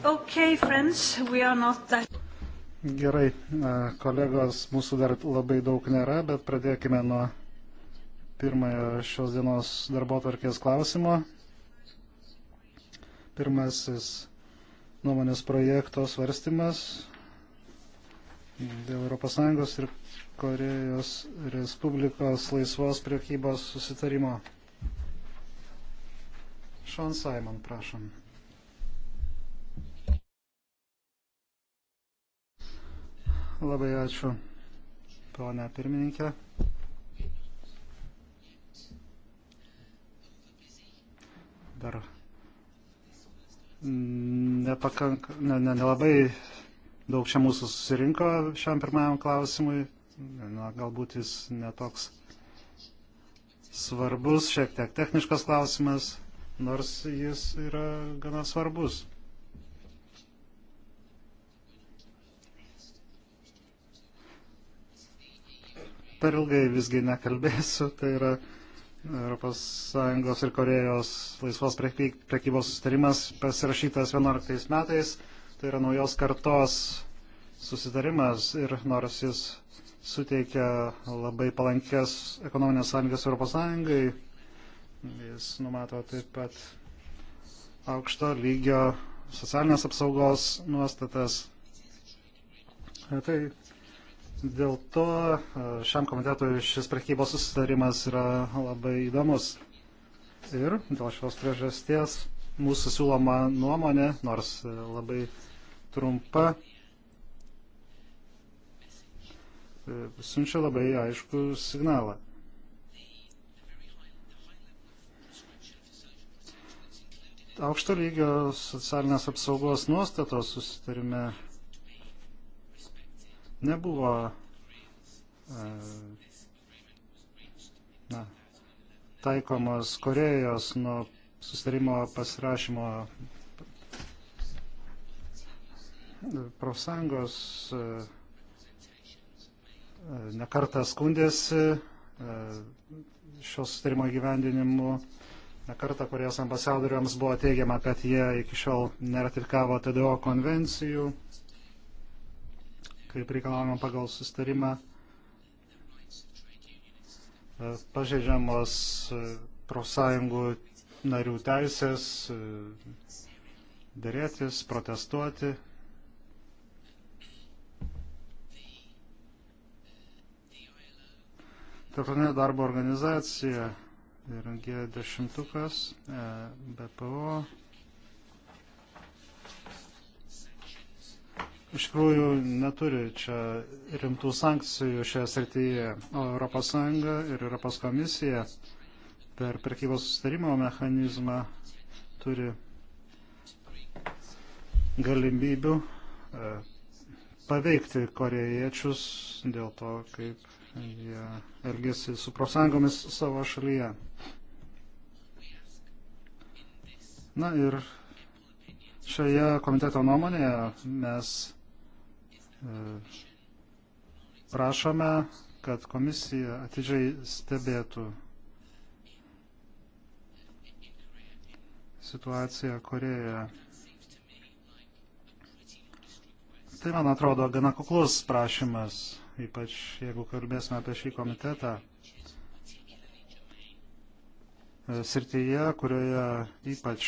Okay, friends, we are not that... Gerai, e, kolegos, mūsų dar labai daug nėra, bet pradėkime nuo pirmojo šios dienos darbo tvarkės klausimo. Pirmasis nuomonės projekto svarstymas dėl ES ir Korejos Respublikos laisvos priekybos susitarimo. Sean Simon, prašom. Labai ačiū, ponia pirmininkė. Dar nepakank, ne, ne, nelabai daug čia mūsų susirinko šiam pirmajam klausimui. Na, galbūt jis netoks svarbus, šiek tiek techniškas klausimas, nors jis yra gana svarbus. per ilgai visgi nekalbėsiu, tai yra ES ir Korejos laisvos prekybos sustarimas pasirašytas 11 metais, tai yra naujos kartos susitarimas ir nors jis suteikia labai palankės ekonominės sąlygas ES, jis numato taip pat aukšto lygio socialinės apsaugos nuostatas. Tai Dėl to e, šiam komitetui šis prekybos susitarimas yra labai įdomus. Ir dėl šios priežasties mūsų siūloma nuomonė, nors e, labai trumpa, e, siunčia labai aišku signalą. Aukšto lygio socialinės apsaugos nuostatos susitarime nebuvo e, na, taikomos Korejos nuo susitarimo pasirašymo profsąjungos e, e, nekartą skundėsi šios sutarimo įgyvendinimu. Nekartą Korejos ambasadoriams buvo teigiama, kad jie iki šiol neratifikavo TDO konvencijų kaip reikalavimą pagal sustarimą, e, pažeidžiamos e, profsąjungų narių teisės e, dėrėtis, protestuoti. Tarptautinė darbo organizacija ir G10, BPO iš tikrųjų neturi čia rimtų sankcijų šioje srityje, o ES ir ES komisija per prekybos sustarimo mechanizmą turi galimybių e, paveikti korejiečius dėl to, kaip jie elgesi su profsąjungomis savo šalyje. Na ir šioje komiteto nuomonėje mes E, prašome, kad komisija atidžiai stebėtų situaciją Korejoje. Tai, man atrodo, gana kuklus prašymas, ypač jeigu kalbėsime apie šį komitetą e, srityje, kurioje ypač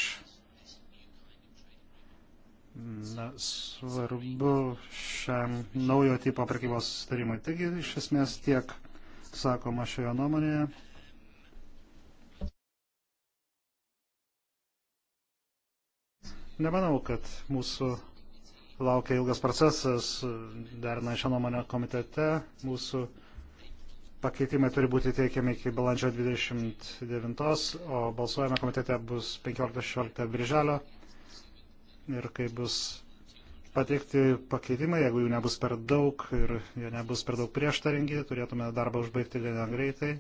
na, svarbu šiam naujo tipo prekybos sustarimui. Taigi, iš esmės tiek sakoma šioje nuomonėje. Nemanau, kad mūsų laukia ilgas procesas, derina šią nuomonę komitete. Mūsų pakeitimai turi būti teikiami iki balandžio 29, o balsuojame komitete bus 15-16 birželio ir kaip bus pateikti pakeitimai, jeigu jų nebus per daug ir jie nebus per daug prieštaringi, turėtume darbą užbaigti gana greitai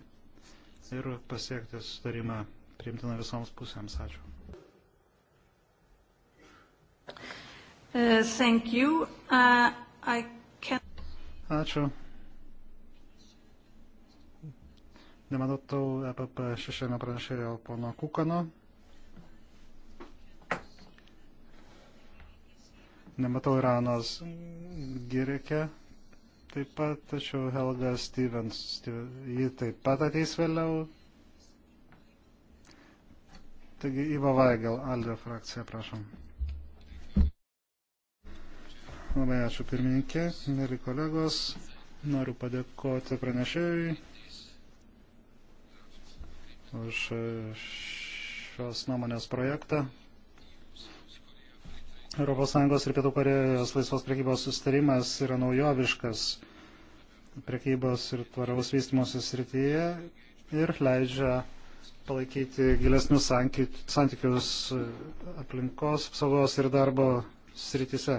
ir pasiekti sustarimą priimtiną visoms pusėms. Ačiū. Uh, thank you. Uh, I can... Ačiū. Nemanau, tau EPP šešėlio pranešėjo pono Kukano. Nematau Iranos Girike taip pat, tačiau Helga Stevens, ji taip pat ateis vėliau. Taigi Iva Vaigel, Aldo frakcija, prašom. Labai ačiū pirmininkė, mėly kolegos, noriu padėkoti pranešėjui už šios nuomonės projektą. ES ir Pietų Korejos laisvos prekybos sustarimas yra naujoviškas prekybos ir tvaraus vystimosi srityje ir leidžia palaikyti gilesnius santykius aplinkos apsaugos ir darbo srityse.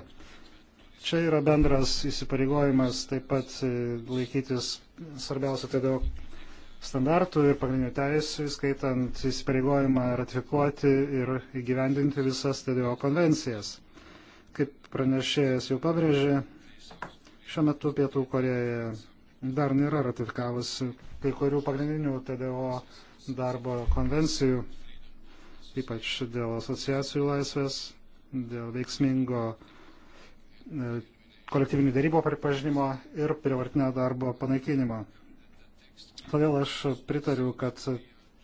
Čia yra bendras įsipareigojimas taip pat laikytis svarbiausių TDO standartų ir pagrindinių teisų, skaitant įsipareigojimą ratifikuoti ir įgyvendinti visas TDO konvencijas. Kaip pranešėjas jau pabrėžė, šiuo metu Pietų Koreja dar nėra ratifikavusi kai kurių pagrindinių TDO darbo konvencijų, ypač dėl asociacijų laisvės, dėl veiksmingo e, kolektyvinių dėrybo pripažinimo ir privartinio darbo panaikinimo. Todėl aš pritariu, kad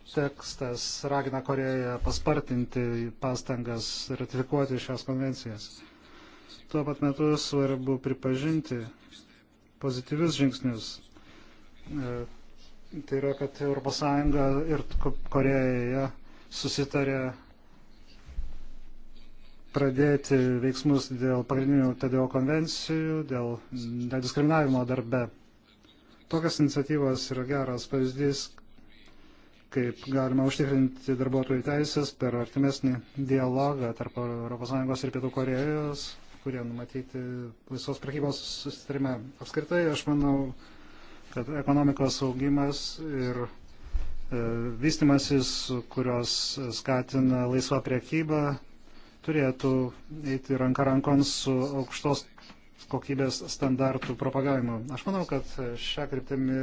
tekstas ragina Koreją paspartinti pastangas ratifikuoti šias konvencijas. Tuo pat metu svarbu pripažinti pozityvius žingsnius. E, tai yra, kad ES ir Koreja susitarė pradėti veiksmus dėl pagrindinių TDO konvencijų, dėl nediskriminavimo darbe Tokios iniciatyvos yra geras pavyzdys, kaip galima užtikrinti darbuotojų teisės per artimesnį dialogą tarp ES ir Pietų Korejos, kurie numatyti visos prekybos susitarime. Apskritai, aš manau, kad ekonomikos augimas ir e, vystimasis, kurios skatina laisvą priekybą, turėtų eiti ranka rankon su aukštos kokybės standartų propagavimu. Aš manau, kad šią kryptimį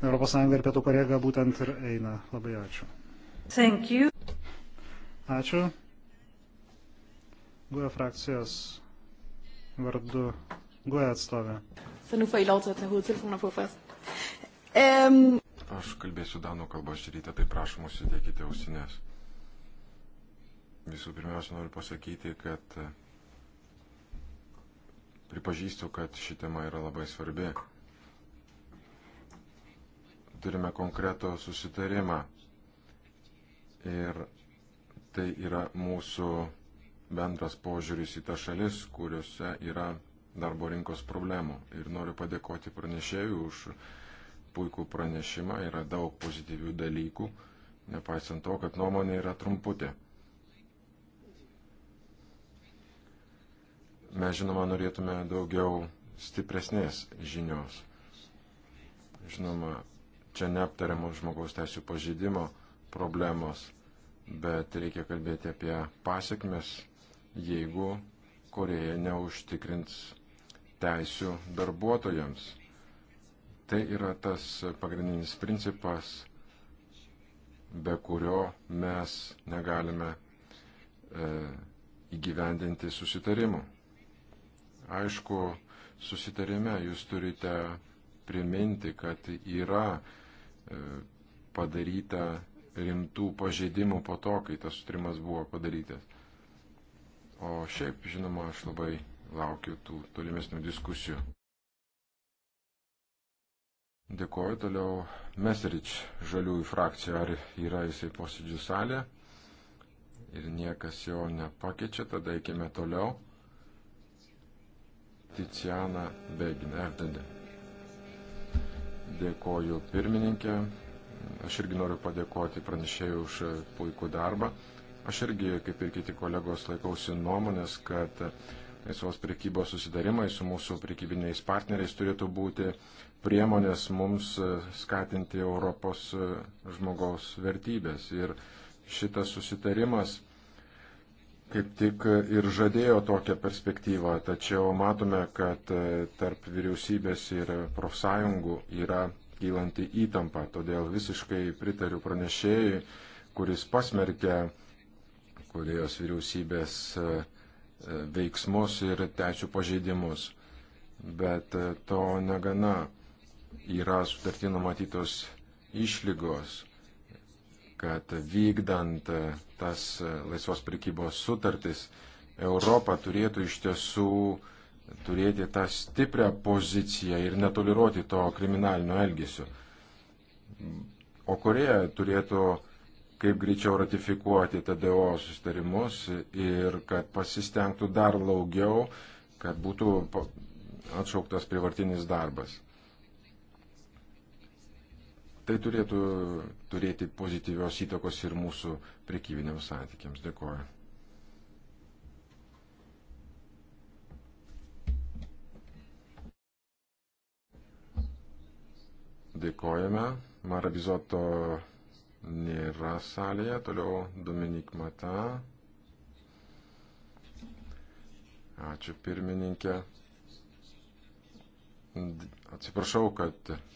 ES ir Pietų Korega būtent ir eina. Labai ačiū. Thank you. Ačiū. Guoja e frakcijos vardu. Guoja e atstovė. Nu aš kalbėsiu danų kalbą šį rytą, tai prašom, užsidėkite ausinės. Visų pirmiausia, noriu pasakyti, kad Pripažįstu, kad ši tema yra labai svarbi. Turime konkreto susitarimą ir tai yra mūsų bendras požiūris į tą šalis, kuriuose yra darbo rinkos problemų. Ir noriu padėkoti pranešėjui už puikų pranešimą, yra daug pozityvių dalykų, nepaisant to, kad nuomonė yra trumputė. Mes žinoma norėtume daugiau stipresnės žinios. Žinoma, čia neaptariamos žmogaus teisų pažydimo problemos, bet reikia kalbėti apie pasiekmes, jeigu Koreja neužtikrins teisių darbuotojams. Tai yra tas pagrindinis principas, be kurio mes negalime e, įgyvendinti susitarimų. Aišku, susitarime jūs turite priminti, kad yra e, padaryta rimtų pažeidimų po to, kai tas sutarimas buvo padarytas. O šiaip, žinoma, aš labai laukiu tų tolimesnių diskusijų. Dėkuoju toliau Meserič žaliųjų frakcija, ar yra jisai posėdžių salė ir niekas jo nepakeičia, tada eikime toliau. Ticiana Begin, FDD. Dėkoju pirmininkė. Aš irgi noriu padėkoti pranešėjai už puikų darbą. Aš irgi, kaip ir kiti kolegos, laikausi nuomonės, kad laisvos priekybos susidarimai su mūsų priekybiniais partneriais turėtų būti priemonės mums skatinti Europos žmogaus vertybės. Ir šitas susitarimas kaip tik ir žadėjo tokią perspektyvą, tačiau matome, kad e, tarp vyriausybės ir profsąjungų yra kylanti įtampa. Todėl visiškai pritariu pranešėjui, kuris pasmerkė Korejos vyriausybės e, e, veiksmus ir tečių pažeidimus. Bet to negana yra sutartį numatytos išlygos kad vykdant tas laisvos prekybos sutartis, Europa turėtų iš tiesų turėti tą stiprią poziciją ir netoleruoti to kriminalinio elgesio. O Koreja turėtų kaip greičiau ratifikuoti TDO sustarimus ir kad pasistengtų dar laugiau, kad būtų atšauktas privartinis darbas. Tai turėtų turėti pozityvios įtakos ir mūsų prekybiniams santykiams. Dėkuoju. Dėkojame. Mara Bizoto nėra salėje. Toliau Dominik Mata. Ačiū pirmininkė. Atsiprašau, kad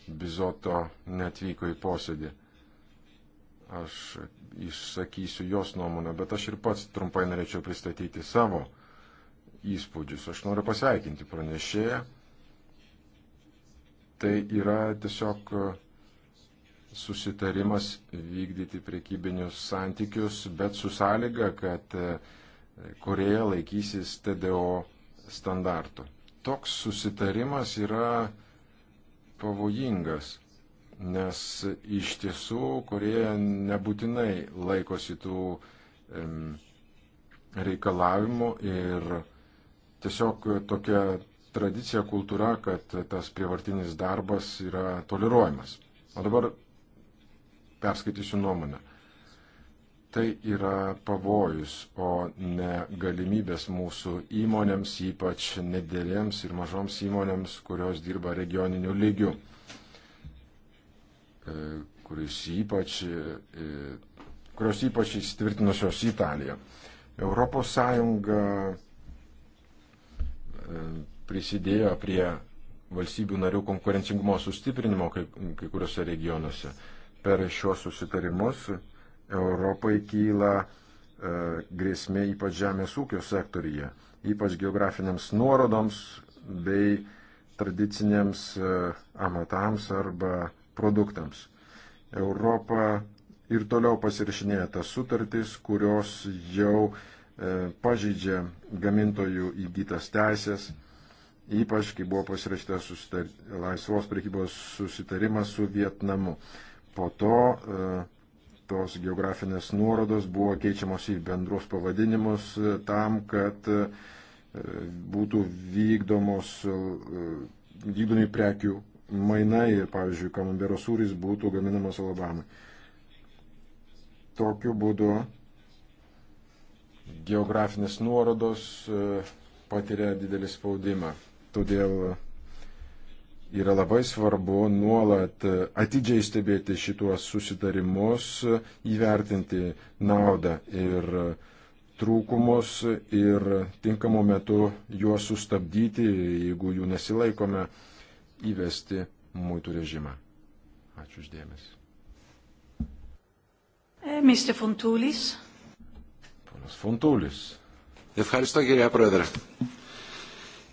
Bizoto netvyko į posėdį. Aš išsakysiu jos nuomonę, bet aš ir pats trumpai norėčiau pristatyti savo įspūdžius. Aš noriu pasveikinti pranešėją. Tai yra tiesiog susitarimas vykdyti priekybinius santykius, bet su sąlyga, kad Koreja laikysis TDO standartų toks susitarimas yra pavojingas, nes iš tiesų Koreja nebūtinai laikosi tų reikalavimų ir tiesiog tokia tradicija, kultūra, kad tas prievartinis darbas yra toleruojamas. O dabar perskaitysiu nuomonę tai yra pavojus, o ne galimybės mūsų įmonėms, ypač nedėlėms ir mažoms įmonėms, kurios dirba regioniniu lygiu, e, kuris ypač, e, kurios ypač įsitvirtinusios Italiją. Europos Sąjunga e, prisidėjo prie valstybių narių konkurencingumo sustiprinimo kai, kai kuriuose regionuose. Per šiuos susitarimus Europai kyla e, grėsmė ypač žemės ūkio sektorija, ypač geografiniams nuorodoms bei tradiciniams e, amatams arba produktams. Europa ir toliau pasirašinėja tas sutartis, kurios jau e, pažydžia gamintojų įgytas teisės, ypač kai buvo pasirašytas susitar... laisvos prekybos susitarimas su Vietnamu. Po to uh, tos geografinės nuorodos buvo keičiamos į bendrus pavadinimus e, tam, kad e, būtų vykdomos, e, vykdomi prekių mainai ir, pavyzdžiui, kamambero sūris būtų gaminamas Alabamai. Tokiu būdu geografinės nuorodos patiria didelį spaudimą. Todėl yra labai svarbu nuolat e, atidžiai stebėti šituos susitarimus, įvertinti naudą ir trūkumus ir tinkamu metu juos sustabdyti, jeigu jų nesilaikome, įvesti muitų režimą. Ačiū uždėmesi. E, Mr. Fontulis. Ponas Fontulis. Ευχαριστώ κυρία Πρόεδρε.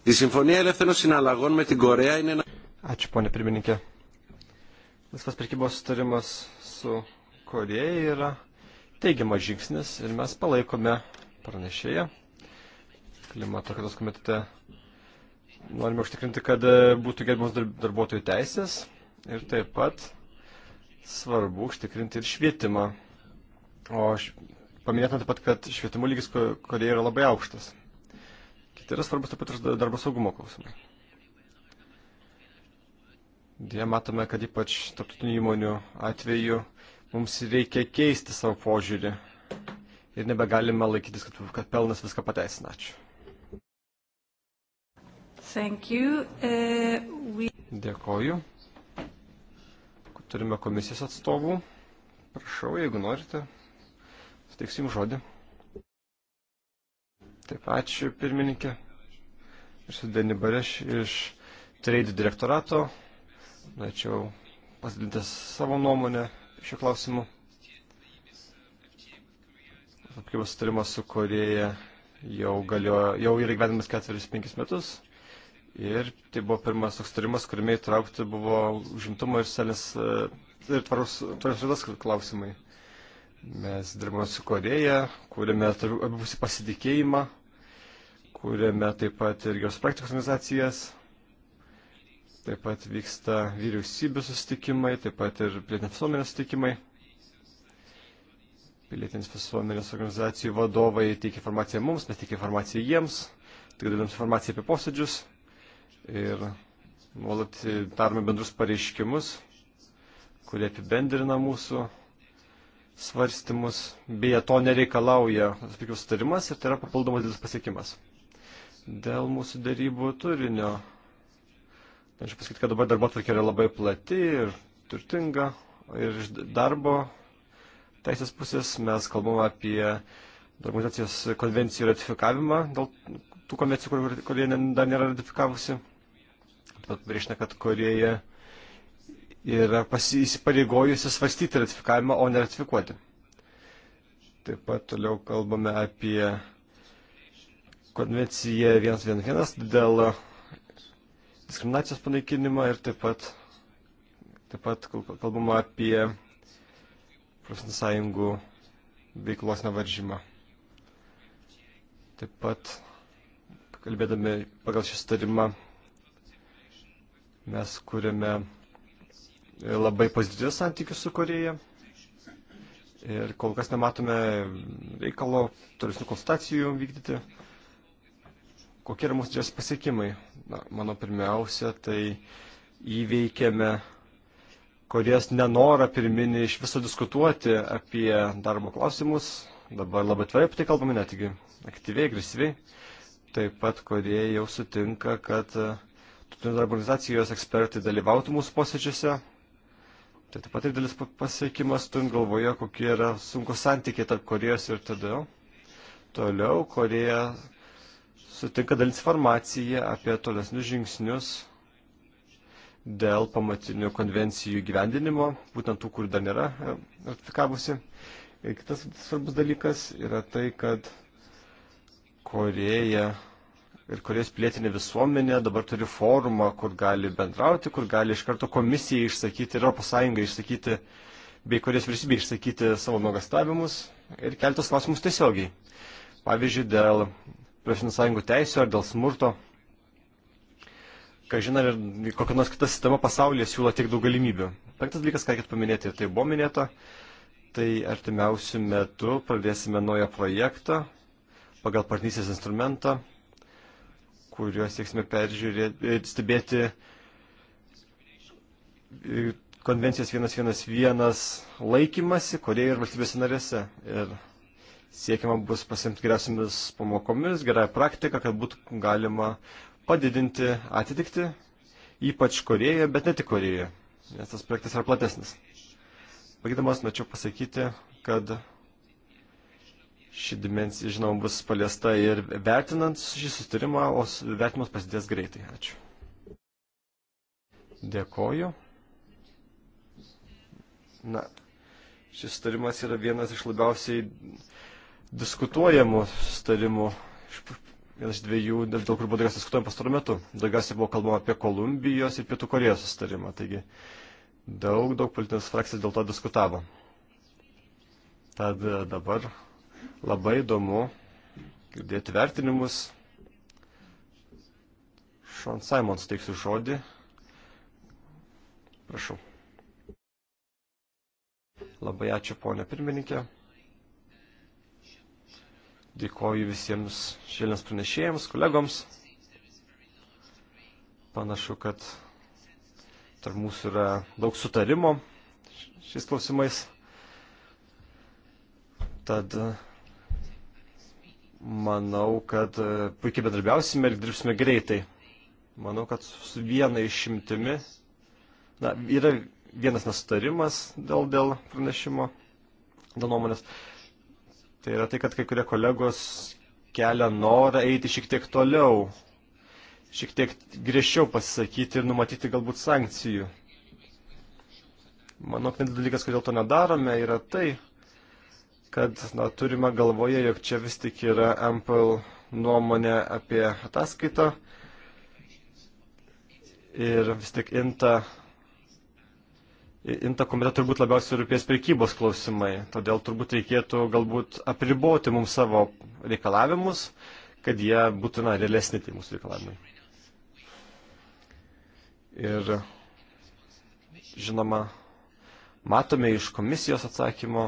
Η Συμφωνία Ελεύθερων Συναλλαγών με την Κορέα είναι ένα... Ačiū, ponė pirmininkė. Laisvas prekybos sutarimas su Koreja yra teigiamas žingsnis ir mes palaikome pranešėją. Klimato kaitos komitete norime užtikrinti, kad būtų gerbiamas darbuotojų teisės ir taip pat svarbu užtikrinti ir švietimą. O paminėtume taip pat, kad švietimo lygis Koreja yra labai aukštas. Kiti yra svarbus taip pat ir darbo saugumo klausimai. Dėja matome, kad ypač tarptautinių įmonių atveju mums reikia keisti savo požiūrį ir nebegalime laikytis, kad, kad pelnas viską pateisina. Ačiū. Uh, we... Dėkoju. Turime komisijos atstovų. Prašau, jeigu norite, suteiksiu jums žodį. Taip, ačiū pirmininkė. Aš esu Deni Bareš iš Trade direktorato norėčiau pasidalinti savo nuomonę šiuo klausimu. Prekybos sutarimas su Koreja jau, galiojo, jau yra gyvenimas 4-5 metus. Ir tai buvo pirmas toks sutarimas, kuriame įtraukti buvo užimtumo ir salės e, ir tvarus vietos klausimai. Mes dirbame su Koreja, kūrėme abipusį pasitikėjimą, kūrėme taip pat ir jos praktikos organizacijas Taip pat vyksta vyriausybių susitikimai, taip pat ir pilietinės visuomenės susitikimai. Pilietinės visuomenės organizacijų vadovai teikia informaciją mums, mes teikia informaciją jiems, tik dalinam informaciją apie posėdžius ir nuolat darome bendrus pareiškimus, kurie apibendrina mūsų svarstymus, beje, to nereikalauja sutarimas ir tai yra papildomas didelis pasiekimas. Dėl mūsų dėrybų turinio Norėčiau pasakyti, kad dabar darbo tvarkė yra labai plati ir turtinga. Ir iš darbo teisės pusės mes kalbam apie organizacijos konvencijų ratifikavimą dėl tų konvencijų, kur Korėja dar nėra ratifikavusi. Taip pat priešina, kad Korėja yra įsipareigojusi svarstyti ratifikavimą, o ne ratifikuoti. Taip pat toliau kalbame apie konvenciją 111 dėl diskriminacijos panaikinimą ir taip pat, taip pat kalbama apie profesinių sąjungų veiklos nevaržymą. Taip pat, kalbėdami pagal šį starimą, mes kūrėme labai pozityvius santykius su Koreja. Ir kol kas nematome reikalo tolesnių konsultacijų vykdyti kokie yra mūsų didžiausi pasiekimai? Na, mano pirmiausia, tai įveikėme Korės nenorą pirminį iš viso diskutuoti apie darbo klausimus. Dabar labai tvarai apie tai kalbame, netgi aktyviai, agresyviai. Taip pat Korėja jau sutinka, kad tarptautinės darbo organizacijos ekspertai dalyvautų mūsų posėdžiuose. Tai taip pat ir dėlis pasiekimas, turint galvoje, kokie yra sunkus santykiai tarp Korejos ir TDO. Toliau Koreja sutinka dalis informaciją apie tolesnius žingsnius dėl pamatinių konvencijų gyvendinimo, būtent tų, kur dar nėra e, ratifikavusi. Ir e, kitas svarbus dalykas yra tai, kad Koreja ir Korejos plėtinė visuomenė dabar turi forumą, kur gali bendrauti, kur gali iš karto komisijai išsakyti, Europos Sąjungai išsakyti, bei Korejos vyriausybei išsakyti savo nuogastavimus ir keltos klausimus tiesiogiai. Pavyzdžiui, dėl profesinių sąjungų teisų ar dėl smurto. Kažin ar kokia nors kita sistema pasaulyje siūlo tiek daug galimybių. Penktas dalykas, ką reikėtų paminėti, ir tai buvo minėta, tai artimiausių metų pradėsime naują projektą pagal partnysės instrumentą, kuriuo sieksime peržiūrėti, e, stebėti e, konvencijos 111 laikymasi, kurie ir valstybės narėse. Ir siekiama bus pasimti geriausiamis pamokomis, gerąją praktiką, kad būtų galima padidinti atitikti, ypač Korejoje, bet ne tik Korejoje, nes tas projektas yra platesnis. Pagėdamas, norėčiau pasakyti, kad ši dimensija, žinoma, bus paliesta ir vertinant šį sustarimą, o vertimas pasidės greitai. Ačiū. Dėkoju. Na, šis sustarimas yra vienas iš labiausiai diskutuojamų sustarimų iš vienas iš dviejų, dėl kur buvo daugiausiai diskutuojama pastaruoju metu. Daugiausiai buvo kalbama apie Kolumbijos ir Pietų Korejos sustarimą, taigi daug, daug politinės frakcijas dėl to diskutavo. Tad e, dabar labai įdomu girdėti vertinimus. Sean Simon suteiksiu žodį. Prašau. Labai ačiū, ponė pirmininkė. Dėkoju visiems šiandienos pranešėjams, kolegoms. Panašu, kad tarp mūsų yra daug sutarimo šiais klausimais. Tad manau, kad e, puikiai bedarbiausime ir dirbsime greitai. Manau, kad su viena išimtimi, na, yra vienas nesutarimas dėl, dėl pranešimo, dėl nuomonės. Tai yra tai, kad kai kurie kolegos kelia norą eiti šiek tiek toliau, šiek tiek griežčiau pasisakyti ir numatyti galbūt sankcijų. Manau, kad dalykas, kodėl to nedarome, yra tai, kad na, turime galvoje, jog čia vis tik yra MPL nuomonė apie ataskaitą ir vis tik INTA Inta komitetui turbūt labiausiai rūpės prekybos klausimai, todėl turbūt reikėtų galbūt apriboti mums savo reikalavimus, kad jie būtų na, realesni tai mūsų reikalavimai. Ir žinoma, matome iš komisijos atsakymo,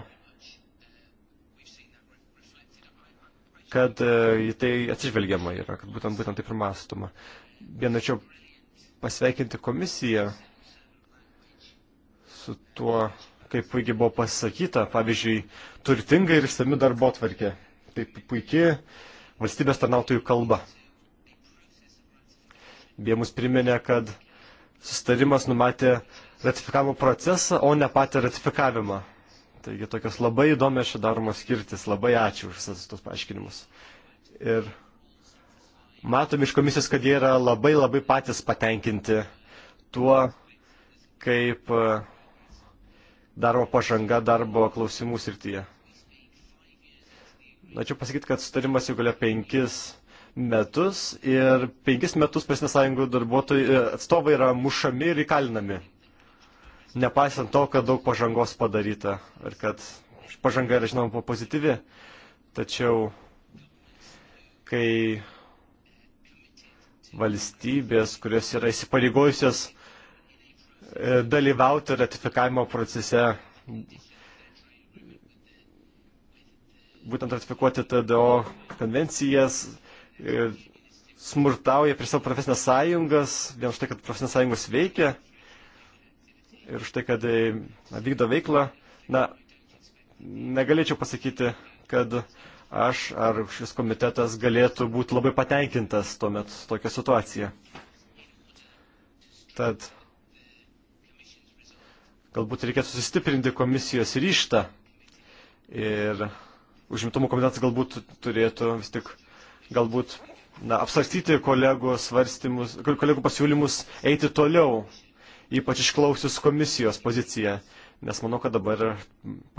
kad e, į tai atsižvelgiama yra, kad būtent, būtent taip ir mąstoma. Vienačiau pasveikinti komisiją su tuo, kaip puikiai buvo pasakyta, pavyzdžiui, turtinga ir išsami darbo tvarkė. Taip puikiai valstybės tarnautojų kalba. Jie mus priminė, kad sustarimas numatė ratifikavimo procesą, o ne patį ratifikavimą. Taigi tokios labai įdomios čia daromos skirtis. Labai ačiū už visus tos paaiškinimus. Ir matom iš komisijos, kad jie yra labai labai patys patenkinti tuo, kaip darbo pažanga darbo klausimų srityje. Norėčiau pasakyti, kad sutarimas jau galia penkis metus ir penkis metus Pasinės sąjungų darbuotojų e, atstovai yra mušami ir įkalinami. Nepaisant to, kad daug pažangos padaryta ir kad pažanga yra žinoma pozityvi, tačiau kai valstybės, kurios yra įsipareigojusios dalyvauti ratifikavimo procese, būtent ratifikuoti TDO konvencijas, e, smurtauja prie savo profesinės sąjungas, vien už tai, kad profesinės sąjungos veikia ir už tai, kad e, na, vykdo veiklą. Na, negalėčiau pasakyti, kad aš ar šis komitetas galėtų būti labai patenkintas tuomet tokią situaciją. Tad Galbūt reikia susistiprinti komisijos ryštą ir užimtumo komitetas galbūt turėtų vis tik galbūt na, apsvarstyti kolegų, kolegų pasiūlymus eiti toliau, ypač išklausius komisijos poziciją, nes manau, kad dabar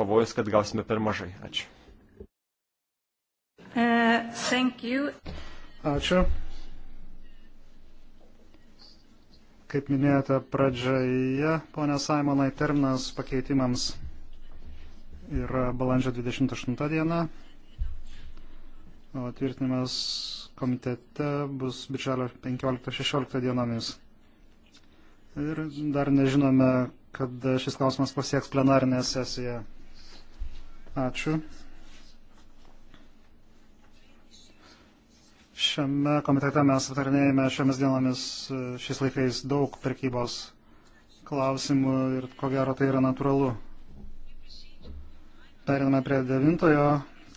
pavojus, kad gausime per mažai. Ačiū. Uh, Ačiū. Kaip minėjote pradžioje, ponė Simonai, terminas pakeitimams yra balandžio 28 diena, o tvirtinimas komitete bus birželio 15-16 dienomis. Ir dar nežinome, kada šis klausimas pasieks plenarinę sesiją. Ačiū. Šiame komitete mes aptarinėjame šiomis dienomis e, šiais laikais daug prekybos klausimų ir ko gero tai yra natūralu. Periname prie devintojo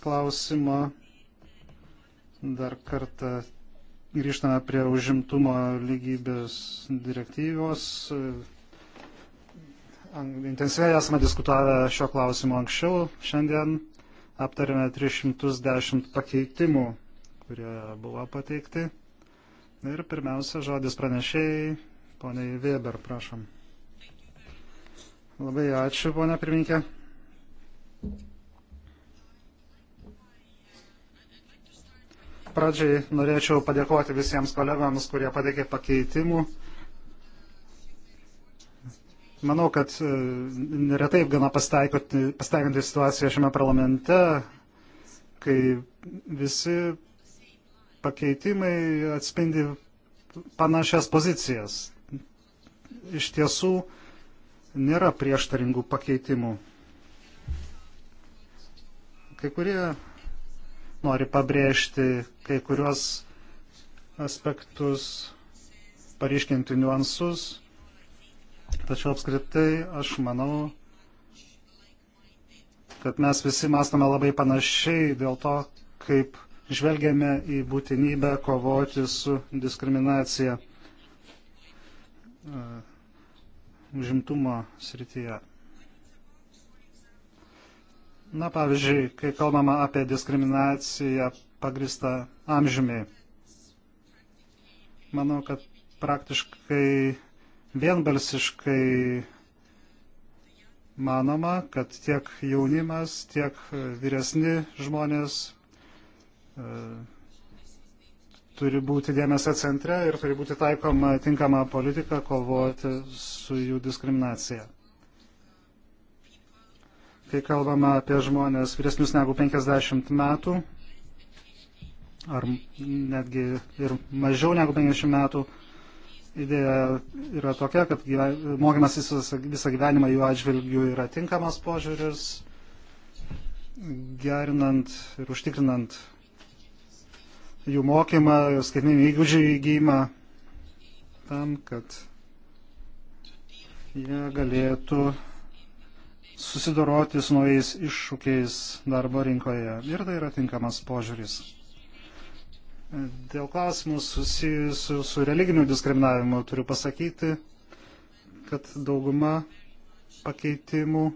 klausimo. Dar kartą grįžtame prie užimtumo lygybės direktyvos. Intensyviai esame diskutavę šio klausimo anksčiau. Šiandien aptarėme 310 pakeitimų kurie buvo pateikti. Ir pirmiausia, žodis pranešėjai, poniai Weber, prašom. Labai ačiū, ponia pirminkė. Pradžiai norėčiau padėkoti visiems kolegams, kurie padėkė pakeitimų. Manau, kad e, retai gana pastaikanti situacija šiame parlamente, kai visi pakeitimai atspindi panašias pozicijas. Iš tiesų nėra prieštaringų pakeitimų. Kai kurie nori pabrėžti kai kuriuos aspektus, paryškinti niuansus, tačiau apskritai aš manau, kad mes visi mąstame labai panašiai dėl to, kaip žvelgiame į būtinybę kovoti su diskriminacija e, užimtumo srityje. Na, pavyzdžiui, kai kalbama apie diskriminaciją pagristą amžiumi, manau, kad praktiškai vienbalsiškai manoma, kad tiek jaunimas, tiek vyresni žmonės E, turi būti dėmesio centre ir turi būti taikoma tinkama politika kovoti su jų diskriminacija. Kai kalbama apie žmonės vyresnius negu 50 metų, ar netgi ir mažiau negu 50 metų, idėja yra tokia, kad mokymas visą gyvenimą jų atžvilgių yra tinkamas požiūris, gerinant ir užtikrinant jų mokymą, jų skaitmeninių įgūdžių įgymą, tam, kad jie galėtų susidoroti su naujais iššūkiais darbo rinkoje. Ir tai yra tinkamas požiūris. Dėl klausimų susijusių su religiniu diskriminavimu turiu pasakyti, kad dauguma pakeitimų e,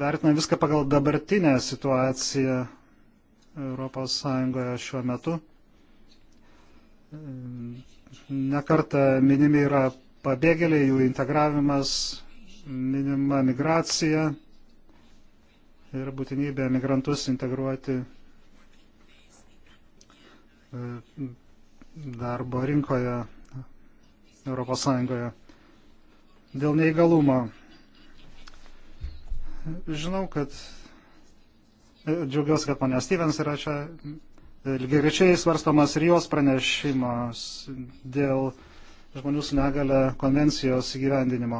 vertina viską pagal dabartinę situaciją ES šiuo metu. Nekarta minimi yra pabėgėliai, jų integravimas, minima migracija ir būtinybė migrantus integruoti e, darbo rinkoje ES. Dėl neįgalumo. Žinau, kad Džiaugiuosi, kad ponė Stevens yra čia. Lygiai grečiai svarstomas ir jos pranešimas dėl žmonių su negale konvencijos įgyvendinimo.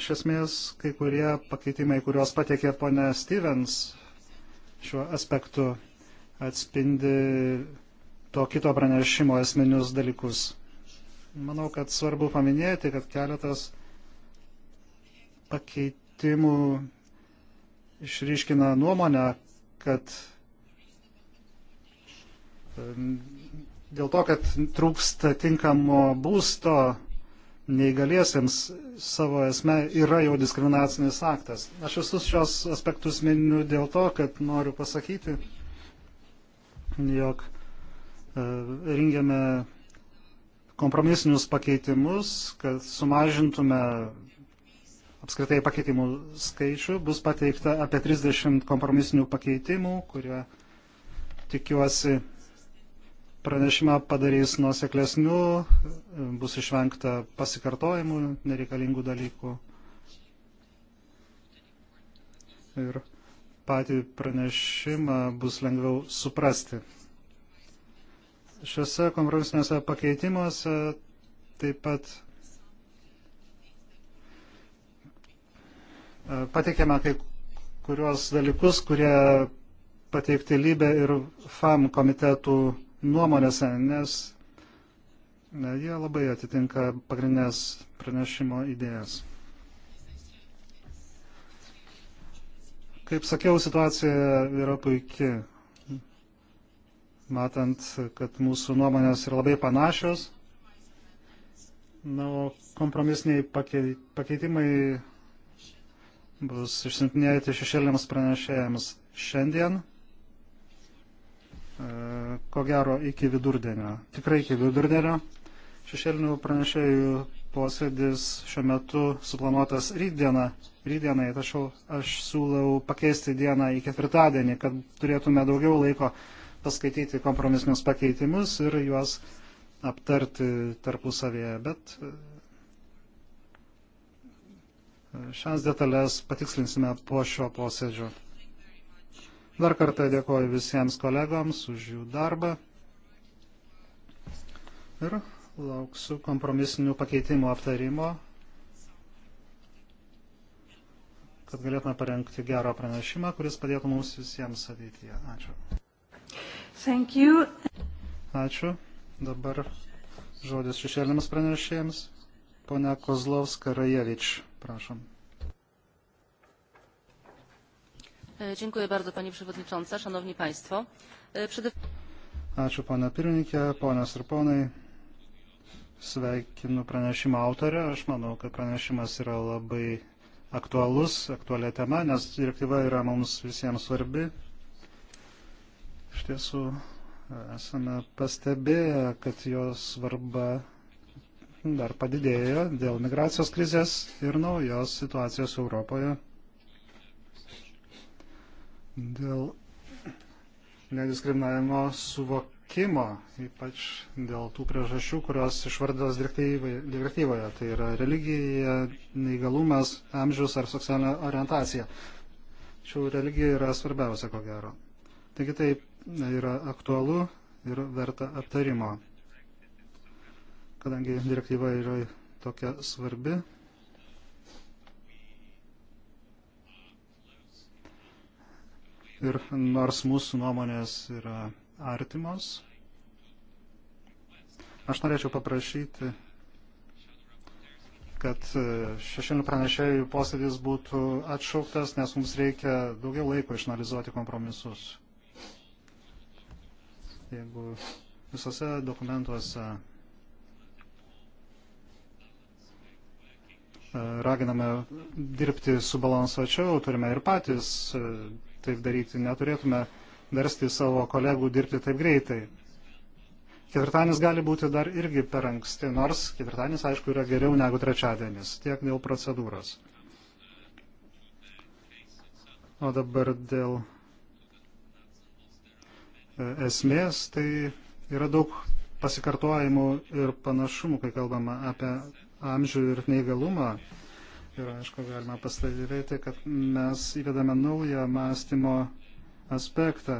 Iš esmės, kai kurie pakeitimai, kuriuos patiekė ponė Stevens šiuo aspektu, atspindi to kito pranešimo esminius dalykus. Manau, kad svarbu paminėti, kad keletas pakeitimų vertimų išryškina nuomonę, kad dėl to, kad trūksta tinkamo būsto neįgaliesiems savo esme yra jau diskriminacinis aktas. Aš visus šios aspektus miniu dėl to, kad noriu pasakyti, jog e, rengiame kompromisinius pakeitimus, kad sumažintume apskritai pakeitimų skaičių. Bus pateikta apie 30 kompromisinių pakeitimų, kurie tikiuosi pranešimą padarys nuoseklesnių, bus išvengta pasikartojimų, nereikalingų dalykų. Ir patį pranešimą bus lengviau suprasti. Šiuose kompromisinėse pakeitimuose taip pat pateikėme kai kuriuos dalykus, kurie pateikti lybė ir FAM komitetų nuomonėse, nes jie labai atitinka pagrindinės pranešimo idėjas. Kaip sakiau, situacija yra puikia. Matant, kad mūsų nuomonės yra labai panašios. Na, o kompromisiniai pakeitimai bus išsintinėti šešėliams pranešėjams šiandien, e, ko gero iki vidurdienio, tikrai iki vidurdienio. Šešėlinių pranešėjų posėdis šiuo metu suplanuotas rydieną, rydienai, tačiau aš siūlau pakeisti dieną į ketvirtadienį, kad turėtume daugiau laiko paskaityti kompromisinius pakeitimus ir juos aptarti tarpusavėje, bet Šias detalės patikslinsime po šio posėdžio. Dar kartą dėkoju visiems kolegoms už jų darbą ir lauksiu kompromisinių pakeitimų aptarimo, kad galėtume parengti gerą pranešimą, kuris padėtų mums visiems ateityje. Ačiū. Thank you. Ačiū. Dabar žodis šešėlėms pranešėjams. Pone Kozlovska Rajevič prašom. E, dziękuję bardzo Pani Przewodnicząca, Szanowni Państwo. E, przede... Ačiū, pana pirmininkė, ponios ir ponai. Sveikinu pranešimo autorę. Aš manau, kad pranešimas yra labai aktualus, aktualia tema, nes direktyva yra mums visiems svarbi. Iš tiesų, e, esame pastebėję, kad jos svarba dar padidėjo dėl migracijos krizės ir naujos situacijos Europoje. Dėl nediskriminavimo suvokimo, ypač dėl tų priežasčių, kurios išvardos direktyvoje, tai yra religija, neįgalumas, amžius ar socialinė orientacija. Tačiau religija yra svarbiausia, ko gero. Taigi tai yra aktualu ir verta aptarimo kadangi direktyva yra tokia svarbi. Ir nors mūsų nuomonės yra artimos, aš norėčiau paprašyti, kad šešėlių pranešėjų posėdis būtų atšauktas, nes mums reikia daugiau laiko išanalizuoti kompromisus jeigu visose dokumentuose E, raginame dirbti subalansuočiau, turime ir patys e, taip daryti, neturėtume versti savo kolegų dirbti taip greitai. Ketvirtadienis gali būti dar irgi per anksti, nors ketvirtadienis, aišku, yra geriau negu trečiadienis, tiek dėl procedūros. O dabar dėl e, esmės, tai yra daug pasikartojimų ir panašumų, kai kalbama apie amžių ir neįgalumą. Ir aišku, galima pastebėti, kad mes įvedame naują mąstymo aspektą,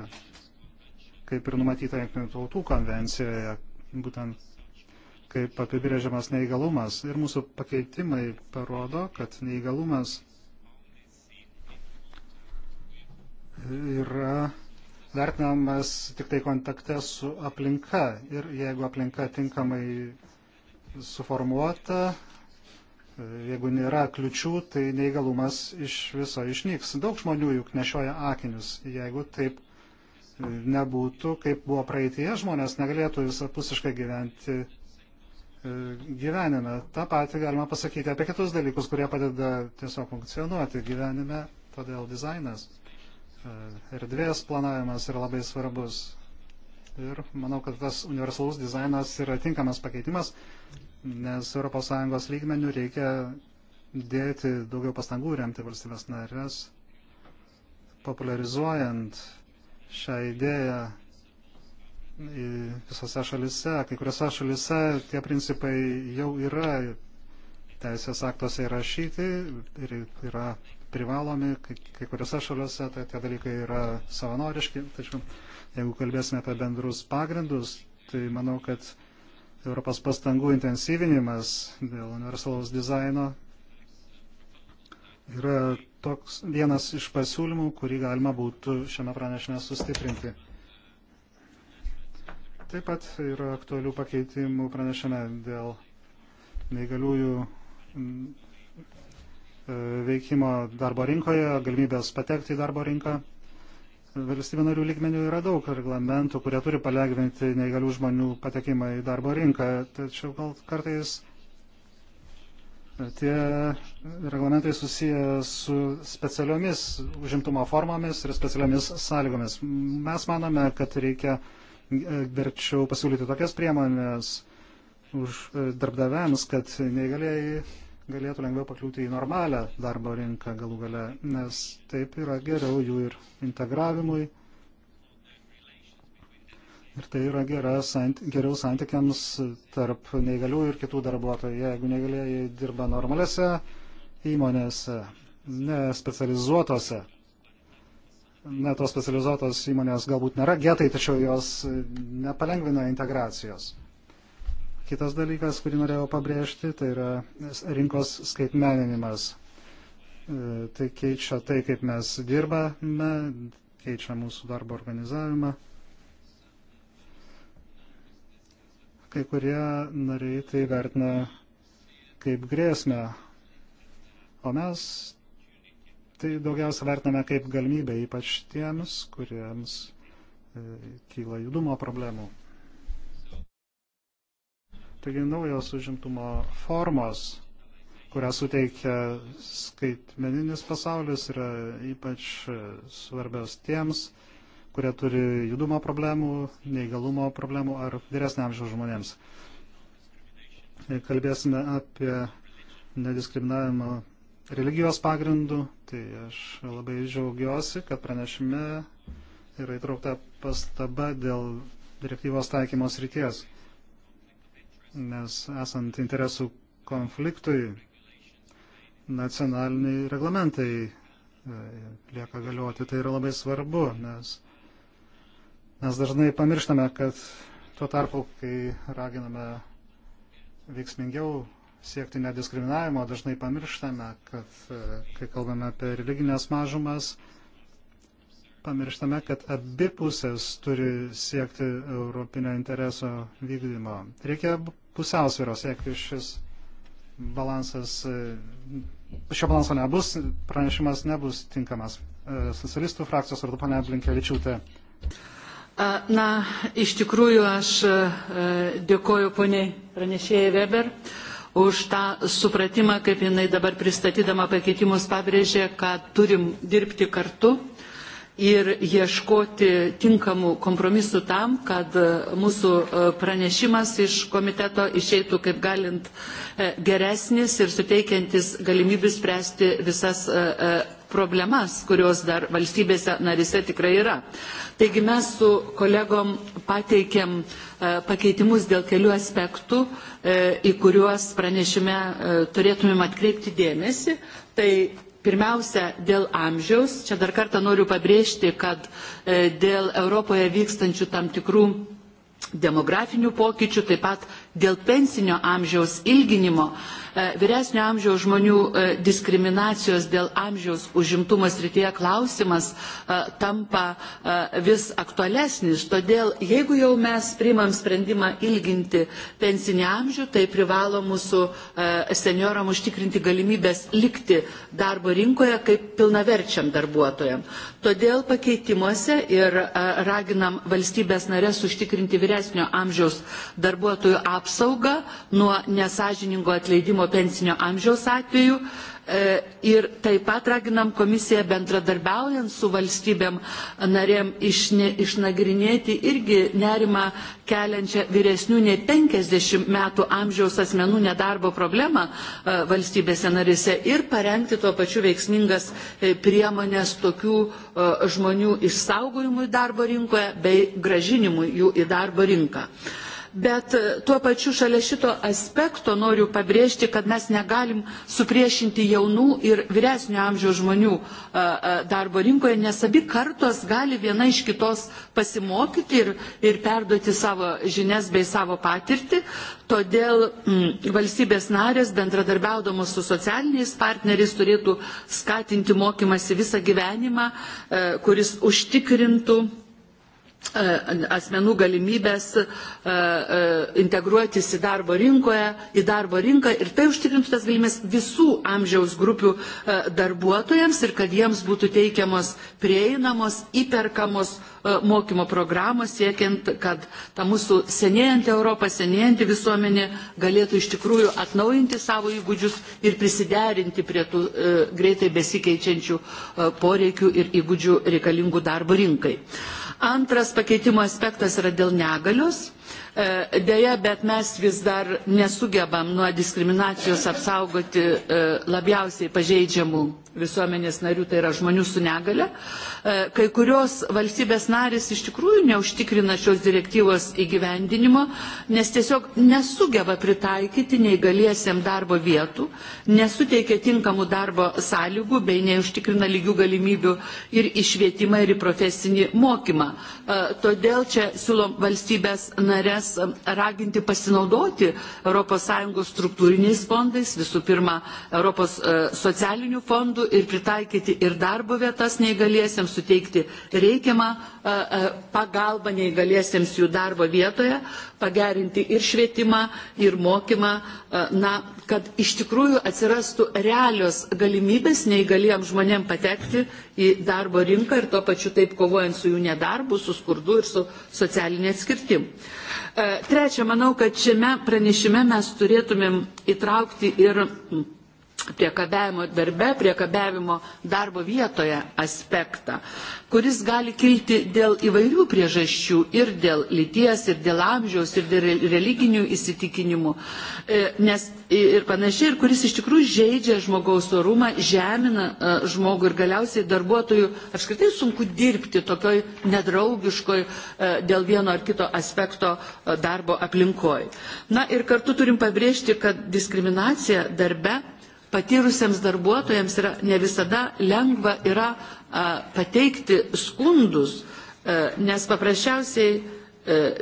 kaip ir numatyta Junktinių tautų konvencijoje, būtent kaip apibrėžiamas neįgalumas. Ir mūsų pakeitimai parodo, kad neįgalumas yra vertinamas tik tai kontakte su aplinka. Ir jeigu aplinka tinkamai suformuota, jeigu nėra kliučių, tai neįgalumas iš viso išnyks. Daug žmonių juk nešioja akinius. Jeigu taip e, nebūtų, kaip buvo praeitie, žmonės negalėtų visapusiškai gyventi e, gyvenime. Ta pati galima pasakyti apie kitus dalykus, kurie padeda tiesiog funkcionuoti gyvenime. Todėl dizainas, e, erdvės planavimas yra labai svarbus. Ir manau, kad tas universalus dizainas yra tinkamas pakeitimas, nes ES lygmenių reikia dėti daugiau pastangų remti valstybės narės, popularizuojant šią idėją visose šalise. Kai kuriuose šalise tie principai jau yra teisės aktuose įrašyti ir yra privalomi, kai, kai kuriuose šaliuose tai tie dalykai yra savanoriški. Tačiau jeigu kalbėsime apie bendrus pagrindus, tai manau, kad Europos pastangų intensyvinimas dėl universalaus dizaino yra toks vienas iš pasiūlymų, kurį galima būtų šiame pranešime sustiprinti. Taip pat yra aktualių pakeitimų pranešime dėl neįgaliųjų mm, e, veikimo darbo rinkoje, galimybės patekti į darbo rinką valstybių narių lygmenių yra daug reglamentų, kurie turi palengvinti neįgalių žmonių patekimą į darbo rinką, tačiau gal kartais tie reglamentai susiję su specialiomis užimtumo formomis ir specialiomis sąlygomis. Mes manome, kad reikia e, verčiau pasiūlyti tokias priemonės už e, darbdaviams, kad neįgaliai galėtų lengviau pakliūti į normalią darbo rinką galų gale, nes taip yra geriau jų ir integravimui. Ir tai yra gera, sant, geriau santykiams tarp neįgalių ir kitų darbuotojų, jeigu negalėjai dirba normaliuose įmonėse, ne specializuotose. Na, tos specializuotos įmonės galbūt nėra getai, tačiau jos nepalengvina integracijos. Kitas dalykas, kurį norėjau pabrėžti, tai yra rinkos skaitmeninimas. E, tai keičia tai, kaip mes dirbame, keičia mūsų darbo organizavimą. Kai kurie nariai tai vertina kaip grėsmę, o mes tai daugiausia vertiname kaip galimybę, ypač tiems, kuriems e, kyla judumo problemų. Taigi naujos užimtumo formos, kurią suteikia skaitmeninis pasaulis, yra ypač svarbios tiems, kurie turi judumo problemų, neįgalumo problemų ar vyresnio amžiaus žmonėms. Kalbėsime apie nediskriminavimą religijos pagrindų, tai aš labai džiaugiuosi, kad pranešime yra įtraukta pastaba dėl direktyvos taikymos ryties nes esant interesų konfliktui nacionaliniai reglamentai e, lieka galioti. Tai yra labai svarbu, nes mes dažnai pamirštame, kad tuo tarpu, kai raginame veiksmingiau siekti nediskriminavimo, dažnai pamirštame, kad e, kai kalbame apie religinės mažumas, pamirštame, kad abi pusės turi siekti europinio intereso vykdymo. Reikia pusiausvėros, jeigu šis balansas, šio balanso nebus, pranešimas nebus tinkamas. Socialistų frakcijos vardu pane Blinkevičiūtė. Na, iš tikrųjų aš e, dėkoju poniai pranešėjai Weber už tą supratimą, kaip jinai dabar pristatydama pakeitimus pabrėžė, kad turim dirbti kartu. Uh, ir ieškoti tinkamų kompromisų tam, kad e, mūsų e, pranešimas iš komiteto išeitų kaip galint e, geresnis ir suteikiantis galimybių spręsti visas problemas, kurios dar valstybėse narise tikrai yra. Taigi mes su kolegom pateikėm pakeitimus dėl kelių aspektų, į kuriuos pranešime turėtumėm atkreipti dėmesį. Tai Pirmiausia, dėl amžiaus. Čia dar kartą noriu pabrėžti, kad e, dėl Europoje vykstančių tam tikrų demografinių pokyčių, taip pat dėl pensinio amžiaus ilginimo E, vyresnio amžiaus žmonių e, diskriminacijos dėl amžiaus užimtumo srityje klausimas e, tampa vis aktualesnis. Todėl, jeigu jau mes priimam sprendimą ilginti pensinį amžių, tai privalo mūsų senioram užtikrinti galimybės likti darbo rinkoje kaip pilnaverčiam darbuotojam. Todėl pakeitimuose ir raginam valstybės narės užtikrinti vyresnio amžiaus darbuotojų apsaugą nuo nesažiningo atleidimo pensinio amžiaus atveju. E, ir taip pat raginam komisiją bendradarbiaujant su valstybėm narėm išne, išnagrinėti irgi nerimą keliančią vyresnių nei 50 metų amžiaus asmenų nedarbo problemą e, valstybėse narėse ir parengti tuo pačiu veiksmingas e, priemonės tokių žmonių išsaugojimui darbo rinkoje bei gražinimui jų į darbo rinką. Uh, Bet e, tuo pačiu šalia šito aspekto noriu pabrėžti, kad mes negalim supriešinti jaunų ir vyresnio amžiaus žmonių e, e, darbo rinkoje, nes abi kartos gali viena iš kitos pasimokyti ir, ir perduoti savo žinias bei savo patirtį. Todėl m, mm, valstybės narės bendradarbiaudamos su socialiniais partneriais turėtų skatinti mokymasi visą gyvenimą, e, kuris užtikrintų E, asmenų galimybės e, e, integruotis į darbo rinkoje, į darbo rinką ir tai užtikrintų tas galimybės visų amžiaus grupių darbuotojams ir kad jiems būtų teikiamos prieinamos, įperkamos mokymo programos, siekiant, kad ta mūsų senėjanti Europa, senėjanti visuomenė galėtų iš tikrųjų atnaujinti savo įgūdžius ir prisiderinti prie tų e, greitai besikeičiančių e, poreikių ir įgūdžių reikalingų darbo rinkai. E, Antras pakeitimo aspektas yra dėl negalios. E, deja, bet mes vis dar nesugebam nuo diskriminacijos apsaugoti e, labiausiai pažeidžiamų visuomenės narių, tai yra žmonių su negale. E, kai kurios valstybės narės iš tikrųjų neužtikrina šios direktyvos įgyvendinimo, nes tiesiog nesugeba pritaikyti neįgaliesiam darbo vietų, nesuteikia tinkamų darbo sąlygų bei neužtikrina lygių galimybių ir išvietimą ir į profesinį mokymą. Todėl čia siūlom valstybės narės narės raginti pasinaudoti ES struktūriniais fondais, visų pirma, ES e, socialinių fondų ir pritaikyti ir darbo vietas neįgaliesiems, suteikti reikiamą pagalbą neįgaliesiems jų darbo vietoje, pagerinti ir švietimą, ir mokymą, na, kad iš tikrųjų atsirastų realios galimybės neįgaliems žmonėm patekti į darbo rinką ir tuo pačiu taip kovojant su jų nedarbu, su skurdu ir su socialinė atskirtim. Trečia, manau, kad šiame pranešime mes turėtumėm įtraukti ir priekabiavimo darbe, priekabiavimo darbo vietoje aspektą, kuris gali kilti dėl įvairių priežasčių ir dėl lyties, ir dėl amžiaus, ir dėl religinių įsitikinimų e, nes, ir panašiai, ir kuris iš tikrųjų žaidžia žmogaus orumą, žemina e, žmogų ir galiausiai darbuotojų apskritai sunku dirbti tokioj nedraugiškoj e, dėl vieno ar kito aspekto darbo aplinkoj. Na ir kartu turim pabrėžti, kad diskriminacija darbe patyrusiems darbuotojams yra ne visada lengva yra pateikti skundus, e, nes paprasčiausiai e,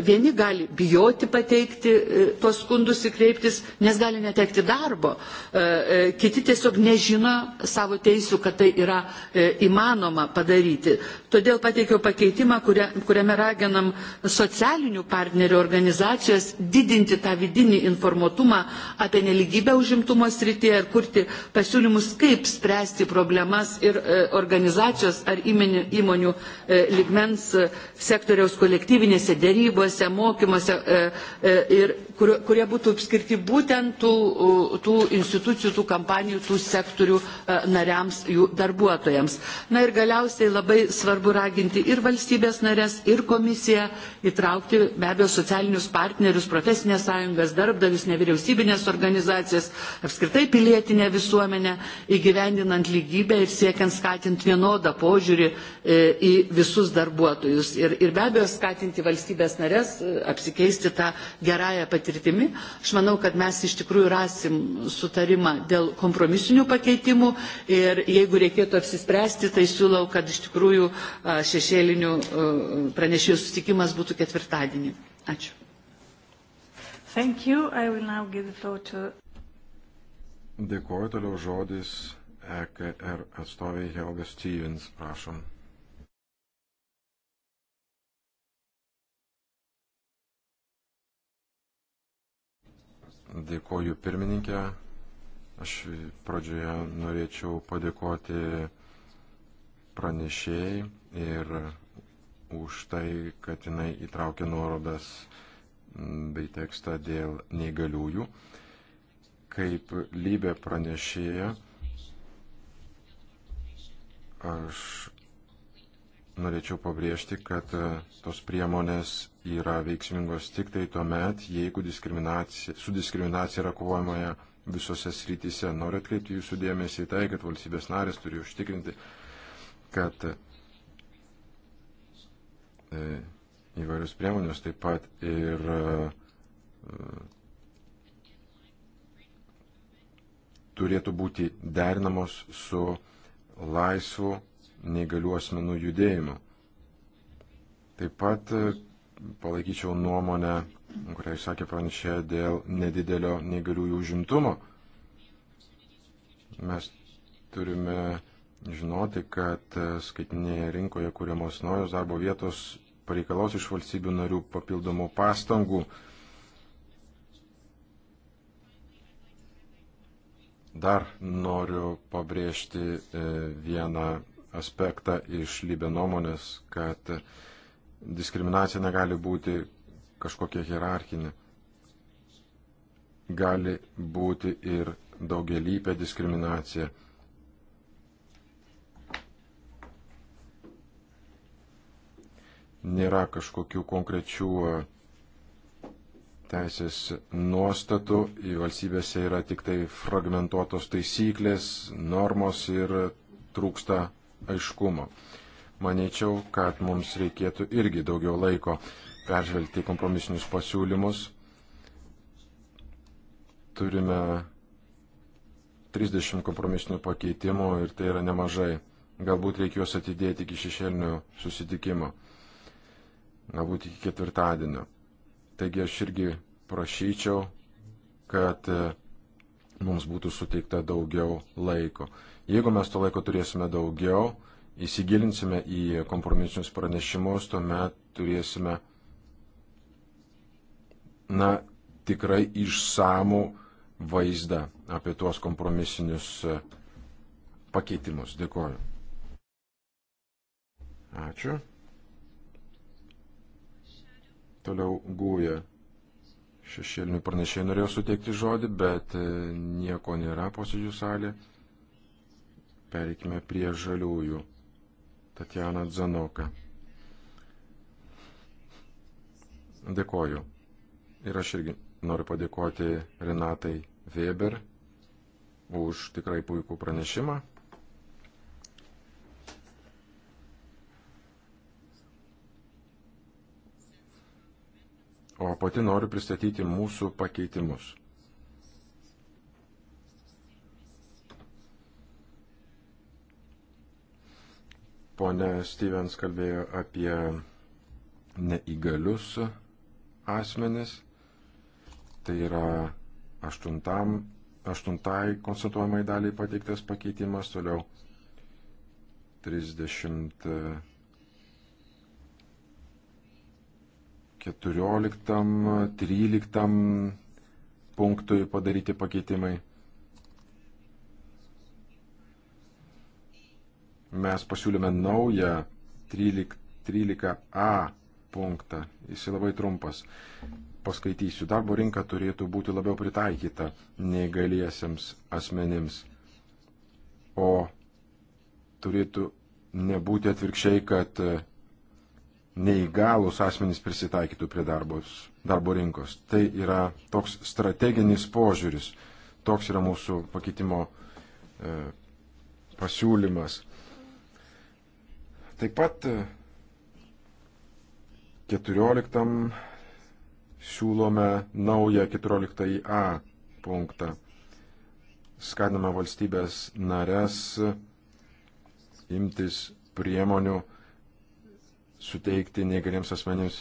vieni gali bijoti pateikti e, tuos skundus ir kreiptis, nes gali netekti darbo. Kiti tiesiog nežino savo teisų, kad tai yra įmanoma padaryti. Todėl pateikiau pakeitimą, kuria, kuriame raginam socialinių partnerių organizacijos didinti tą vidinį informuotumą apie neligybę užimtumo srityje ir kurti pasiūlymus, kaip spręsti problemas ir e, organizacijos ar įmonių e, ligmens e, sektoriaus kolektyvinėse dėrybose, mokymuose, ir, kur, kurie būtų skirti būtent tų, tų institucijų, tų kampanijų, tų sektorių nariams, jų darbuotojams. Na ir galiausiai labai svarbu svarbu raginti ir valstybės narės, ir komisiją įtraukti be abejo socialinius partnerius, profesinės sąjungas, darbdavius, nevyriausybinės organizacijas, apskritai pilietinę visuomenę, įgyvendinant lygybę ir siekiant skatinti vienodą požiūrį e, į visus darbuotojus. Ir, ir be abejo skatinti valstybės narės e, apsikeisti tą gerąją patirtimį. Aš manau, kad mes iš tikrųjų rasim sutarimą dėl kompromisinių pakeitimų ir jeigu reikėtų apsispręsti, tai siūlau, kad iš tikrųjų šešėlinių pranešėjų sustikimas būtų ketvirtadienį. Ačiū. Thank you. I will now give the floor to... Dėkuoju toliau žodis EKR atstoviai Helga Stevens, prašom. Dėkoju pirmininkė. Aš pradžioje norėčiau padėkoti pranešėjai ir už tai, kad jinai įtraukė nuorodas bei tekstą dėl neįgaliųjų. Kaip lybė pranešėja, aš norėčiau pabrėžti, kad tos priemonės yra veiksmingos tik tai tuo met, jeigu diskriminacija, su diskriminacija yra kovojamoje visose srityse. Noriu atkreipti jūsų dėmesį į tai, kad valstybės narės turi užtikrinti, kad e, įvairius priemonės, taip pat ir e, turėtų būti derinamos su laisvu neįgalių asmenų judėjimu. Taip pat e, palaikyčiau nuomonę, kurią išsakė pranešė dėl nedidelio neįgaliųjų užimtumo. Mes turime žinoti, kad e, skaitinėje rinkoje kūriamos naujos darbo vietos pareikalaus iš valstybių narių papildomų pastangų. Dar noriu pabrėžti e, vieną aspektą iš Libė nuomonės, kad diskriminacija negali būti kažkokia hierarchinė. Gali būti ir daugelįpė diskriminacija nėra kažkokių konkrečių e, teisės nuostatų, valstybėse yra tik tai fragmentuotos taisyklės, normos ir trūksta aiškumo. Manyčiau, kad mums reikėtų irgi daugiau laiko peržvelgti kompromisinius pasiūlymus. Turime 30 kompromisinių pakeitimų ir tai yra nemažai. Galbūt reikės atidėti iki šešėlinio susitikimo galbūt iki ketvirtadienio. Taigi aš irgi prašyčiau, kad e, mums būtų suteikta daugiau laiko. Jeigu mes to laiko turėsime daugiau, įsigilinsime į kompromisinius pranešimus, tuomet turėsime, na, tikrai išsamų vaizdą apie tuos kompromisinius e, pakeitimus. Dėkoju. Ačiū. Toliau gūja. Šešėlinių pranešėjų norėjau suteikti žodį, bet e, nieko nėra posėdžių salė. Pereikime prie žaliųjų. Tatjana Dzanoka. Dėkoju. Ir aš irgi noriu padėkoti Renatai Weber už tikrai puikų pranešimą. o pati noriu pristatyti mūsų pakeitimus. Pone Stevens kalbėjo apie neįgalius asmenis. Tai yra aštuntam, aštuntai konstatuojamai daliai pateiktas pakeitimas, toliau 30. 14, 13 punktui padaryti pakeitimai. Mes pasiūlėme naują 13, 13a punktą. Jis labai trumpas. Paskaitysiu. Darbo rinka turėtų būti labiau pritaikyta neįgaliesiems asmenims. O turėtų nebūti atvirkščiai, kad neįgalus asmenys prisitaikytų prie darbos, darbo rinkos. Tai yra toks strateginis požiūris, toks yra mūsų pakeitimo e, pasiūlymas. Taip pat 14 e, siūlome naują 14a punktą. Skatiname valstybės nares imtis priemonių suteikti negaliems asmenėms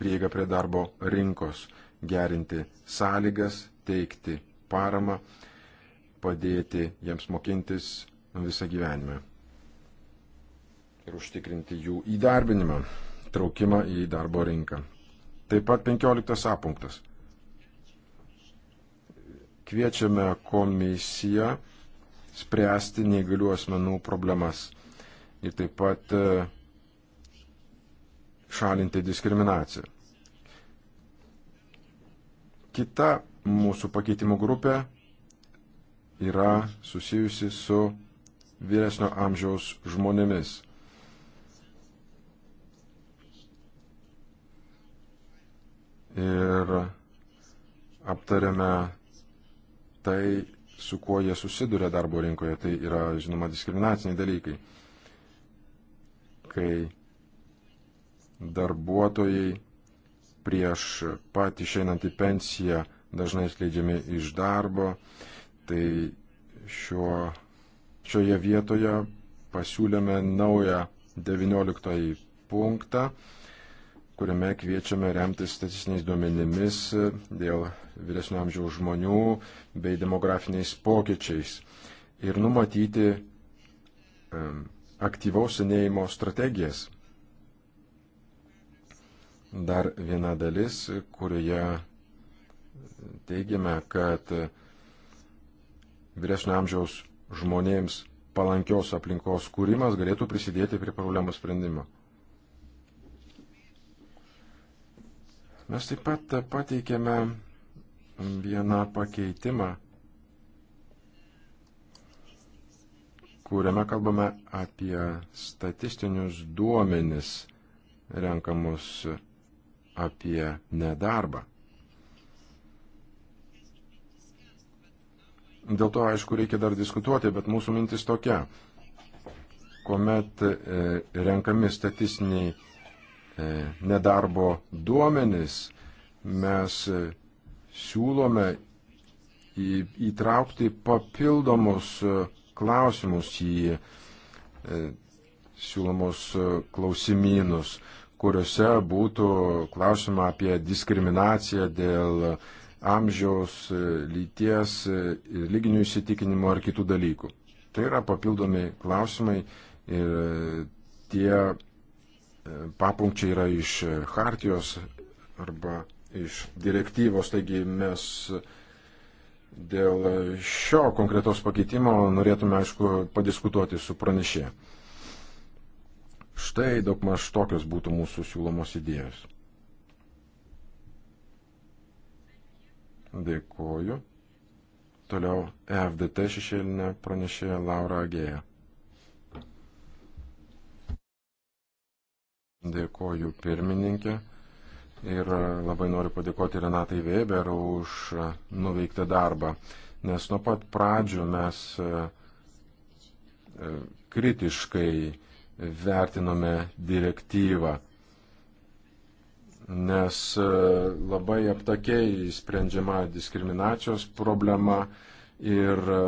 prieigą prie darbo rinkos, gerinti sąlygas, teikti paramą, padėti jiems mokintis visą gyvenimą ir užtikrinti jų įdarbinimą, traukimą į darbo rinką. Taip pat 15 apunktas. Kviečiame komisiją spręsti neįgalių asmenų problemas ir taip pat e, šalinti diskriminaciją. Kita mūsų pakeitimų grupė yra susijusi su vyresnio amžiaus žmonėmis. Ir aptarėme tai, su kuo jie susiduria darbo rinkoje. Tai yra, žinoma, diskriminaciniai dalykai. Kai darbuotojai prieš pat išeinant į pensiją dažnai atleidžiami iš darbo. Tai šio, šioje vietoje pasiūlėme naują 19 punktą, kuriame kviečiame remtis statistiniais duomenimis dėl vyresnio amžiaus žmonių bei demografiniais pokyčiais ir numatyti aktyvaus senėjimo strategijas dar viena dalis, kurioje teigiame, kad vyresnio amžiaus žmonėms palankios aplinkos kūrimas galėtų prisidėti prie problemų sprendimo. Mes taip pat pateikėme vieną pakeitimą, kuriame kalbame apie statistinius duomenis renkamus apie nedarbą. Dėl to, aišku, reikia dar diskutuoti, bet mūsų mintis tokia. Komet e, renkami statistiniai e, nedarbo duomenys, mes e, siūlome į, įtraukti papildomus e, klausimus į e, siūlomus e, klausimynus, kuriuose būtų klausima apie diskriminaciją dėl amžiaus, lyties, lyginių įsitikinimų ar kitų dalykų. Tai yra papildomi klausimai ir tie e, papunkčiai yra iš hartijos arba iš direktyvos, taigi mes dėl šio konkretaus pakeitimo norėtume, aišku, padiskutuoti su pranešė. Štai daugmaž tokios būtų mūsų siūlomos idėjos. Dėkuoju. Toliau FDT šešėlinė pranešėja Laura Agėja. Dėkuoju pirmininkė ir labai noriu padėkoti Renatai Weber už nuveiktą darbą, nes nuo pat pradžių mes e, e, kritiškai vertinome direktyvą, nes e, labai aptakiai sprendžiama diskriminacijos problema ir e,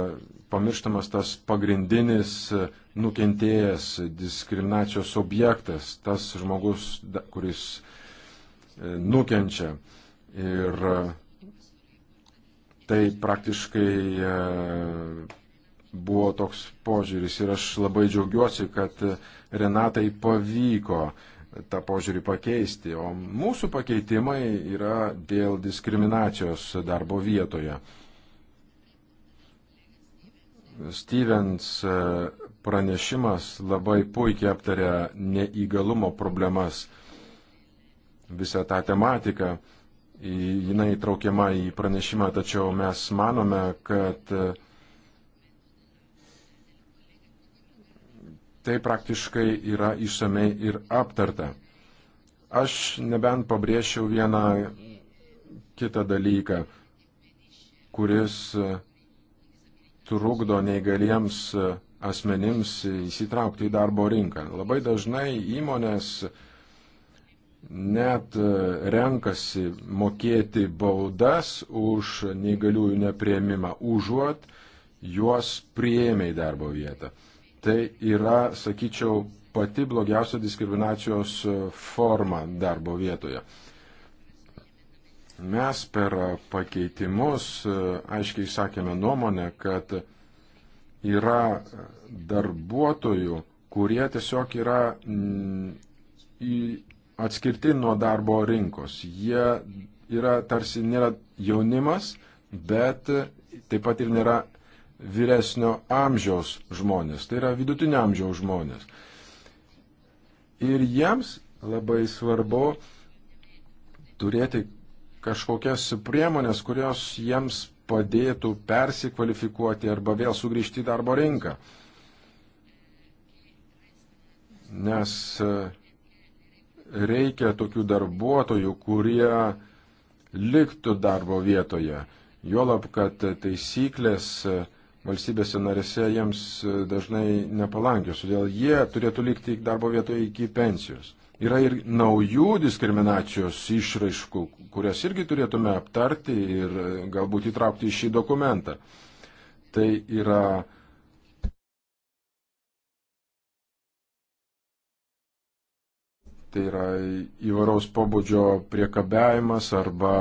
pamirštamas tas pagrindinis e, nukentėjęs diskriminacijos objektas, tas žmogus, kuris nukenčia. Ir tai praktiškai buvo toks požiūris ir aš labai džiaugiuosi, kad Renatai pavyko tą požiūrį pakeisti, o mūsų pakeitimai yra dėl diskriminacijos darbo vietoje. Stevens e, pranešimas labai puikiai aptarė neįgalumo problemas, visą tą tematiką jinai įtraukiama į pranešimą, tačiau mes manome, kad e, tai praktiškai yra išsamei ir aptarta. Aš nebent pabrėšiau vieną kitą dalyką, kuris e, trukdo neįgaliems e, asmenims įsitraukti į darbo rinką. Labai dažnai įmonės net e, renkasi mokėti baudas už neįgaliųjų neprieimimą, užuot juos prieėmė į darbo vietą. Tai yra, sakyčiau, pati blogiausia diskriminacijos e, forma darbo vietoje. Mes per pakeitimus e, aiškiai sakėme nuomonę, kad yra darbuotojų, kurie tiesiog yra mm, atskirti nuo darbo rinkos. Jie yra tarsi nėra jaunimas, bet taip pat ir nėra vyresnio amžiaus žmonės, tai yra vidutinio amžiaus žmonės. Ir jiems labai svarbu turėti kažkokias priemonės, kurios jiems padėtų persikvalifikuoti arba vėl sugrįžti į darbo rinką. Nes e, reikia tokių darbuotojų, kurie liktų darbo vietoje. Juolab, kad taisyklės e, valstybėse narėse jiems e, dažnai nepalankios, todėl jie turėtų likti darbo vietoje iki pensijos. Yra ir naujų diskriminacijos išraiškų, kurias irgi turėtume aptarti ir e, galbūt įtraukti į šį dokumentą. Tai yra tai yra įvairaus pobūdžio priekabiavimas arba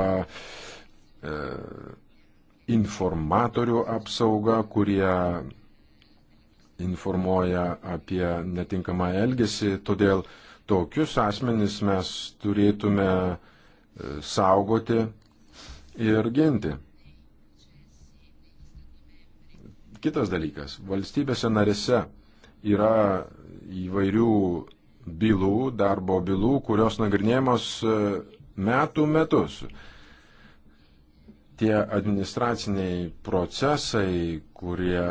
e, informatorių apsauga, kurie informuoja apie netinkamą elgesį. Todėl tokius asmenys mes turėtume e, saugoti ir ginti. Kitas dalykas. Valstybėse narėse yra įvairių bylų, darbo bylų, kurios nagrinėjamos e, metų metus tie administraciniai procesai, kurie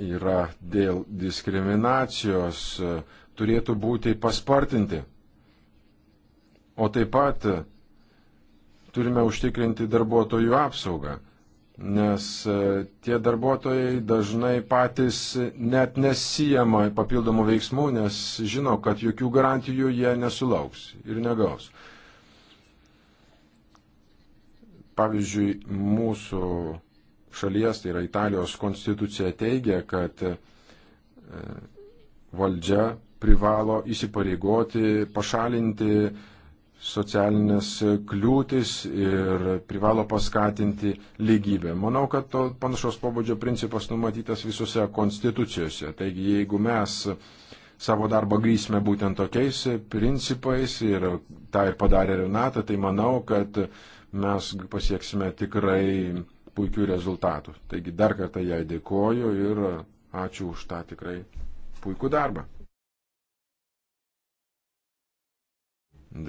yra dėl diskriminacijos, turėtų būti paspartinti. O taip pat turime užtikrinti darbuotojų apsaugą, nes e, tie darbuotojai dažnai patys net nesijama papildomų veiksmų, nes žino, kad jokių garantijų jie nesulauks ir negaus. Pavyzdžiui, mūsų šalies, tai yra Italijos konstitucija teigia, kad e, valdžia privalo įsipareigoti, pašalinti socialinės kliūtis ir privalo paskatinti lygybę. Manau, kad to panašaus pobūdžio principas numatytas visose konstitucijose. Taigi, jeigu mes savo darbą grįsime būtent tokiais principais ir tą ir padarė Renata, tai manau, kad mes pasieksime tikrai puikių rezultatų. Taigi dar kartą jai dėkoju ir ačiū už tą tikrai puikų darbą.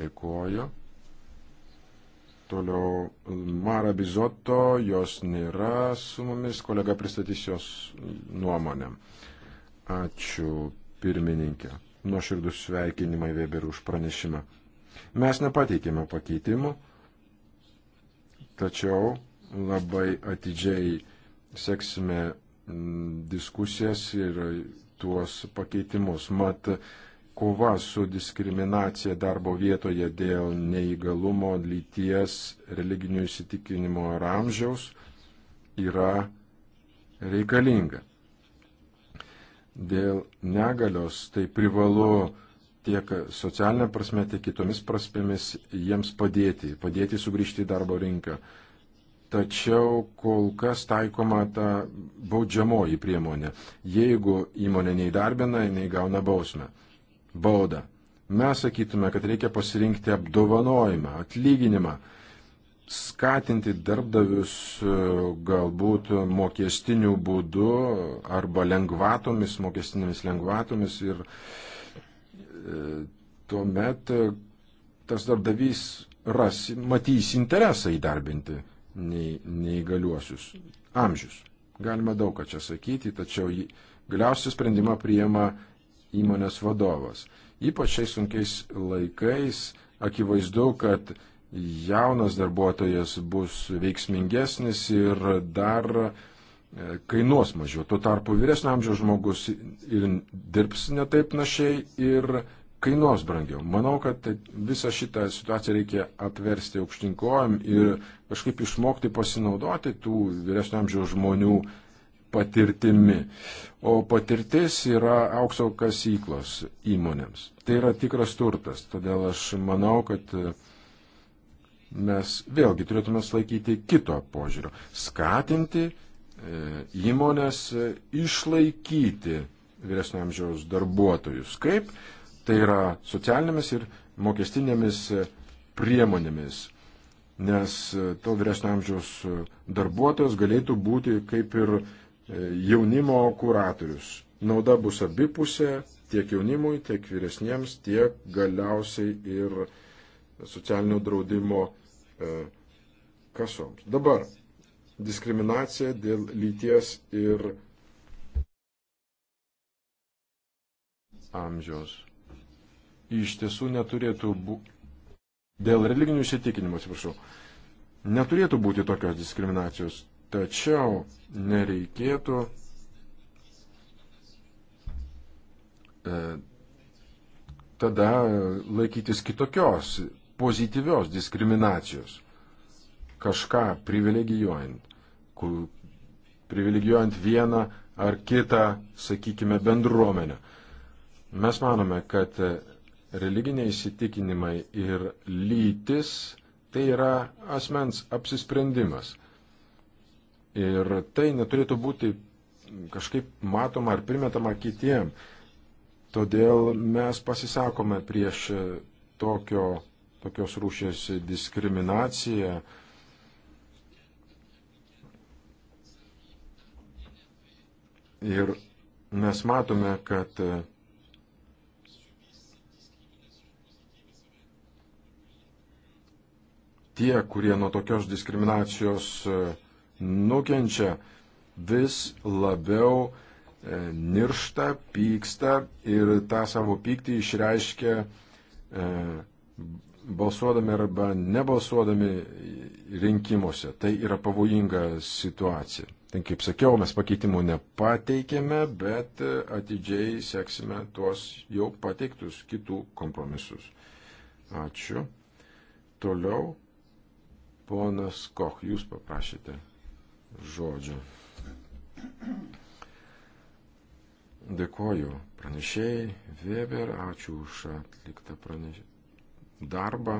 Dėkoju. Toliau Mara Bizoto, jos nėra su mumis, kolega pristatys jos nuomonę. Ačiū pirmininkė. Nuoširdus sveikinimai Weber už pranešimą. Mes nepateikėme pakeitimų Tačiau labai atidžiai seksime diskusijas ir tuos pakeitimus. Mat, kova su diskriminacija darbo vietoje dėl neįgalumo, lyties, religinių įsitikinimo ar amžiaus yra reikalinga. Dėl negalios tai privalu tiek socialinė prasme, tiek kitomis prasmėmis jiems padėti, padėti sugrįžti į darbo rinką. Tačiau kol kas taikoma ta baudžiamoji priemonė. Jeigu įmonė neįdarbina, jinai gauna bausmę. Bauda. Mes sakytume, kad reikia pasirinkti apdovanojimą, atlyginimą, skatinti darbdavius e, galbūt mokestiniu būdu arba lengvatomis, mokestinėmis lengvatomis ir uh, tuomet e, tas darbdavys ras, matys interesą įdarbinti nei, neįgaliuosius. Amžius. Galima daug ką čia sakyti, tačiau galiausiai sprendimą priema įmonės vadovas. Ypač šiais sunkiais laikais akivaizdu, kad jaunas darbuotojas bus veiksmingesnis ir dar e, kainuos mažiau. Tuo tarpu vyresnio amžiaus žmogus ir dirbs netaip našiai ir kainuos brangiau. Manau, kad tai visą šitą situaciją reikia apversti aukštinkojam ir mm. kažkaip išmokti pasinaudoti tų vyresnio amžiaus žmonių patirtimi. O patirtis yra aukso kasyklos įmonėms. Tai yra tikras turtas. Todėl aš manau, kad mes vėlgi turėtume laikyti kito požiūrio. Skatinti e, įmonės išlaikyti vyresnio amžiaus darbuotojus. Kaip? tai yra socialinėmis ir mokestinėmis priemonėmis, nes e, to vyresnio amžiaus e, darbuotojas galėtų būti kaip ir e, jaunimo kuratorius. Nauda bus abipusė tiek jaunimui, tiek vyresniems, tiek galiausiai ir socialinio draudimo kasoms. Dabar diskriminacija dėl lyties ir amžiaus iš tiesų neturėtų būti, dėl religinių įsitikinimų, atsiprašau, neturėtų būti tokios diskriminacijos, tačiau nereikėtų e, tada laikytis kitokios pozityvios diskriminacijos, kažką privilegijuojant, kur, privilegijuojant vieną ar kitą, sakykime, bendruomenę. Mes manome, kad religiniai įsitikinimai ir lytis tai yra asmens apsisprendimas. Ir tai neturėtų būti kažkaip matoma ar primetama kitiem. Todėl mes pasisakome prieš tokio, tokios rūšės diskriminaciją. Ir mes matome, kad tie, kurie nuo tokios diskriminacijos e, nukenčia, vis labiau e, niršta, pyksta ir tą savo pyktį išreiškia e, balsuodami arba nebalsuodami rinkimuose. Tai yra pavojinga situacija. Tai kaip sakiau, mes pakeitimų nepateikėme, bet atidžiai seksime tuos jau pateiktus kitų kompromisus. Ačiū. Toliau Ponas Koch, jūs paprašėte žodžio. Dėkoju pranešėjai Weber, ačiū už atliktą praneš... darbą.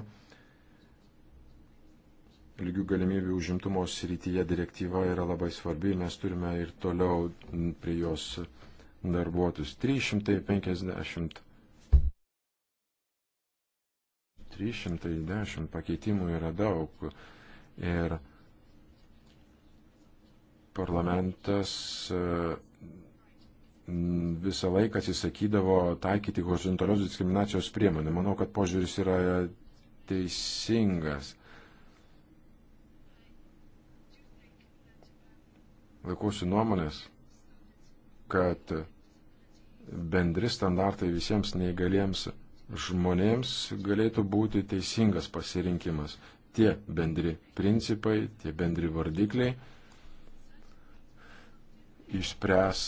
Lygių galimybių užimtumo srityje direktyva yra labai svarbi, mes turime ir toliau prie jos darbuotus 350. 310 pakeitimų yra daug Ir parlamentas e, visą laiką atsisakydavo taikyti horizontalios diskriminacijos priemonę. Manau, kad požiūris yra teisingas. Laikausi nuomonės, kad bendri standartai visiems neįgaliems žmonėms galėtų būti teisingas pasirinkimas tie bendri principai, tie bendri vardikliai išspręs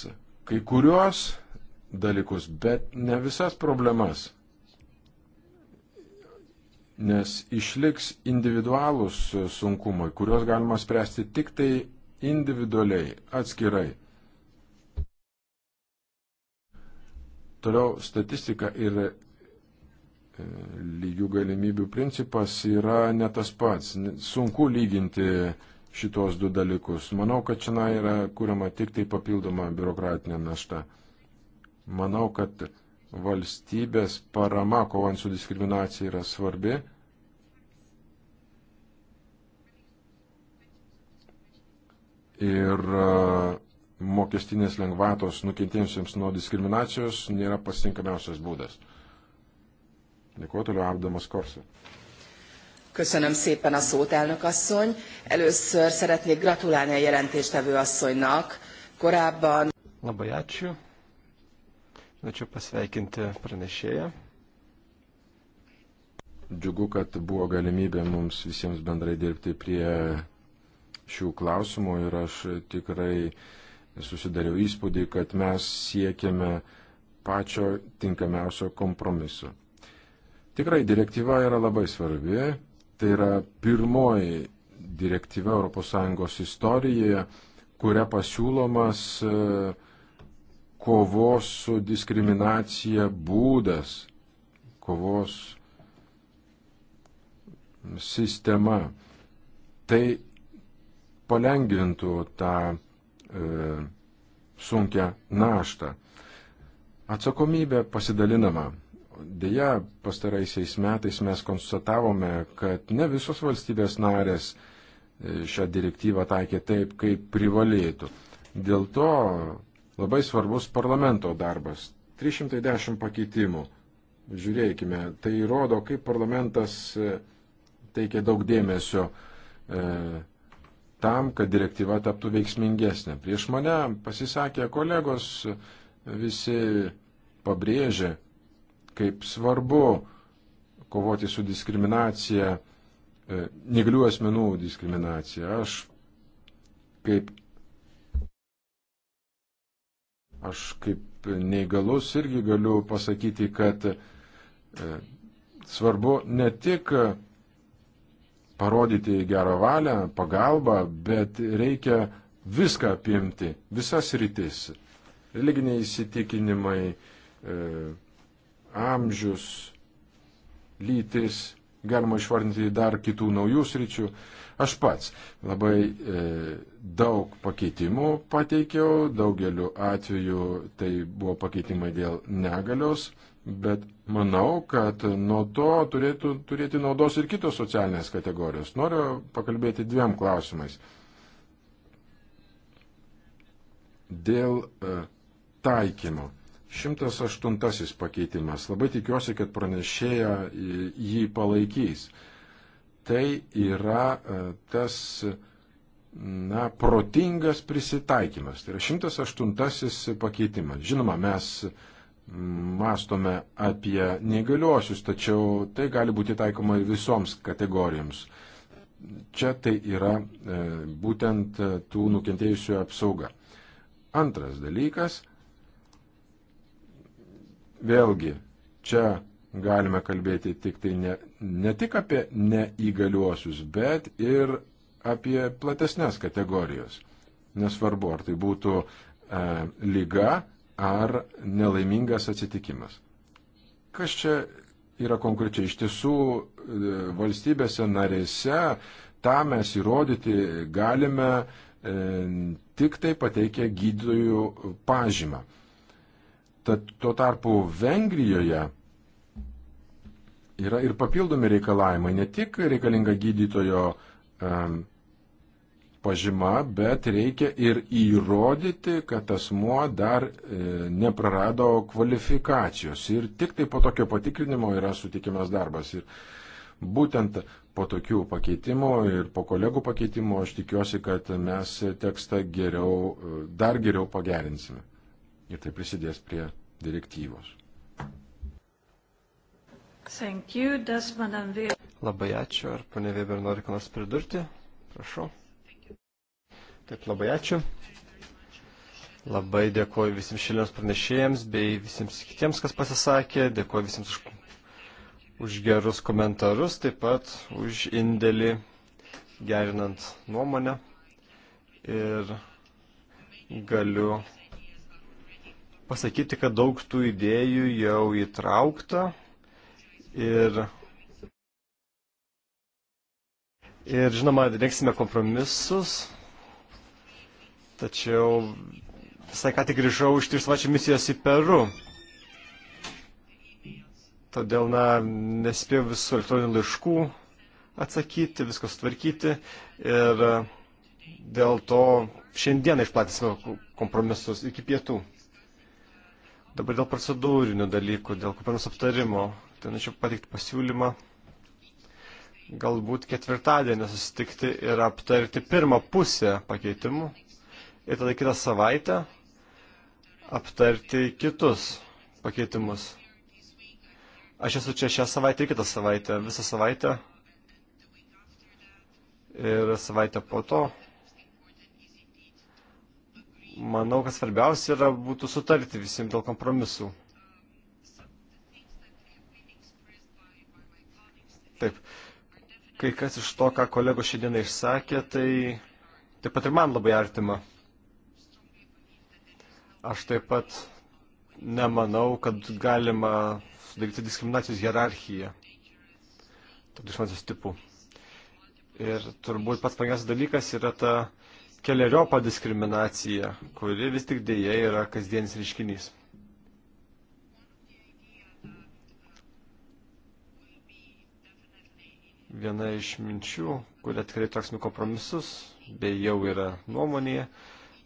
kai kuriuos dalykus, bet ne visas problemas, nes išliks individualūs sunkumai, kuriuos galima spręsti tik tai individualiai, atskirai. Toliau statistika ir lygių galimybių principas yra ne tas pats. Sunku lyginti šitos du dalykus. Manau, kad čia yra kuriama tik tai papildoma biurokratinė našta. Manau, kad valstybės parama kovant su diskriminacija yra svarbi. Ir mokestinės lengvatos nukentėjusiems nuo diskriminacijos nėra pasinkamiausias būdas. Dėkuoju toliau Abdamas Korsi. Köszönöm szépen a szót, elnök asszony. Először szeretnék gratulálni a jelentéstevő asszonynak. Korábban... Labai ačiū. Norėčiau pasveikinti pranešėją. Džiugu, kad buvo galimybė mums visiems bendrai dirbti prie šių klausimų ir aš tikrai susidariau įspūdį, kad mes siekiame pačio tinkamiausio kompromiso. Tikrai direktyva yra labai svarbi. Tai yra pirmoji direktyva ES istorijoje, kuria pasiūlomas e, kovos su diskriminacija būdas, kovos sistema. Tai palengvintų tą e, sunkę naštą. Atsakomybė pasidalinama Deja, pastaraisiais metais mes konstatavome, kad ne visos valstybės narės e, šią direktyvą taikė taip, kaip privalėtų. Dėl to labai svarbus parlamento darbas. 310 pakeitimų. Žiūrėkime, tai rodo, kaip parlamentas e, teikia daug dėmesio e, tam, kad direktyva taptų veiksmingesnė. Prieš mane pasisakė kolegos, visi pabrėžė, kaip svarbu kovoti su diskriminacija, e, negalių asmenų diskriminacija. Aš kaip, aš kaip neįgalus irgi galiu pasakyti, kad e, svarbu ne tik parodyti gerą valią, pagalbą, bet reikia viską apimti, visas rytis. Religiniai įsitikinimai, e, amžius, lytis, galima išvardinti dar kitų naujų sričių. Aš pats labai e, daug pakeitimų pateikiau, daugeliu atveju tai buvo pakeitimai dėl negalios, bet manau, kad nuo to turėtų turėti naudos ir kitos socialinės kategorijos. Noriu pakalbėti dviem klausimais. Dėl e, taikymo. 108 pakeitimas. Labai tikiuosi, kad pranešėja jį palaikys. Tai yra e, tas na, protingas prisitaikymas. Tai yra 108 pakeitimas. Žinoma, mes mastome apie negaliuosius, tačiau tai gali būti taikoma ir visoms kategorijoms. Čia tai yra e, būtent e, tų nukentėjusių apsauga. Antras dalykas Vėlgi, čia galime kalbėti tik tai ne, ne tik apie neįgaliuosius, bet ir apie platesnės kategorijos. Nesvarbu, ar tai būtų e, lyga ar nelaimingas atsitikimas. Kas čia yra konkrečiai? Iš tiesų, e, valstybėse narėse tą mes įrodyti galime e, tik tai pateikę gydytojų pažymą. Tad tuo tarpu Vengrijoje yra ir papildomi reikalavimai, ne tik reikalinga gydytojo um, pažyma, bet reikia ir įrodyti, kad asmuo dar e, neprarado kvalifikacijos ir tik tai po tokio patikrinimo yra sutikimas darbas. Ir būtent po tokių pakeitimų ir po kolegų pakeitimų aš tikiuosi, kad mes tekstą geriau, e, dar geriau pagerinsime. Ir tai prisidės prie direktyvos. Thank you. Does Madame Weber... Labai ačiū. Ar ponė Weber nori ką nors pridurti? Prašau. Taip, labai ačiū. Labai dėkuoju visiems šiandienos pranešėjams bei visiems kitiems, kas pasisakė. Dėkuoju visiems už, už gerus komentarus, taip pat už indėlį gerinant nuomonę. Ir galiu pasakyti, kad daug tų idėjų jau įtraukta ir, ir žinoma, rengsime kompromisus, tačiau visai ką tik grįžau iš trisvačių misijos į Peru. Todėl, na, nespėjau visų elektroninių laiškų atsakyti, viską sutvarkyti ir dėl to šiandieną išplatysime kompromisus iki pietų. Dabar dėl procedūrinių dalykų, dėl kupenus aptarimo, tai norėčiau pateikti pasiūlymą galbūt ketvirtadienį susitikti ir aptarti pirmą pusę pakeitimų ir tada kitą savaitę aptarti kitus pakeitimus. Aš esu čia šią savaitę ir kitą savaitę, visą savaitę ir savaitę po to manau, kad svarbiausia yra būtų sutarti visiems dėl kompromisų. Taip, kai kas iš to, ką kolego šiandieną išsakė, tai taip pat ir man labai artima. Aš taip pat nemanau, kad galima sudaryti diskriminacijos hierarchiją tarp išmančios tipų. Ir turbūt pats pangiausias dalykas yra ta keliariopą diskriminaciją, kuri vis tik dėja yra kasdienis reiškinys. Viena iš minčių, kuria tikrai toksime nu kompromisus, bei jau yra nuomonėje,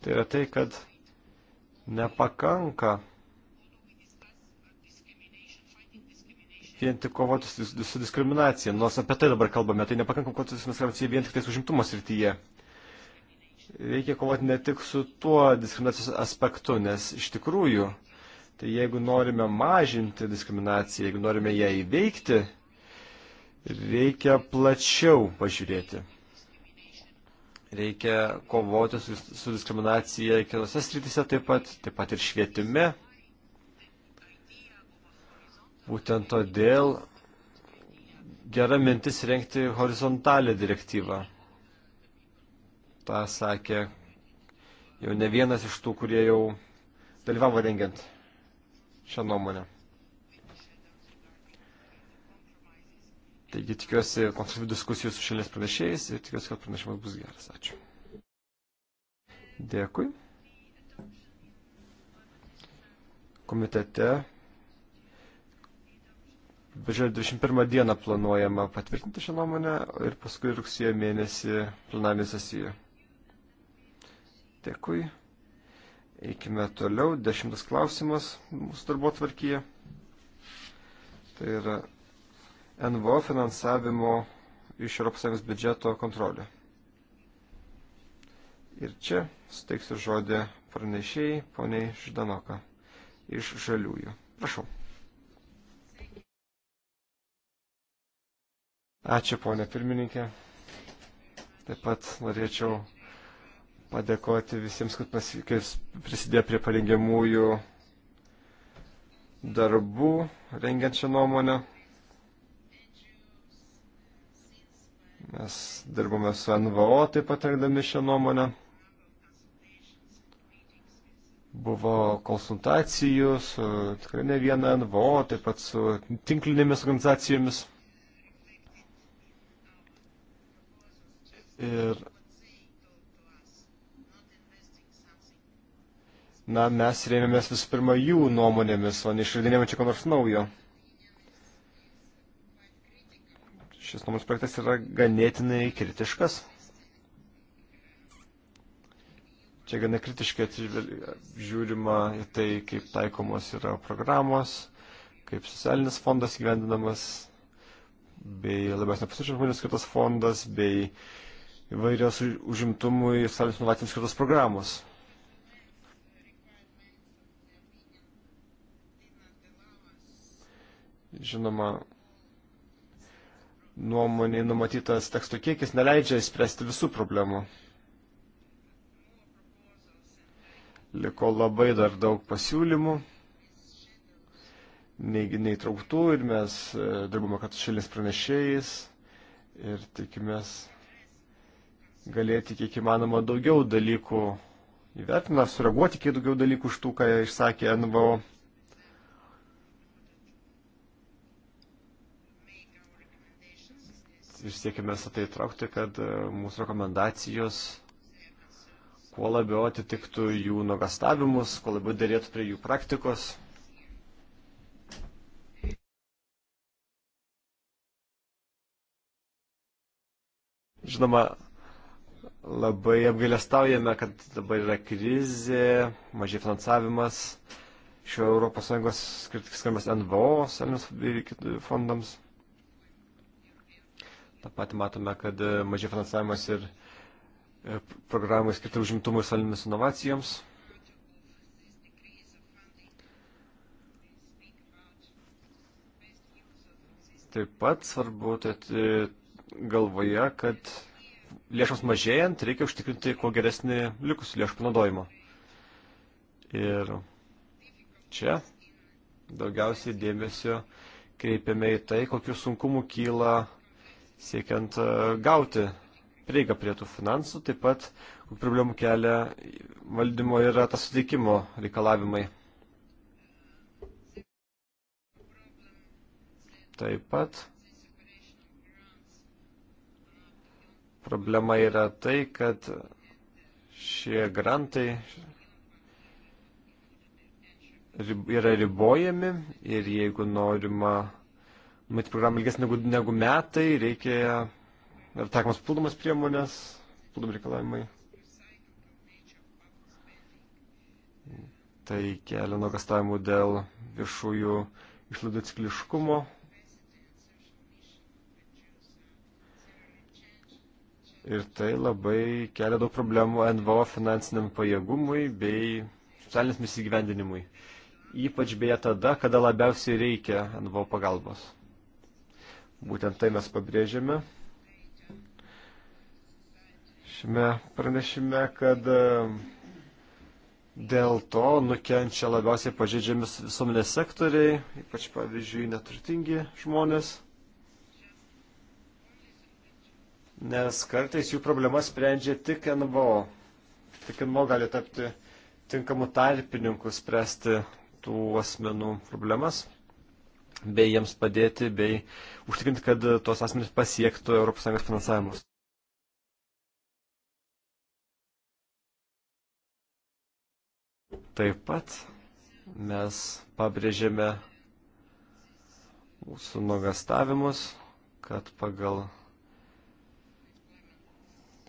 tai yra tai, kad nepakanka vien tik kovoti su diskriminacija. Nors apie tai dabar kalbame, tai nepakanka kovoti su diskriminacija vien tik tais užimtumo srityje reikia kovoti ne tik su tuo diskriminacijos aspektu, nes iš tikrųjų, tai jeigu norime mažinti diskriminaciją, jeigu norime ją įveikti, reikia plačiau pažiūrėti. Reikia kovoti su, su diskriminacija kitose srityse taip pat, taip pat ir švietime. Būtent todėl gera mintis rengti horizontalią direktyvą tą sakė jau ne vienas iš tų, kurie jau dalyvavo rengiant šią nuomonę. Taigi tikiuosi konstruktyvių diskusijų su šalies pranešėjais ir tikiuosi, kad pranešimas bus geras. Ačiū. Dėkui. Komitete. Birželio 21 dieną planuojama patvirtinti šią nuomonę ir paskui rugsėjo mėnesį plenarinė sesija. Dėkui. Eikime toliau. Dešimtas klausimas mūsų darbo tvarkyje. Tai yra NVO finansavimo iš ES biudžeto kontrolė. Ir čia suteiksiu žodį pranešėjai poniai Ždanoka iš Žaliųjų. Prašau. Ačiū, ponė pirmininkė. Taip pat norėčiau padėkoti visiems, kad pasikės, prisidėjo prie parengiamųjų darbų, rengiančią nuomonę. Mes dirbome su NVO taip pat rengdami šią nuomonę. Buvo konsultacijų su tikrai ne viena NVO, taip pat su tinklinėmis organizacijomis. Ir na, mes rėmėmės visų pirma jų nuomonėmis, o neišradinėjome čia ko nors naujo. Šis nuomonės projektas yra ganėtinai kritiškas. Čia gana kritiškai žiūrima į tai, kaip taikomos yra programos, kaip socialinis fondas gyvendinamas, bei labiausiai nepasičiam žmonės skirtas fondas, bei įvairios užimtumui ir socialinius inovacijams skirtos programos. Žinoma, nuomonė numatytas teksto kiekis neleidžia įspręsti visų problemų. Liko labai dar daug pasiūlymų, neįtrauktų ir mes e, dirbame kartu šalies pranešėjais ir tikimės galėti kiek įmanoma daugiau dalykų įvertinti, sureaguoti kiek daugiau dalykų iš tų, ką išsakė NVO. ir siekime visą tai traukti, kad e, mūsų rekomendacijos kuo labiau atitiktų jų nuogastavimus, kuo labiau dėrėtų prie jų praktikos. Žinoma, labai apgailestaujame, kad dabar yra krizė, mažai finansavimas šio ES skirtas skirtas NVO, Selmės fondams. Ta pati matome, kad e, mažai finansavimas ir e, programų skirti užimtumui ir salinėmis inovacijoms. Taip pat svarbu turėti e, galvoje, kad lėšoms mažėjant reikia užtikrinti kuo geresnį likusių lėšų panaudojimą. Ir čia daugiausiai dėmesio kreipiame į tai, kokius sunkumų kyla siekiant e, gauti prieigą prie tų finansų, taip pat problemų kelia valdymo ir tas suteikimo reikalavimai. Taip pat problema yra tai, kad šie grantai yra ribojami ir jeigu norima Matyt, programą ilgesnį negu, negu metai, reikia ir takomas pildomas priemonės, pildomi reikalavimai. Tai kelia nuogastavimų dėl viešųjų išlaidų cikliškumo. Ir tai labai kelia daug problemų NVO finansiniam pajėgumui bei socialinės įgyvendinimui. Ypač beje tada, kada labiausiai reikia NVO pagalbos. Būtent tai mes pabrėžėme šiame pranešime, kad e, dėl to nukenčia labiausiai pažeidžiami visuomenės sektoriai, ypač pavyzdžiui neturtingi žmonės, nes kartais jų problemas sprendžia tik NVO. Tik NVO gali tapti tinkamų tarpininkų spręsti tų asmenų problemas bei jiems padėti, bei užtikrinti, kad tuos asmenys pasiektų ES finansavimus. Taip pat mes pabrėžėme mūsų nuogastavimus, kad pagal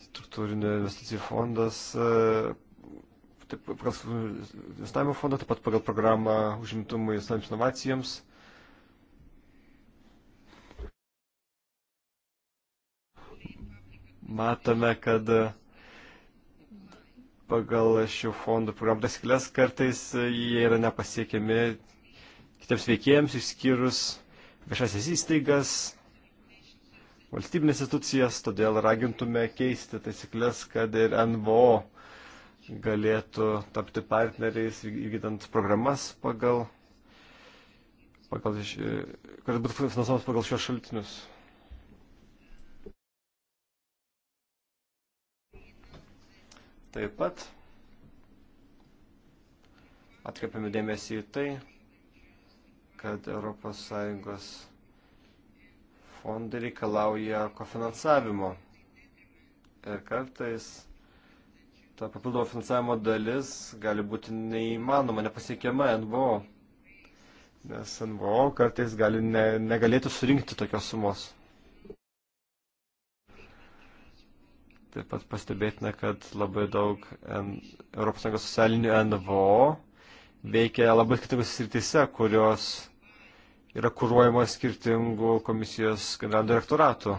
struktūrinio investicijų fondas, e, taip, pagal investavimo fondą, taip pat pagal programą užimtumui ir inovacijoms matome, kad pagal šių fondų programų taisyklės kartais jie yra nepasiekiami kitiems veikėjams, išskyrus viešasias įstaigas, valstybinės institucijas, todėl ragintume keisti taisyklės, kad ir NVO galėtų tapti partneriais įgydant programas pagal, pagal kad būtų finansuomas pagal šios šaltinius. Taip pat atkreipiame dėmesį į tai, kad ES fondai reikalauja kofinansavimo. Ir kartais ta papildoma finansavimo dalis gali būti neįmanoma, nepasiekiama NVO. Nes NVO kartais gali ne, negalėtų surinkti tokios sumos. Taip pat pastebėtina, kad labai daug ES socialinių NVO veikia labai skirtingose srityse, kurios yra kūruojamos skirtingų komisijos generalinio direktoratų.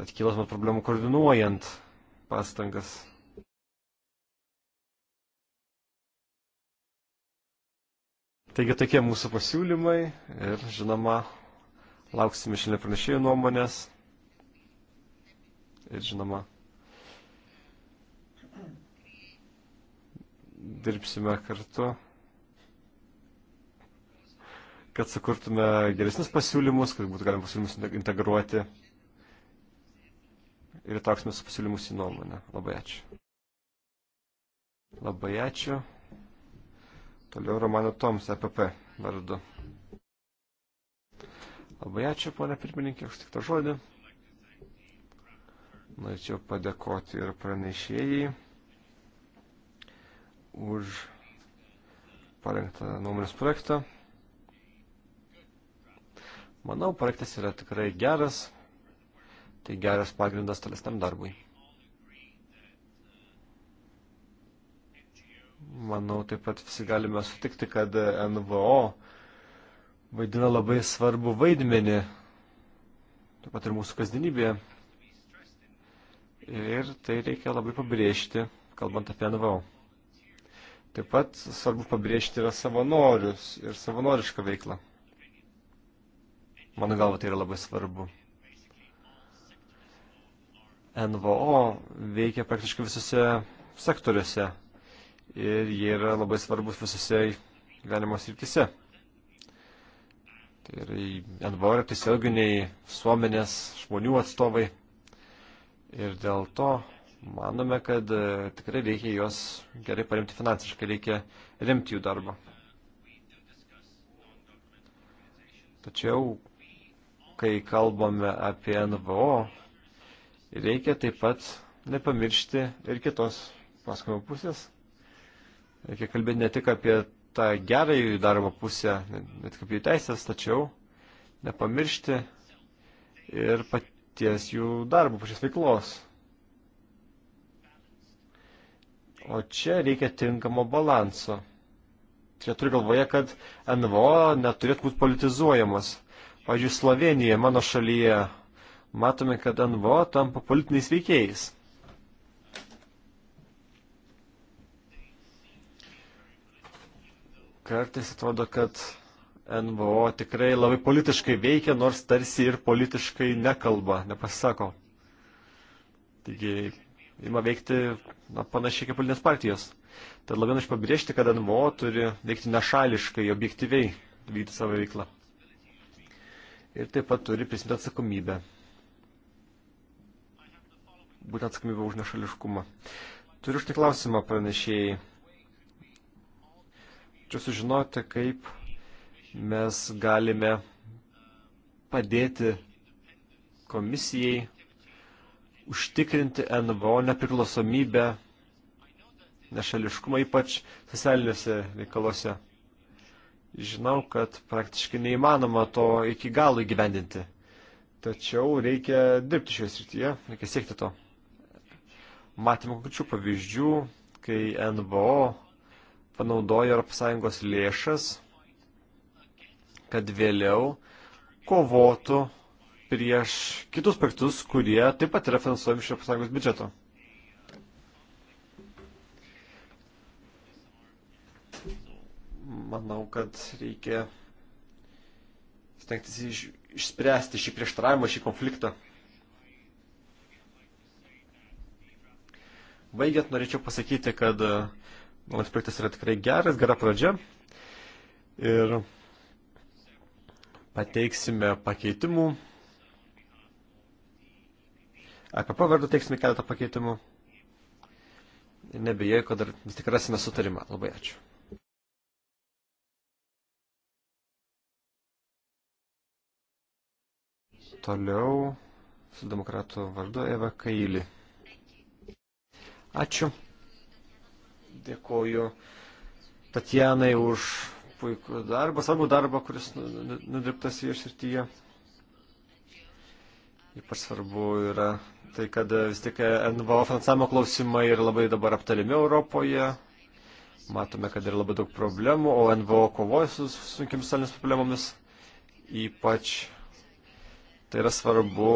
Tad kilas man problemų koordinuojant pastangas. Taigi tokie mūsų pasiūlymai ir žinoma, lauksime šiandien pranešėjų nuomonės ir žinoma, dirbsime kartu, kad sukurtume geresnius pasiūlymus, kad būtų galima pasiūlymus integruoti ir įtrauksime su pasiūlymus į nuomonę. Labai ačiū. Labai ačiū. Toliau Romano Toms, EPP vardu. Labai ačiū, ponė pirmininkė, už tik tą žodį. Norėčiau padėkoti ir pranešėjai už parengtą nuomonės projektą. Manau, projektas yra tikrai geras, tai geras pagrindas tolesniam darbui. Manau, taip pat visi galime sutikti, kad NVO vaidina labai svarbu vaidmenį, taip pat ir mūsų kasdienybėje. Ir tai reikia labai pabrėžti, kalbant apie NVO. Taip pat svarbu pabrėžti yra savanorius ir savanorišką veiklą. Mano galva, tai yra labai svarbu. NVO veikia praktiškai visose sektoriuose ir jie yra labai svarbus visose gyvenimo srityse. Tai yra NVO yra tiesioginiai suomenės žmonių atstovai Ir dėl to manome, kad e, tikrai reikia juos gerai paremti finansiškai, reikia remti jų darbą. Tačiau, kai kalbame apie NVO, reikia taip pat nepamiršti ir kitos pasakojo pusės. Reikia kalbėti ne tik apie tą gerą jų darbo pusę, ne tik apie jų teisės, tačiau nepamiršti ir pat ties jų darbo, pačios veiklos. O čia reikia tinkamo balanso. Čia turiu galvoje, kad NVO neturėtų būti politizuojamas. Pavyzdžiui, Slovenijoje, mano šalyje, matome, kad NVO tampa politiniais veikėjais. Kartais atrodo, kad NVO tikrai labai politiškai veikia, nors tarsi ir politiškai nekalba, nepasisako. Taigi, ima veikti na, panašiai kaip politinės partijos. Tad labai noriu pabrėžti, kad NVO turi veikti nešališkai, objektyviai vykdyti savo veiklą. Ir taip pat turi prisimti atsakomybę. Būtent atsakomybę už nešališkumą. Turiu štai klausimą pranešėjai. Čia sužinoti, kaip mes galime padėti komisijai užtikrinti NVO nepriklausomybę, nešališkumą, ypač socialiniuose reikaluose. Žinau, kad praktiškai neįmanoma to iki galo įgyvendinti. Tačiau reikia dirbti šioje srityje, reikia siekti to. Matėme kokių pavyzdžių, kai NVO panaudoja ES lėšas kad vėliau kovotų prieš kitus projektus, kurie taip pat yra finansuojami iš ES biudžeto. Manau, kad reikia stengtis iš, išspręsti šį prieštaravimą, šį konfliktą. Baigiant, norėčiau pasakyti, kad naujas projektas yra tikrai geras, gera pradžia. Ir pateiksime pakeitimų. Apie pavardų teiksime keletą pakeitimų. Ir nebejoju, kad dar vis tik rasime sutarimą. Labai ačiū. Toliau su demokratų vardu Eva Kaili. Ačiū. Dėkoju Tatjanai už puikų darbą, svarbu darbą, kuris nu, nu, nu, nudirbtas jo srityje. Ypač svarbu yra tai, kad vis tik NVO finansavimo klausimai yra labai dabar aptariami Europoje. Matome, kad yra labai daug problemų, o NVO kovoja su sunkiamis socialinėmis problemomis. Ypač tai yra svarbu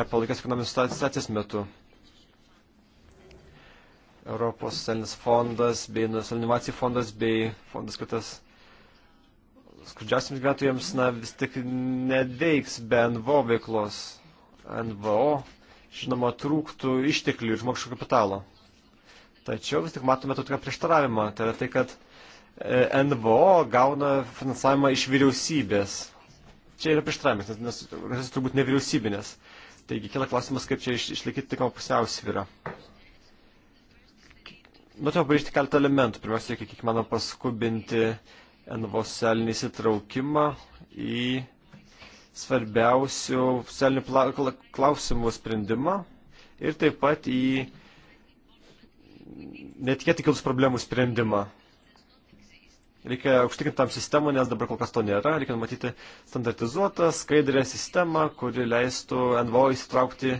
nepalaikęs ekonominės situacijos metu. Europos socialinis fondas bei nacionalinis inovacijų fondas bei fondas skirtas skurdžiausiams gyventojams na, vis tik nedveiks be NVO veiklos. NVO, žinoma, trūktų išteklių ir žmogiško kapitalo. Tačiau vis tik matome tokią prieštaravimą. Tai yra tai, kad e, NVO gauna finansavimą iš vyriausybės. Čia yra prieštaravimas, nes organizacijos turbūt nevyriausybinės. Taigi kila klausimas, kaip čia iš, išlaikyti tikamą pusiausvyrą. Norėčiau pabrėžti keletą elementų. Pirmiausia, kiek įmanoma paskubinti NVO socialinį įsitraukimą į svarbiausių socialinių klausimų sprendimą ir taip pat į netikėtai kilus problemų sprendimą. Reikia užtikrinti tam sistemą, nes dabar kol kas to nėra. Reikia matyti standartizuotą, skaidrę sistemą, kuri leistų NVO įsitraukti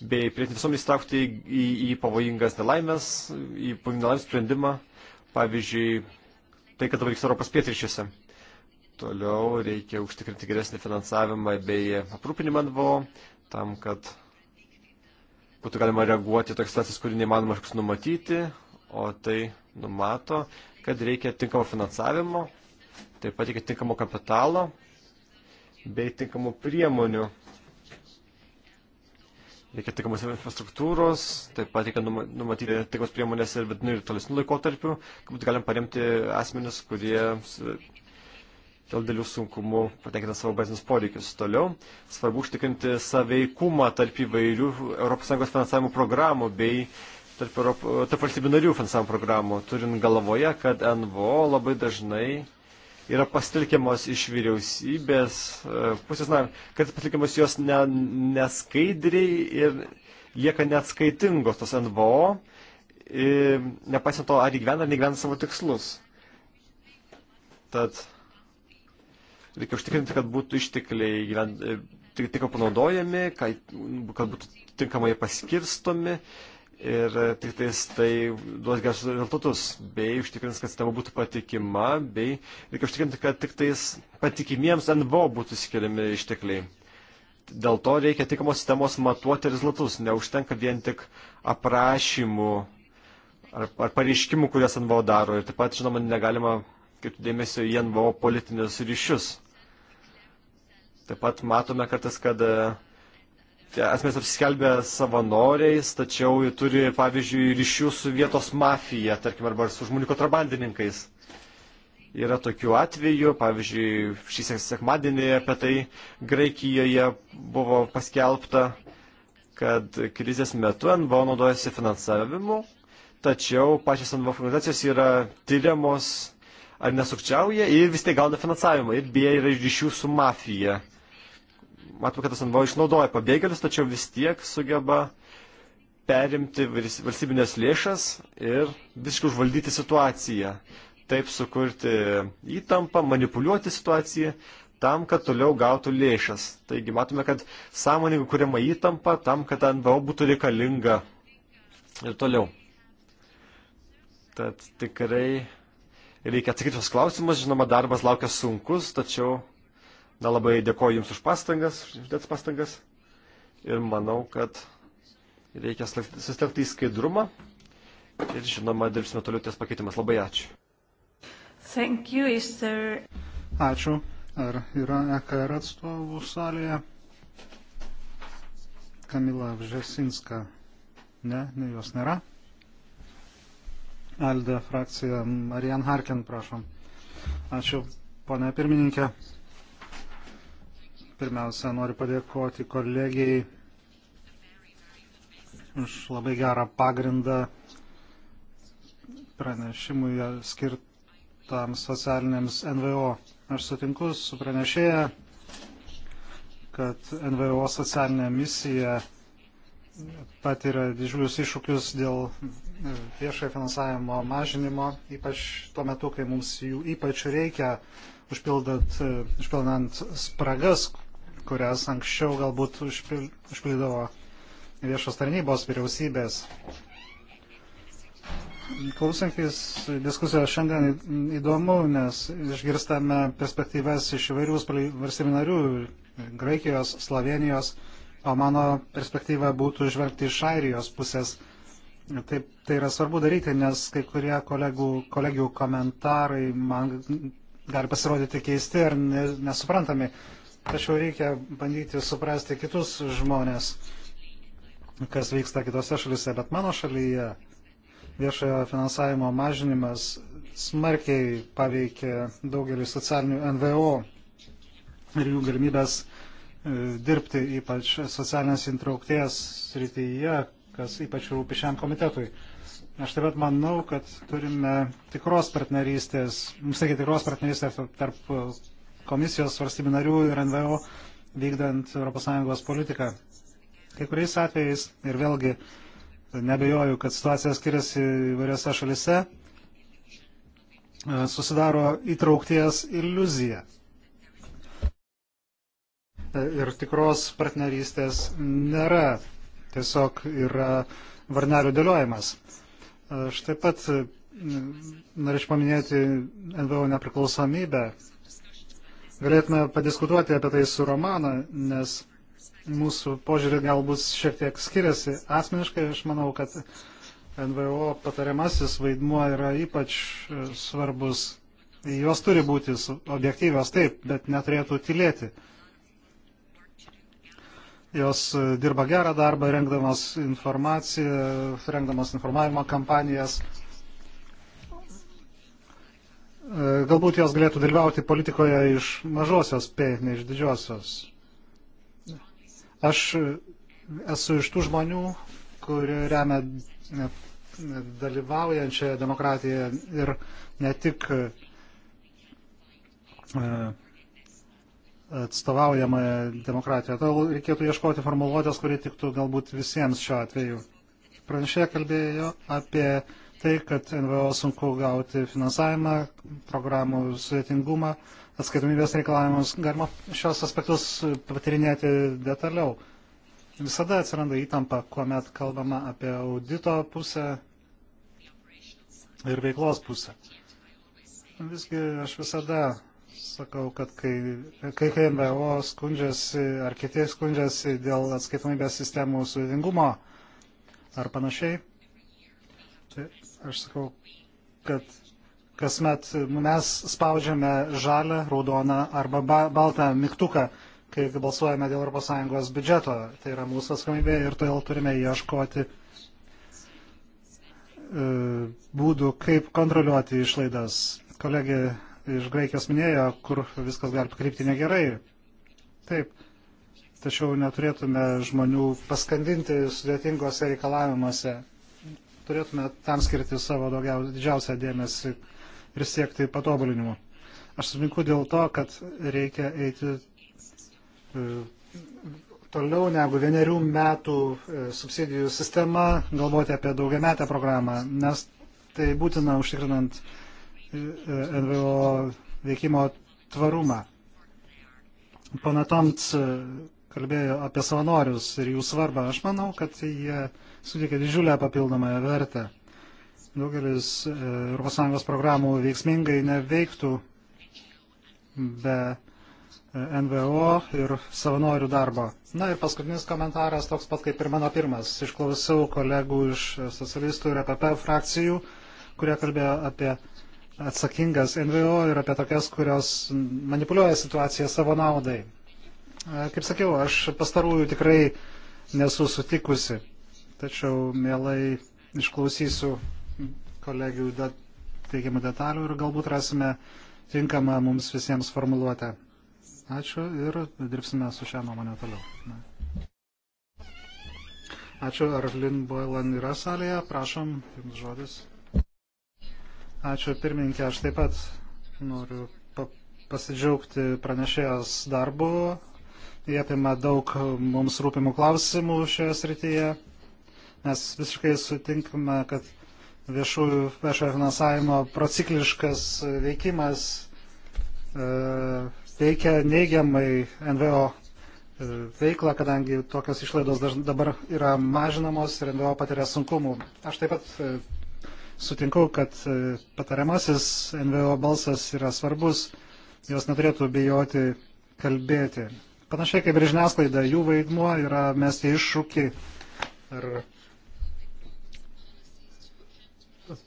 bei pilietinį visuomenį įsitraukti į, į pavojingas nelaimės, į pavojingas nelaimės sprendimą. Pavyzdžiui, tai, kad dabar vyks Europos pietryčiuose. Toliau reikia užtikrinti geresnį finansavimą bei aprūpinimą NVO, tam, kad būtų galima reaguoti tokias situacijas, kurį neįmanoma numatyti, o tai numato, kad reikia tinkamo finansavimo, taip pat reikia tinkamo kapitalo bei tinkamų priemonių reikia tikamos infrastruktūros, taip pat reikia numatyti tikos priemonės ir vidinių ir tolesnių laikotarpių, kad būtų galim paremti asmenis, kurie dėl dėlių sunkumų patenkina savo bazinius poreikius. Toliau svarbu užtikrinti saveikumą tarp įvairių ES finansavimo programų bei tarp, Europ... tarp valstybių narių finansavimo programų, turint galvoje, kad NVO labai dažnai yra pasitelkiamos iš vyriausybės e, pusės, na, kad pasitelkiamos jos ne, neskaidriai ir lieka neatskaitingos tos NVO, nepaisant to, ar įgyvena ar negyvena savo tikslus. Tad reikia užtikrinti, kad būtų ištekliai gyvent, e, tik, tik panaudojami, kad, kad būtų tinkamai paskirstomi ir tik tais tai duos gerus rezultatus, bei užtikrins, kad sistema būtų patikima, bei reikia užtikrinti, kad tik tais patikimiems NVO būtų skiriami ištekliai. Dėl to reikia tikamos sistemos matuoti rezultatus, neužtenka vien tik aprašymų ar, ar pareiškimų, kurias NVO daro. Ir taip pat, žinoma, negalima kaip dėmesio į NVO politinius ryšius. Taip pat matome kartais, kad asmenys apsiskelbė savanoriais, tačiau turi, pavyzdžiui, ryšių su vietos mafija, tarkim, arba su žmonių kontrabandininkais. Yra tokių atvejų, pavyzdžiui, šį sekmadienį apie tai Graikijoje buvo paskelbta, kad krizės metu NVO naudojasi finansavimu, tačiau pačios NVO organizacijos yra tyriamos ar nesukčiauja ir vis tiek gauna finansavimą ir beje yra ryšių su mafija matome, kad tas NVO išnaudoja pabėgėlius, tačiau vis tiek sugeba perimti valstybinės lėšas ir visiškai užvaldyti situaciją. Taip sukurti įtampą, manipuliuoti situaciją tam, kad toliau gautų lėšas. Taigi matome, kad sąmoningai kuriama įtampa tam, kad NVO būtų reikalinga ir toliau. Tad tikrai reikia atsakyti tos klausimus, žinoma, darbas laukia sunkus, tačiau Na labai dėkoju Jums už pastangas, uždėtas pastangas. Ir manau, kad reikia sustelkti į skaidrumą. Ir žinoma, dirbsime toliau ties pakeitimas. Labai ačiū. Thank you, there... Ačiū. Ar yra EKR atstovų salėje? Kamila Vžesinska. Ne, ne jos nėra. Alde frakcija. Marian Harkin, prašom. Ačiū, ponia pirmininkė. Pirmiausia, noriu padėkoti kolegijai už labai gerą pagrindą pranešimui skirtam socialiniams NVO. Aš sutinku su pranešėja, kad NVO socialinė misija patiria didžiulius iššūkius dėl e, viešojo finansavimo mažinimo, ypač tuo metu, kai mums jų ypač reikia, užpildant e, spragas, kurias anksčiau galbūt užpildavo viešos tarnybos vyriausybės. Klausantis diskusijos šiandien įdomu, nes išgirstame perspektyvas iš įvairių valstybių narių - Graikijos, Slovenijos, o mano perspektyva būtų žvelgti iš Airijos pusės. Taip, tai yra svarbu daryti, nes kai kurie kolegų, kolegijų komentarai man gali pasirodyti keisti ar ne, nesuprantami. Tačiau reikia bandyti suprasti kitus žmonės, kas vyksta kitose šalise, bet mano šalyje viešojo finansavimo mažinimas smarkiai paveikė daugelį socialinių NVO ir jų galimybės e, dirbti ypač socialinės intraukties srityje, kas ypač rūpi šiam komitetui. Aš taip pat manau, kad turime tikros partnerystės, mums reikia tikros partnerystės tarp komisijos valstybių narių ir NVO vykdant ES politiką. Kai kuriais atvejais, ir vėlgi nebejoju, kad situacija skiriasi įvairiose šalise, e, susidaro įtraukties iliuzija e, ir tikros partnerystės nėra, tiesiog yra varnelių dėliojimas. E, aš taip pat norėčiau paminėti NVO nepriklausomybę. Galėtume padiskutuoti apie tai su Romana, nes mūsų požiūrį galbūt šiek tiek skiriasi. Asmeniškai aš manau, kad NVO patariamasis vaidmuo yra ypač svarbus. Jos turi būti objektyvios taip, bet neturėtų tylėti. Jos dirba gerą darbą, rengdamas informaciją, rengdamas informavimo kampanijas E, galbūt jos galėtų dalyvauti politikoje iš mažosios P, ne iš didžiosios. Aš esu iš tų žmonių, kurie remia e, dalyvaujančią demokratiją ir ne tik e, atstovaujamąją demokratiją. Todėl reikėtų ieškoti formuluotės, kuri tiktų galbūt visiems šiuo atveju. Pranešėja kalbėjo apie uh, tai, kad NVO sunku gauti finansavimą, programų sudėtingumą, atskaitomybės reikalavimus. Galima šios aspektus patirinėti detaliau. Visada atsiranda įtampa, kuomet kalbama apie audito pusę ir veiklos pusę. Visgi aš visada sakau, kad kai, kai KMBO skundžiasi ar kiti skundžiasi dėl atskaitomybės sistemų sudėtingumo ar panašiai, Aš sakau, kad kasmet mes spaudžiame žalę, raudoną arba ba baltą mygtuką, kai balsuojame dėl ES biudžeto. Tai yra mūsų atsakomybė ir todėl turime ieškoti e, būdų, kaip kontroliuoti išlaidas. Kolegė iš Graikijos minėjo, kur viskas gali pakrypti negerai. Taip. Tačiau neturėtume žmonių paskandinti sudėtingose reikalavimuose turėtume tam skirti savo daugiau, didžiausią dėmesį ir siekti patobulinimų. Aš sutinku dėl to, kad reikia eiti e, toliau negu vienerių metų e, subsidijų sistema, galvoti apie daugiametę programą, nes tai būtina užtikrinant e, NVO veikimo tvarumą. Pana Tomts kalbėjo apie savanorius ir jų svarbą. Aš manau, kad jie suteikia didžiulę papildomąją vertę. Daugelis e, ES programų veiksmingai neveiktų be e, NVO ir savanorių darbo. Na ir paskutinis komentaras toks pat kaip ir mano pirmas. Išklausiau kolegų iš socialistų ir APP e frakcijų, kurie kalbėjo apie atsakingas NVO ir apie tokias, kurios manipuliuoja situaciją savo naudai. Kaip sakiau, aš pastarųjų tikrai nesu sutikusi, tačiau mielai išklausysiu kolegių de, teigiamų detalių ir galbūt rasime tinkamą mums visiems formuluotę. Ačiū ir dirbsime su šią nuomonę toliau. Ačiū, ar Lin Boylan yra salėje, prašom, jums žodis. Ačiū, pirmininkė, aš taip pat noriu pasidžiaugti pranešėjos darbu, jie apima daug mums rūpimų klausimų šioje srityje. Mes visiškai sutinkame, kad viešųjų, viešojo finansavimo procikliškas veikimas e, veikia neigiamai NVO e, veiklą, kadangi tokios išlaidos dabar yra mažinamos ir NVO patiria sunkumų. Aš taip pat e, sutinku, kad patariamasis NVO balsas yra svarbus, jos neturėtų bijoti kalbėti. Panašiai kaip ir žiniasklaida, jų vaidmuo yra mesti iššūkį ir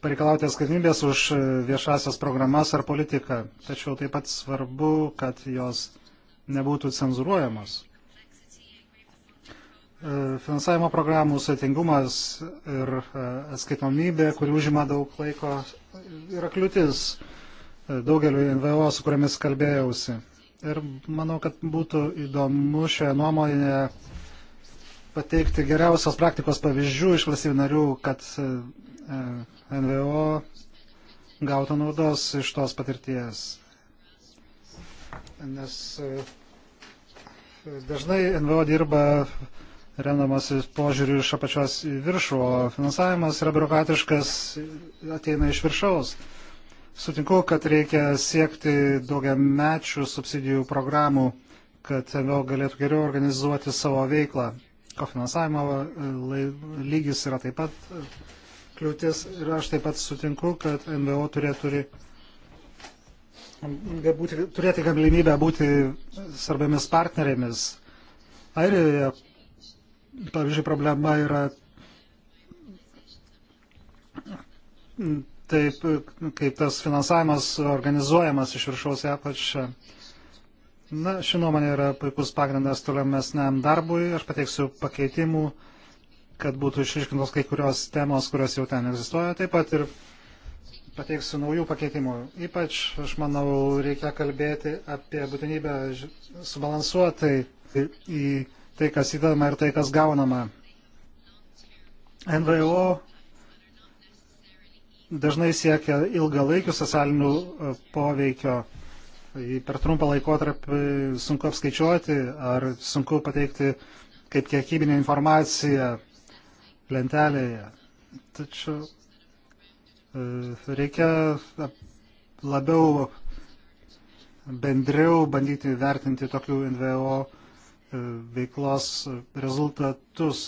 pareikalauti atskaitinybės už viešasias programas ar politiką. Tačiau taip pat svarbu, kad jos nebūtų cenzuruojamos. E, finansavimo programų sudėtingumas ir e, atskaitomybė, kuri užima daug laiko, yra kliūtis e, daugeliu NVO, su kuriamis kalbėjausi. Ir manau, kad būtų įdomu šioje nuomonėje pateikti geriausios praktikos pavyzdžių iš valstybių narių, kad e, e, NVO gautų naudos iš tos patirties. Nes e, dažnai NVO dirba remdamas požiūrį iš apačios į viršų, o finansavimas yra biurokratiškas, ateina iš viršaus. Sutinku, kad reikia siekti daugiamečių subsidijų programų, kad vėl galėtų geriau organizuoti savo veiklą. Kofinansavimo e, lygis yra taip pat e, kliūtis ir aš taip pat sutinku, kad NVO turėtų turi, būti, turėti galimybę būti svarbiamis partnerėmis. Airijoje, pavyzdžiui, problema yra taip, kaip tas finansavimas organizuojamas iš viršaus į apačią. Na, ši nuomonė yra puikus pagrindas tolimesniam darbui. Aš pateiksiu pakeitimų, kad būtų išriškintos kai kurios temos, kurios jau ten egzistuoja. Taip pat ir pateiksiu naujų pakeitimų. Ypač, aš manau, reikia kalbėti apie būtinybę subalansuotai į tai, kas įdama ir tai, kas gaunama. NVO dažnai siekia ilgalaikių socialinių e, poveikio. Per trumpą laikotarpį sunku apskaičiuoti ar sunku pateikti kaip kiekybinė informacija lentelėje. Tačiau e, reikia labiau bendriau bandyti vertinti tokių NVO e, veiklos rezultatus,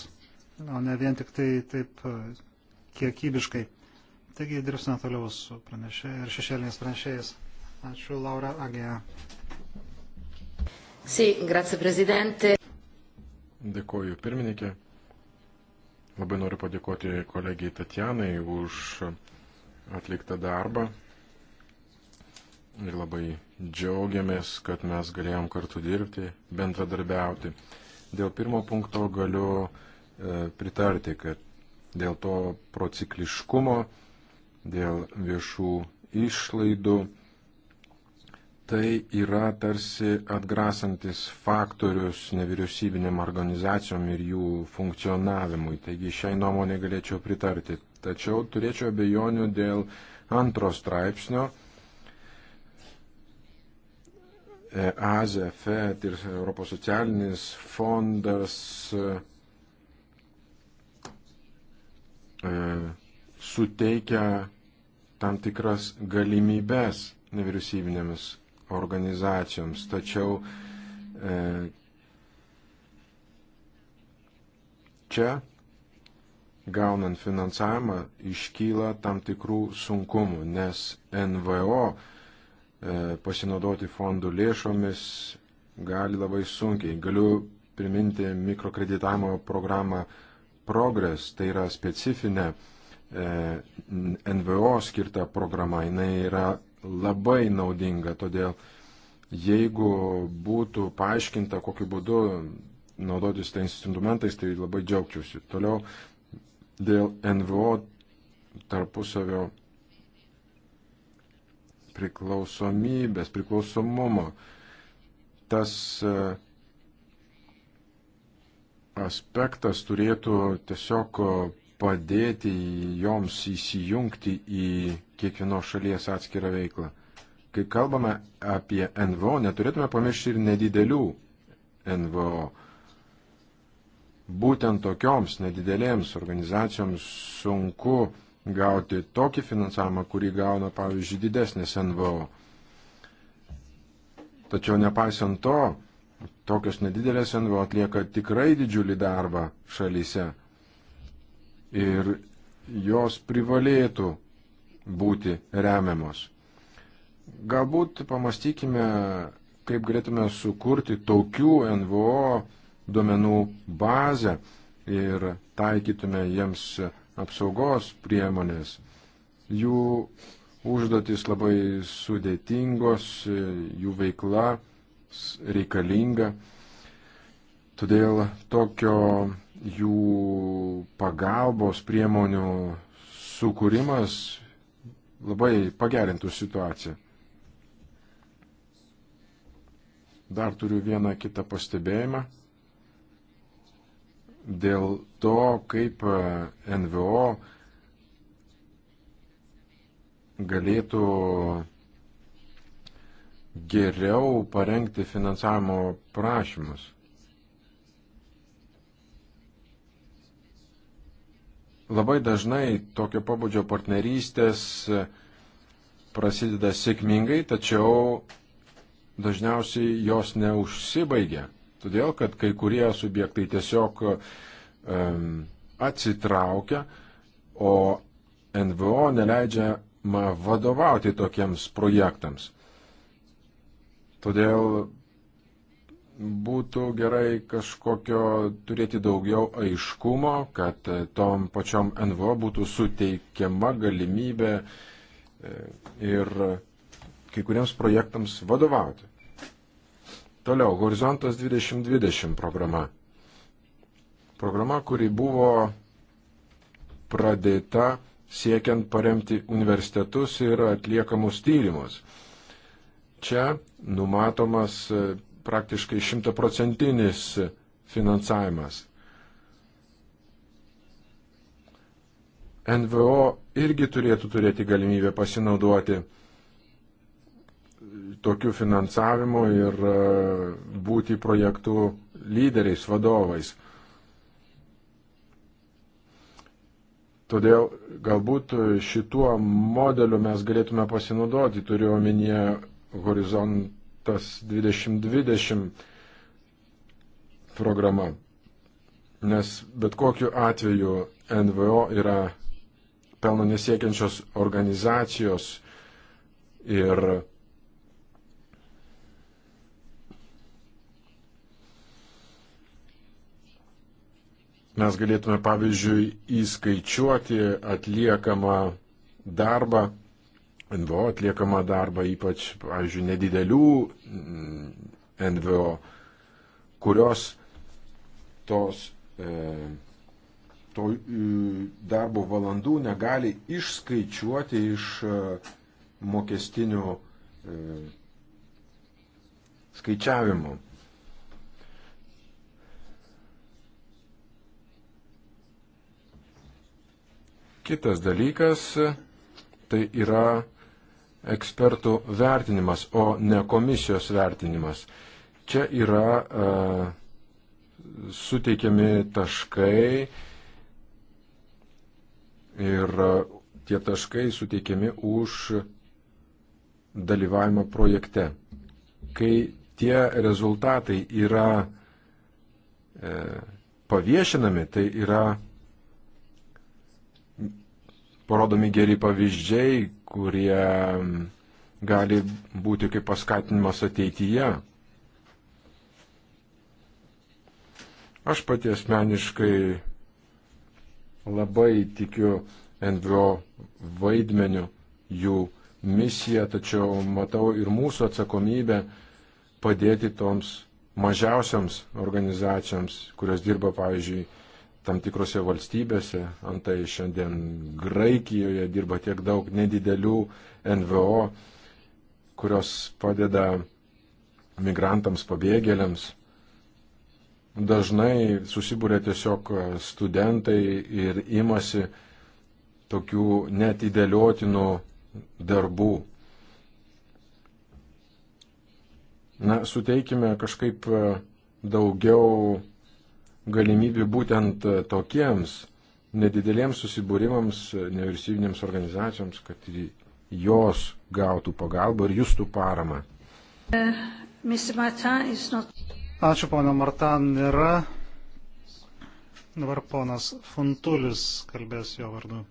o ne vien tik tai taip kiekybiškai. Taigi dirbsime toliau su pranešėjais ir šešėliniais pranešėjais. Ačiū, Laura Agea. Sì, si, grazie Presidente. Dėkuoju pirmininkė. Labai noriu padėkoti kolegijai Tatjanai už atliktą darbą. Ir labai džiaugiamės, kad mes galėjom kartu dirbti, bendradarbiauti. Dėl pirmo punkto galiu e, pritarti, kad dėl to procikliškumo dėl viešų išlaidų. Tai yra tarsi atgrasantis faktorius nevyriausybinėm organizacijom ir jų funkcionavimui. Taigi šiai nuomonė galėčiau pritarti. Tačiau turėčiau abejonių dėl antro straipsnio. E, AZF ir tai Europos socialinis fondas e, suteikia tam tikras galimybės nevyriausybinėmis organizacijoms. Tačiau e, čia, gaunant finansavimą, iškyla tam tikrų sunkumų, nes NVO e, pasinaudoti fondų lėšomis gali labai sunkiai. Galiu priminti mikrokreditavimo programą Progress, tai yra specifinė e, E, NVO skirta programa, jinai yra labai naudinga, todėl jeigu būtų paaiškinta, kokiu būdu naudotis tais instrumentais, tai labai džiaugčiausi. Toliau dėl NVO tarpusavio priklausomybės, priklausomumo. Tas e, aspektas turėtų tiesiog padėti joms įsijungti į kiekvienos šalies atskirą veiklą. Kai kalbame apie NVO, neturėtume pamiršti ir nedidelių NVO. Būtent tokioms nedidelėms organizacijoms sunku gauti tokį finansavimą, kurį gauna, pavyzdžiui, didesnės NVO. Tačiau nepaisant to, tokios nedidelės NVO atlieka tikrai didžiulį darbą šalyse ir jos privalėtų būti remiamos. Galbūt pamastykime, kaip galėtume sukurti tokių NVO duomenų bazę ir taikytume jiems apsaugos priemonės. Jų užduotis labai sudėtingos, jų veikla reikalinga. Todėl tokio jų pagalbos priemonių sukūrimas labai pagerintų situaciją. Dar turiu vieną kitą pastebėjimą dėl to, kaip e, NVO galėtų geriau parengti finansavimo prašymus. Labai dažnai tokio pabudžio partnerystės prasideda sėkmingai, tačiau dažniausiai jos neužsibaigia. Todėl, kad kai kurie subjektai tiesiog um, atsitraukia, o NVO neleidžiama vadovauti tokiems projektams. Todėl būtų gerai kažkokio turėti daugiau aiškumo, kad tom pačiom NVO būtų suteikiama galimybė e, ir kai kuriems projektams vadovauti. Toliau, Horizontas 2020 programa. Programa, kuri buvo pradėta siekiant paremti universitetus ir atliekamus tyrimus. Čia numatomas praktiškai šimtaprocentinis finansavimas. NVO irgi turėtų turėti galimybę pasinaudoti tokiu finansavimu ir e, būti projektų lyderiais, vadovais. Todėl galbūt šituo modeliu mes galėtume pasinaudoti, turiu omenyje horizont tas 2020 programa. Nes bet kokiu atveju NVO yra pelno nesiekiančios organizacijos ir mes galėtume, pavyzdžiui, įskaičiuoti atliekamą darbą NVO atliekamą darbą, ypač, pavyzdžiui, nedidelių mm, NVO, kurios tos, e, to e, darbo valandų negali išskaičiuoti iš e, mokestinių e, skaičiavimų. Kitas dalykas tai yra ekspertų vertinimas, o ne komisijos vertinimas. Čia yra e, suteikiami taškai ir e, tie taškai suteikiami už dalyvavimą projekte. Kai tie rezultatai yra e, paviešinami, tai yra parodomi geri pavyzdžiai, kurie gali būti kaip paskatinimas ateityje. Aš pati asmeniškai labai tikiu NVO vaidmeniu, jų misiją, tačiau matau ir mūsų atsakomybę padėti toms mažiausiams organizacijoms, kurios dirba, pavyzdžiui, tam tikrose valstybėse, antai šiandien Graikijoje dirba tiek daug nedidelių NVO, kurios padeda migrantams, pabėgėliams. Dažnai susibūrė tiesiog studentai ir imasi tokių netidėliotinų darbų. Na, suteikime kažkaip e, daugiau galimybių būtent e, tokiems nedideliems susibūrimams, e, nevyriausybinėms organizacijoms, kad jos gautų pagalbą ir justų paramą. Uh, Ačiū, ponia Martan, nėra. Dabar ponas Funtulis kalbės jo vardu.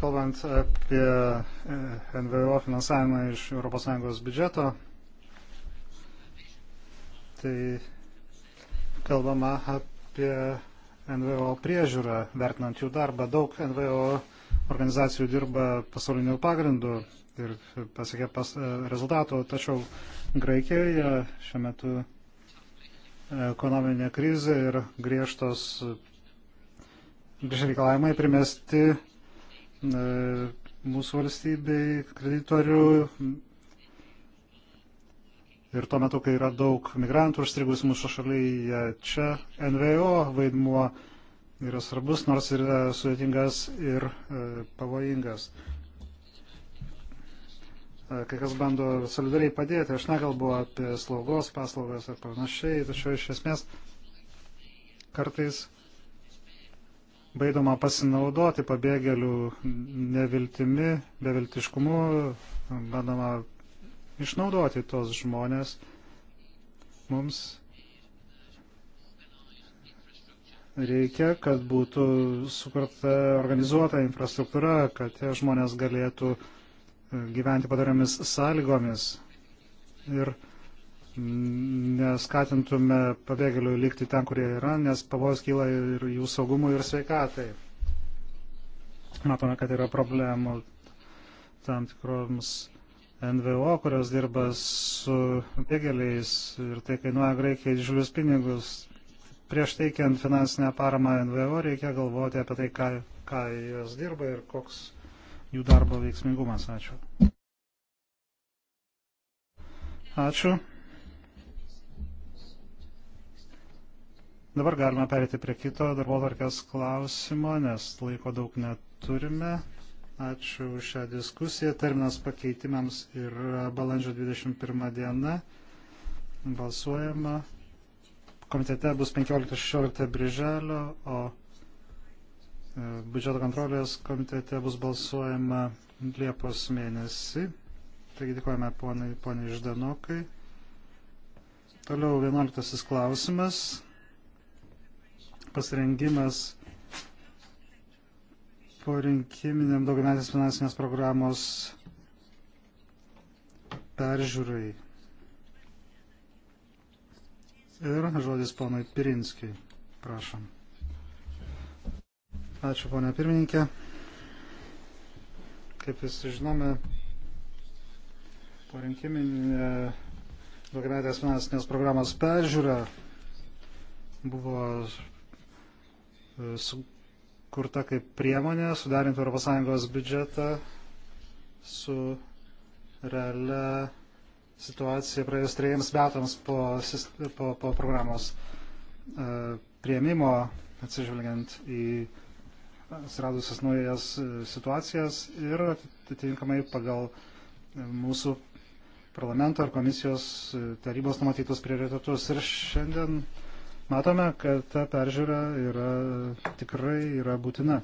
Kalbant apie e, NVO finansavimą iš ES biudžeto, tai kalbama apie NVO priežiūrą, vertinant jų darbą. Daug NVO organizacijų dirba pasauliniu pagrindu ir pasiekė pas, e, rezultatų, tačiau Graikijoje šiuo metu ekonominė krizė ir griežtos griežti reikalavimai primesti E, mūsų valstybei kreditorių ir tuo metu, kai yra daug migrantų užstrigus mūsų šalyje, čia NVO vaidmuo yra svarbus, nors ir yra e, sudėtingas ir e, pavojingas. Kai kas bando solidariai padėti, aš nekalbu apie slaugos paslaugas ar panašiai, tačiau iš esmės kartais baidoma pasinaudoti pabėgėlių neviltimi, beviltiškumu, bandoma išnaudoti tos žmonės. Mums reikia, kad būtų sukurta organizuota infrastruktūra, kad tie žmonės galėtų gyventi padariomis sąlygomis. Ir neskatintume pabėgėlių likti ten, kurie yra, nes pavojus kyla ir jų saugumui ir sveikatai. Matome, kad yra problemų tam tikroms NVO, kurios dirba su pabėgėliais ir tai kainuoja greikiai didžiulius pinigus. Prieš teikiant finansinę paramą NVO reikia galvoti apie tai, ką, ką jos dirba ir koks jų darbo veiksmingumas. Ačiū. Ačiū. Dabar galime perėti prie kito darbo tvarkės klausimo, nes laiko daug neturime. Ačiū už šią diskusiją. Terminas pakeitimams yra balandžio 21 diena. Balsuojama. Komitete bus 15-16 brželio, o e, biudžeto kontrolės komitete bus balsuojama Liepos mėnesį. Taigi dėkojame poniai Ždanokai. Toliau 11 klausimas pasirengimas po rinkiminiam daugiametės finansinės programos peržiūrai. Ir žodis ponui Pirinskijui. Prašom. Ačiū, ponia pirmininkė. Kaip visi žinome, po rinkiminė daugiametės finansinės programos peržiūra buvo sukurta kaip priemonė sudarinti ES biudžetą su realia situacija praėjus trejiems metams po, po, po programos e, prieimimo, atsižvelgiant į atsiradusias naujas e, situacijas ir atitinkamai pagal mūsų parlamento ar komisijos e, tarybos numatytus prioritetus. Ir šiandien uh, Matome, kad ta peržiūra yra, tikrai yra būtina.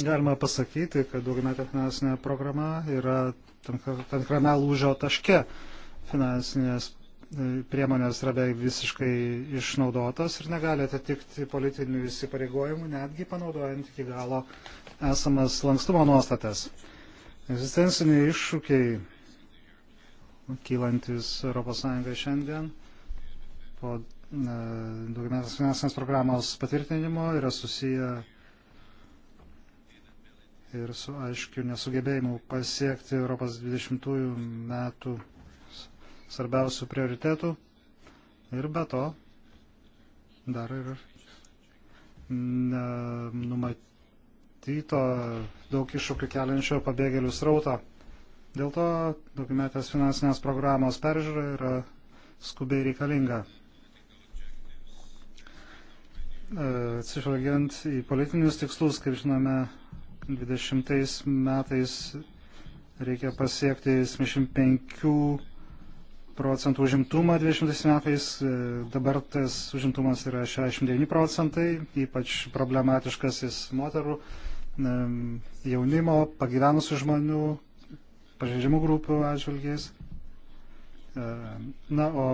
Galima pasakyti, kad daugiametė finansinė programa yra tam tikrame lūžio taške. Finansinės e, priemonės yra beveik visiškai išnaudotos ir negali atitikti politinių įsipareigojimų, netgi panaudojant iki galo esamas lankstumo nuostatas. Egzistenciniai iššūkiai kylantis ES šiandien po e, daugiametės finansinės programos patvirtinimo yra susiję ir su aiškiu nesugebėjimu pasiekti Europos 20 metų svarbiausių prioritetų. Ir be to dar ir numatyto daug iššūkių keliančio pabėgėlių srauto. Dėl to dokumentės finansinės programos peržiūra yra skubiai reikalinga. E, atsižvelgiant į politinius tikslus, kaip žinome, 20 metais reikia pasiekti 75 procentų užimtumą 20 metais, e, dabar tas užimtumas yra 69 procentai, ypač problematiškas jis moterų, e, jaunimo, pagyvenusių žmonių, pažeidžiamų grupių atžvilgiais. E, na, o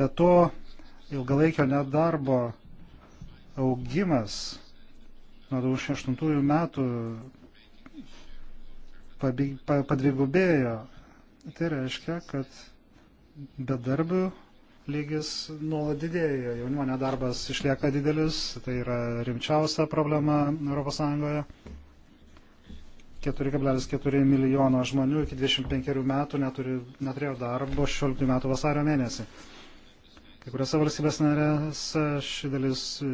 be to ilgalaikio nedarbo augimas nuo 2008 metų padvigubėjo. Tai reiškia, kad bedarbių lygis nuolat didėja, jaunimo nedarbas išlieka didelis, tai yra rimčiausia problema ES. 4,4 milijono žmonių iki 25 metų neturi, neturėjo darbo 16 metų vasario mėnesį. Kai kuriuose valstybės narės ši dalis e,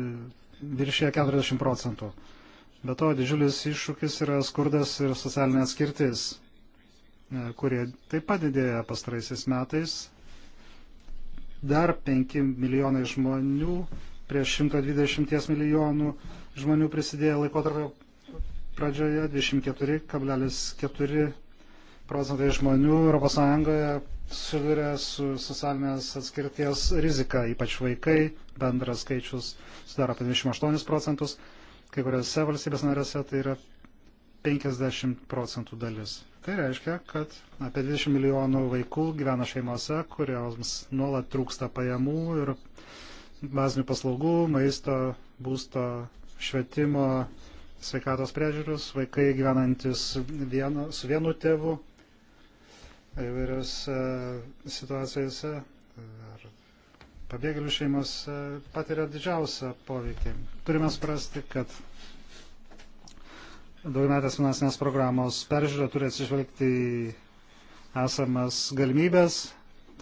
viršyje 40 procentų. Be to, didžiulis iššūkis yra skurdas ir socialinė atskirtis, e, kurie taip pat didėja pastaraisiais metais. Dar 5 milijonai žmonių prieš 120 milijonų žmonių prisidėjo laikotarpio pradžioje 24,4 procentai žmonių ES susiduria su socialinės atskirties rizika, ypač vaikai, bendras skaičius sudaro apie 28 procentus, kai kuriuose valstybės narėse tai yra 50 procentų dalis. Tai reiškia, kad apie 20 milijonų vaikų gyvena šeimose, kurioms nuolat trūksta pajamų ir bazinių paslaugų, maisto, būsto, švietimo, sveikatos priežiūros, vaikai gyvenantis vieno, su vienu tėvu įvairiose e, situacijose ar pabėgėlių šeimos e, patiria didžiausią poveikį. Turime suprasti, kad daugiametės finansinės programos peržiūra turi atsižvelgti į esamas galimybės,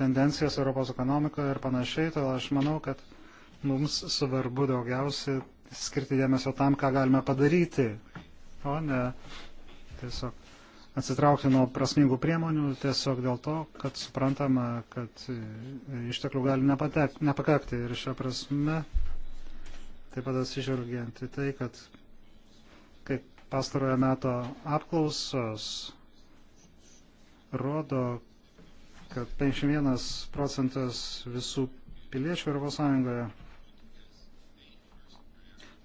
tendencijas Europos ekonomikoje ir panašiai, todėl aš manau, kad mums svarbu daugiausiai skirti dėmesio tam, ką galime padaryti, o ne tiesiog atsitraukti nuo prasmingų priemonių tiesiog dėl to, kad suprantama, kad e, išteklių gali nepatek, nepakakti. Ir šią prasme, taip pat atsižvelgiant į tai, kad kaip pastarojo meto apklausos rodo, kad 51 procentas visų piliečių Europos Sąjungoje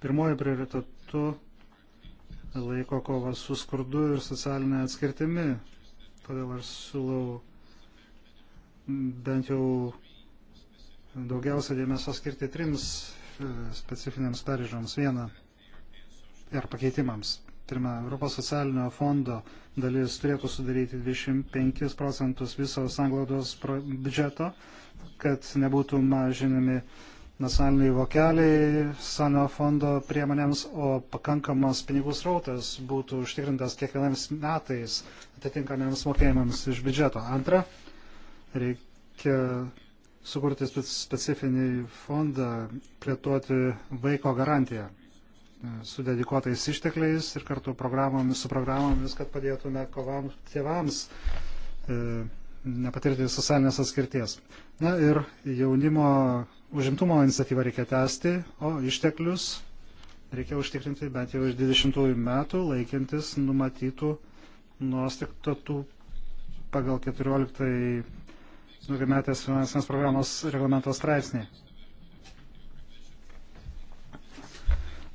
Pirmoji prioritetu laiko kova su skurdu ir socialinė atskirtimi. Todėl aš siūlau bent jau daugiausia dėmesio skirti trims e, specifinėms peržiūroms. Viena ir pakeitimams. Pirma, Europos socialinio fondo dalis turėtų sudaryti 25 procentus viso sanglaudos biudžeto, kad nebūtų mažinami uh, nacionaliniai vokeliai sanio fondo priemonėms, o pakankamas pinigų srautas būtų užtikrintas kiekvienams metais atitinkamiems mokėjimams iš biudžeto. Antra, reikia sukurti specifinį fondą, plėtoti vaiko garantiją e, su dedikuotais ištekliais ir kartu programomis, su programomis, kad padėtume kovams tėvams e, nepatirti socialinės atskirties. Na ir jaunimo užimtumo iniciatyvą reikia tęsti, o išteklius reikia užtikrinti bent jau iš 20 metų laikintis numatytų nuostatų pagal 14 daugiametės finansinės programos reglamento straipsnį.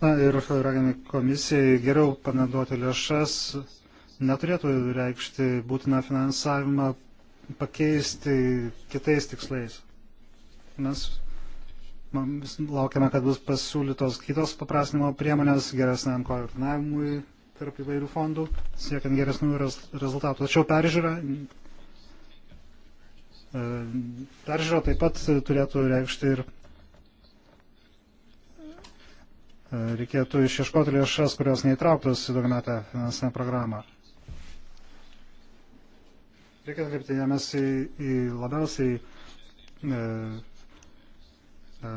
Na ir raginai komisijai geriau panaudoti lėšas neturėtų reikšti būtiną finansavimą pakeisti kitais tikslais. Mes nu, laukiame, kad bus pasiūlytos kitos paprasnimo priemonės geresniam koordinavimui tarp įvairių fondų, siekiant geresnių rezultatų. Tačiau peržiūra, e, peržiūra taip pat turėtų reikšti ir e, reikėtų išieškoti lėšas, kurios neįtrauktos į daugiametę finansinę programą. Reikia atkreipti dėmesį į labiausiai e, e,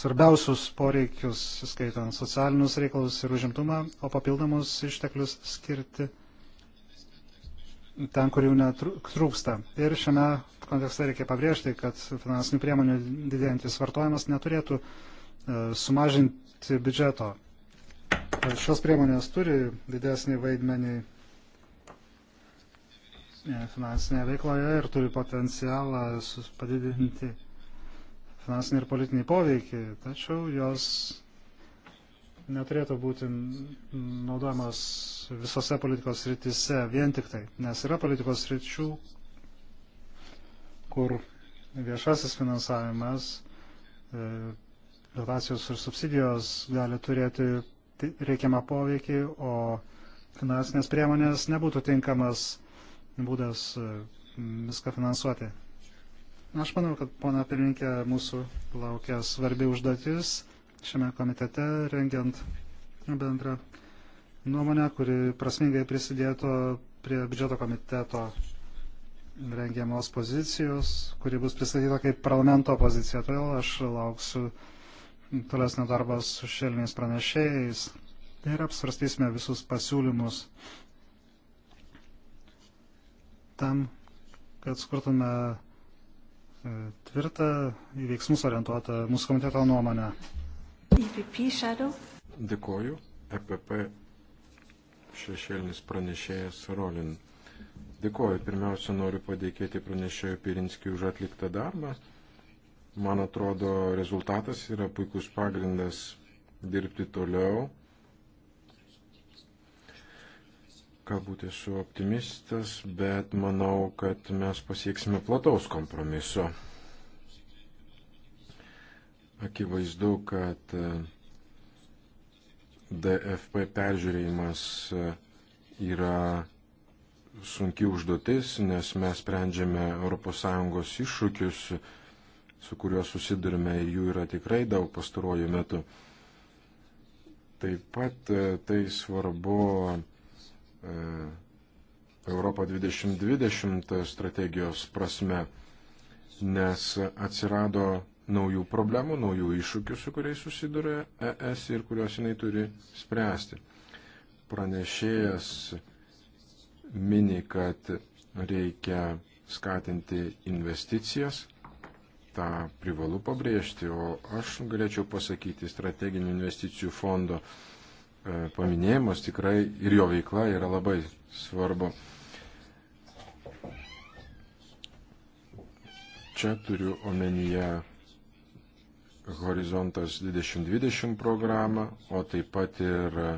svarbiausius poreikius, skaitant socialinius reikalus ir užimtumą, o papildomus išteklius skirti ten, kur jų netrūksta. Ir šiame kontekste reikia pabrėžti, kad finansinių priemonių didėjantis vartojimas neturėtų e, sumažinti biudžeto. Šios priemonės turi didesnį vaidmenį finansinėje veikloje ir turi potencialą padidinti finansinį ir politinį poveikį, tačiau jos neturėtų būti naudojamas visose politikos rytise vien tik tai, nes yra politikos ryčių, kur viešasis finansavimas, e, dotacijos ir subsidijos gali turėti reikiamą poveikį, o finansinės priemonės nebūtų tinkamas būdas e, viską finansuoti. Aš manau, kad pona pirmininkė mūsų laukia svarbi užduotis šiame komitete, rengiant bendrą nuomonę, kuri prasmingai prisidėtų prie biudžeto komiteto rengiamos pozicijos, kuri bus pristatyta kaip parlamento pozicija. Todėl aš lauksiu tolesnio darbo su šelniais pranešėjais ir apsvarstysime visus pasiūlymus tam, kad skurtume e, tvirtą į veiksmus orientuotą mūsų komiteto nuomonę. E Dėkoju. EPP šešėlinis pranešėjas Rolin. Dėkoju. Pirmiausia, noriu padėkėti pranešėjui Pirinskijui už atliktą darbą. Man atrodo, rezultatas yra puikus pagrindas dirbti toliau galbūt esu optimistas, bet manau, kad mes pasieksime plataus kompromiso. Akivaizdu, kad e, DFP peržiūrėjimas e, yra sunki užduotis, nes mes sprendžiame ES iššūkius, su kuriuo susidurime ir jų yra tikrai daug pastaruoju metu. Taip pat e, tai svarbu E, Europo 2020 strategijos prasme, nes atsirado naujų problemų, naujų iššūkių, su kuriais susiduria ES ir kuriuos jinai turi spręsti. Pranešėjas mini, kad reikia skatinti investicijas, tą privalu pabrėžti, o aš galėčiau pasakyti strateginių investicijų fondo E, paminėjimas tikrai ir jo veikla yra labai svarbu. Čia turiu omenyje Horizontas 2020 programą, o taip pat ir e,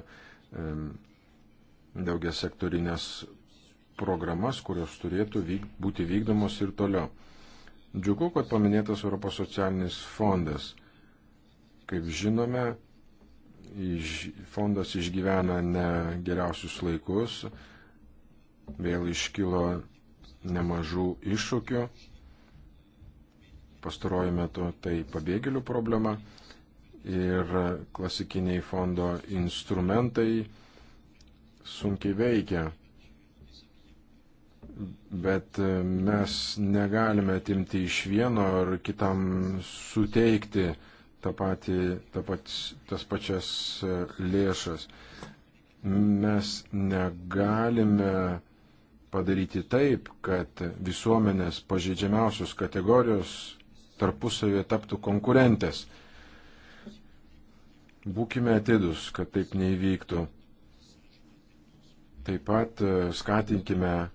daugia sektorinės programas, kurios turėtų vyk, būti vykdomos ir toliau. Džiugu, kad paminėtas Europos socialinis fondas. Kaip žinome, iš, fondas išgyvena ne geriausius laikus, vėl iškilo nemažų iššūkių. Pastaruoju metu tai pabėgėlių problema ir klasikiniai fondo instrumentai sunkiai veikia. Bet mes negalime atimti iš vieno ar kitam suteikti uh, tą patį, tą pat, tas pačias e, lėšas. Mes negalime padaryti taip, kad visuomenės pažeidžiamiausios kategorijos tarpusavėje taptų konkurentės. Būkime atidus, kad taip neįvyktų. Taip pat e, skatinkime e,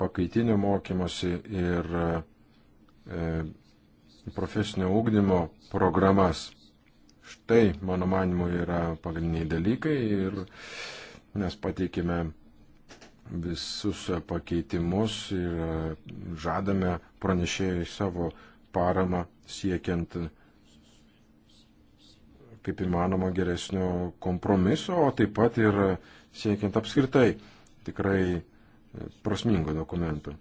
pakaitinio mokymosi ir profesinio ūkdymo programas. Štai, mano manimu, yra pagrindiniai dalykai ir mes pateikėme visus pakeitimus ir žadame pranešėjai savo paramą siekiant kaip įmanoma geresnio kompromiso, o taip pat ir siekiant apskritai tikrai prasmingo dokumento.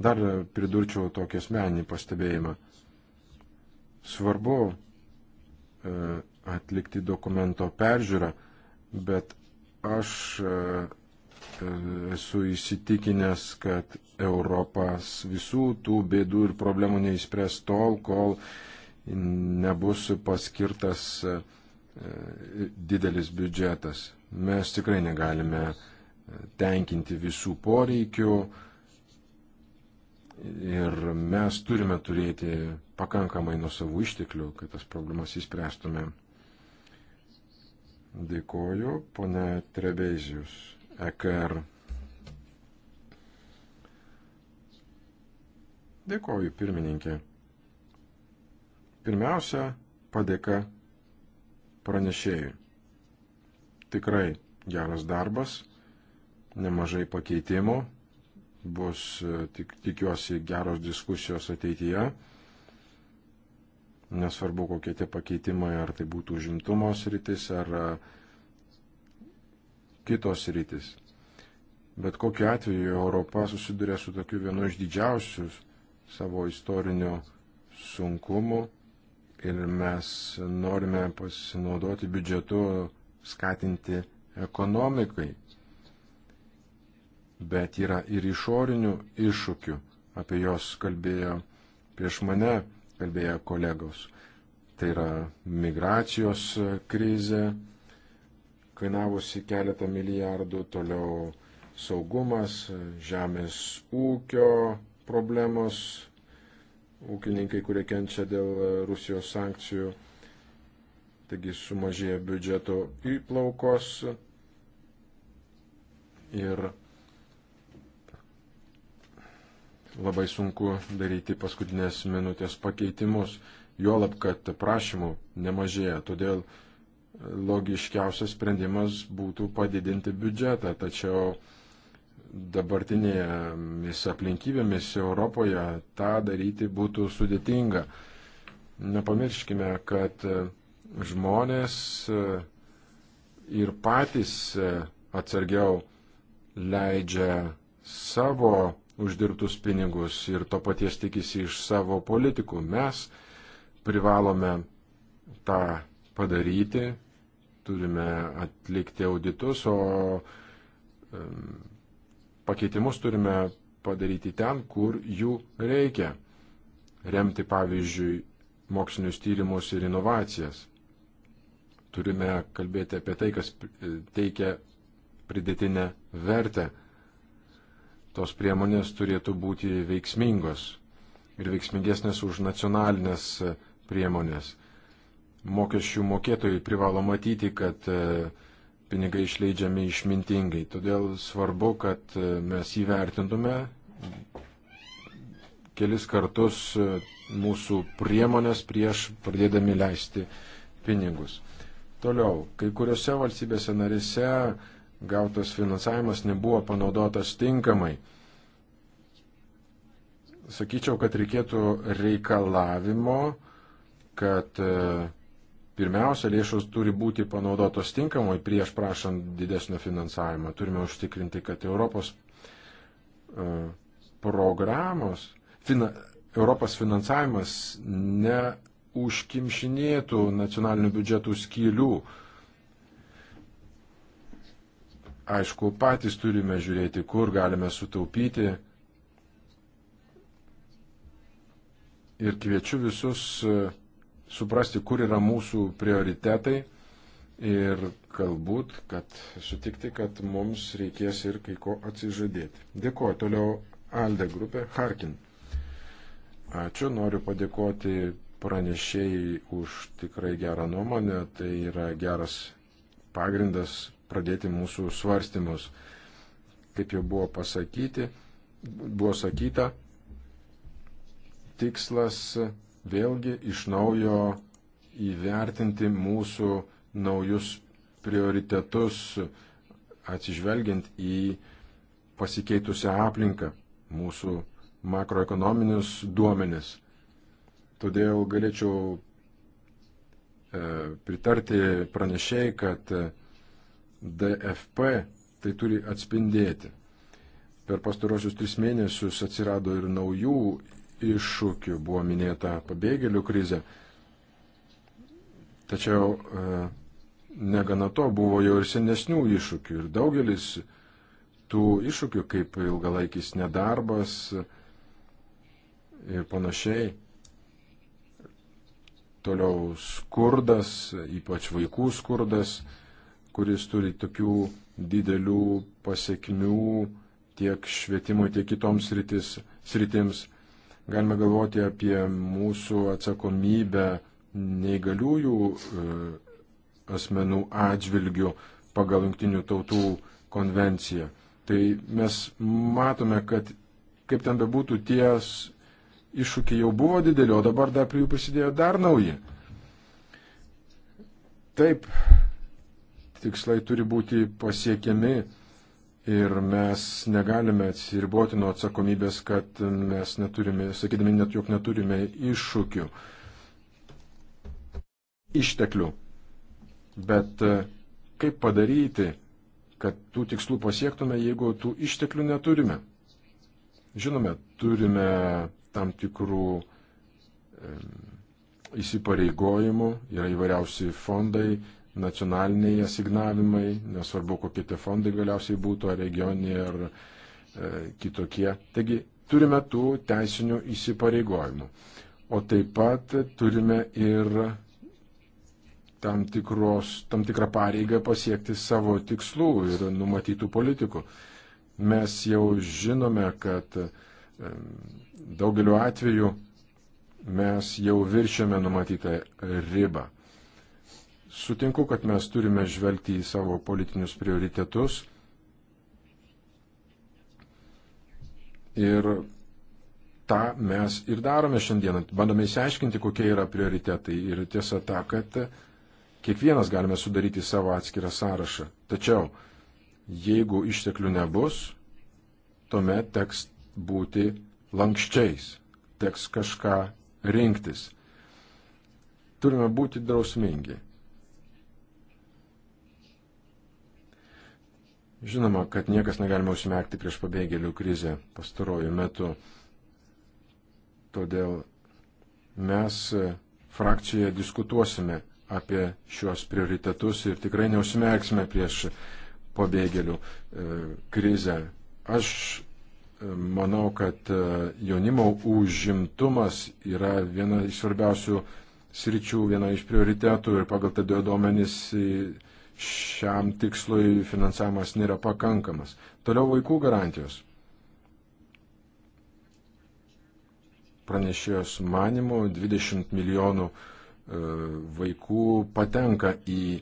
Dar pridurčiau tokį asmenį pastebėjimą. Svarbu e, atlikti dokumento peržiūrą, bet aš e, e, esu įsitikinęs, kad Europas visų tų bėdų ir problemų neįspręs tol, kol nebus paskirtas didelis biudžetas. Mes tikrai negalime tenkinti visų poreikių, Ir mes turime turėti pakankamai nuo savų išteklių, kad tas problemas įspręstume. Dėkoju, pone Trebezijus, EKR. Dėkoju, pirmininkė. Pirmiausia, padėka pranešėjui. Tikrai geras darbas, nemažai pakeitimų, bus, e, tik, tikiuosi, geros diskusijos ateityje. Nesvarbu, kokie tie pakeitimai, ar tai būtų užimtumos rytis, ar e, kitos rytis. Bet kokiu atveju Europa susiduria su tokiu vienu iš didžiausių savo istorinių sunkumų ir mes norime pasinaudoti biudžetu skatinti ekonomikai bet yra ir išorinių iššūkių. Apie juos kalbėjo prieš mane, kalbėjo kolegos. Tai yra migracijos krizė, kainavusi keletą milijardų, toliau saugumas, žemės ūkio problemos, ūkininkai, kurie kenčia dėl Rusijos sankcijų, taigi sumažėja biudžeto įplaukos ir labai sunku daryti paskutinės minutės pakeitimus, juolab, kad prašymų nemažėja, todėl logiškiausias sprendimas būtų padidinti biudžetą, tačiau dabartinėmis aplinkybėmis Europoje tą daryti būtų sudėtinga. Nepamirškime, kad žmonės ir patys atsargiau leidžia savo uždirbtus pinigus ir to paties tikisi iš savo politikų. Mes privalome tą padaryti, turime atlikti auditus, o pakeitimus turime padaryti ten, kur jų reikia. Remti, pavyzdžiui, mokslinius tyrimus ir inovacijas. Turime kalbėti apie tai, kas teikia pridėtinę vertę tos priemonės turėtų būti veiksmingos ir veiksmingesnės už nacionalinės e, priemonės. Mokesčių mokėtojai privalo matyti, kad e, pinigai išleidžiami išmintingai. Todėl svarbu, kad e, mes įvertintume kelis kartus mūsų priemonės prieš pradėdami leisti pinigus. Toliau, kai kuriuose valstybėse narise gautas finansavimas nebuvo panaudotas tinkamai. Sakyčiau, kad reikėtų reikalavimo, kad e, pirmiausia, lėšos turi būti panaudotos tinkamai prieš prašant didesnio finansavimo. Turime užtikrinti, kad Europos e, programos, fina, Europos finansavimas neužkimšinėtų nacionalinių biudžetų skylių, uh, Aišku, patys turime žiūrėti, kur galime sutaupyti. Ir kviečiu visus e, suprasti, kur yra mūsų prioritetai. Ir galbūt, kad sutikti, kad mums reikės ir kai ko atsižadėti. Dėkuoju. Toliau Alde grupė Harkin. Ačiū, noriu padėkoti pranešėjai už tikrai gerą nuomonę. Tai yra geras pagrindas pradėti mūsų svarstymus. Kaip jau buvo pasakyti, buvo sakyta, tikslas vėlgi iš naujo įvertinti mūsų naujus prioritetus, atsižvelgiant į pasikeitusią aplinką, mūsų makroekonominius duomenis. Todėl galėčiau e, pritarti pranešėjai, kad DFP tai turi atspindėti. Per pastarosius tris mėnesius atsirado ir naujų iššūkių, buvo minėta pabėgėlių krizė. Tačiau e, negana to buvo jau ir senesnių iššūkių ir daugelis tų iššūkių, kaip ilgalaikis nedarbas ir panašiai, toliau skurdas, ypač vaikų skurdas, kuris turi tokių didelių pasiekmių tiek švietimui, tiek kitoms sritis, sritims. Galime galvoti apie mūsų atsakomybę neįgaliųjų e, asmenų atžvilgių pagal Junktinių tautų konvenciją. Tai mes matome, kad kaip ten bebūtų, ties iššūkiai jau buvo dideli, o dabar dar prie jų prisidėjo dar nauji. Taip, tikslai turi būti pasiekiami ir mes negalime atsiriboti nuo atsakomybės, kad mes neturime, sakydami net, jog neturime iššūkių, išteklių. Bet e, kaip padaryti, kad tų tikslų pasiektume, jeigu tų išteklių neturime? Žinome, turime tam tikrų įsipareigojimų, yra įvairiausi fondai, nacionaliniai asignavimai, nesvarbu kokie tie fondai galiausiai būtų, ar regioniniai, ar e, kitokie. Taigi turime tų teisinių įsipareigojimų. O taip pat turime ir tam, tikros, tam tikrą pareigą pasiekti savo tikslų ir numatytų politikų. Mes jau žinome, kad daugeliu atveju mes jau viršėme numatytą ribą. Sutinku, kad mes turime žvelgti į savo politinius prioritetus ir tą mes ir darome šiandieną. Bandome įsiaiškinti, kokie yra prioritetai ir tiesa ta, kad kiekvienas galime sudaryti savo atskirą sąrašą. Tačiau, jeigu išteklių nebus, tuomet teks būti lankščiais, teks kažką rinktis. Turime būti drausmingi. Žinoma, kad niekas negalima užsimerkti prieš pabėgėlių krizę pastarojų metų. Todėl mes frakcijoje diskutuosime apie šiuos prioritetus ir tikrai neusimerksime prieš pabėgėlių e, krizę. Aš e, manau, kad e, jaunimo užimtumas yra viena iš svarbiausių sričių, viena iš prioritetų ir pagal tada duomenys šiam tikslui finansavimas nėra pakankamas. Toliau vaikų garantijos. Pranešėjos manimo 20 milijonų e, vaikų patenka į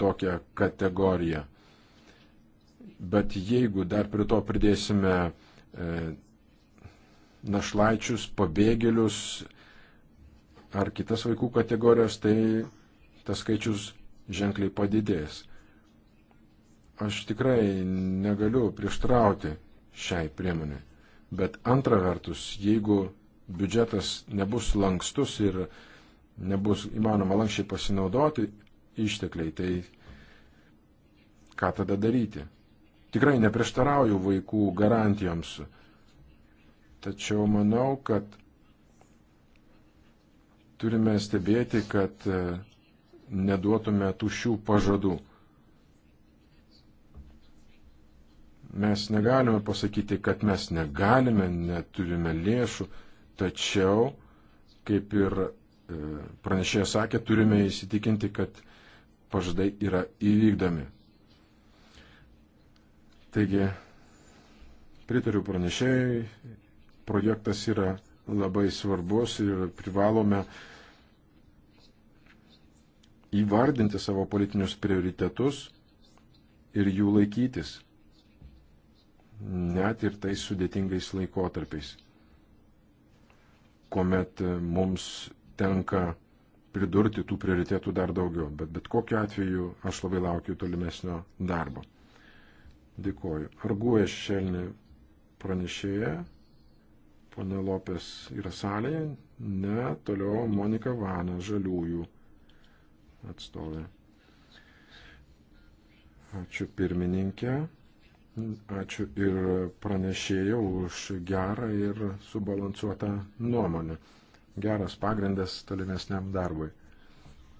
tokią kategoriją. Bet jeigu dar prie to pridėsime e, našlaičius, pabėgėlius ar kitas vaikų kategorijos, tai tas skaičius ženkliai padidės. Aš tikrai negaliu prieštrauti šiai priemonė. Bet antra vertus, jeigu biudžetas nebus lankstus ir nebus įmanoma lankščiai pasinaudoti ištekliai, tai ką tada daryti? Tikrai neprieštarauju vaikų garantijoms, tačiau manau, kad turime stebėti, kad neduotume tušių pažadų. Mes negalime pasakyti, kad mes negalime, neturime lėšų, tačiau, kaip ir e, pranešėjas sakė, turime įsitikinti, kad pažadai yra įvykdomi. Taigi, pritariu pranešėjai, projektas yra labai svarbus ir privalome uh, įvardinti savo politinius prioritetus ir jų laikytis, net ir tais sudėtingais laikotarpiais, kuomet e, mums tenka pridurti tų prioritėtų dar daugiau. Bet bet kokiu atveju aš labai laukiu tolimesnio darbo. Dėkoju. Ar guoja šešėlinė pranešėja? Pone Lopės yra salėje? Ne, toliau Monika Vana, žaliųjų atstovė. Ačiū pirmininkė, ačiū ir pranešėjau už gerą ir subalansuotą nuomonę. Geras pagrindas tolimesniam darbui.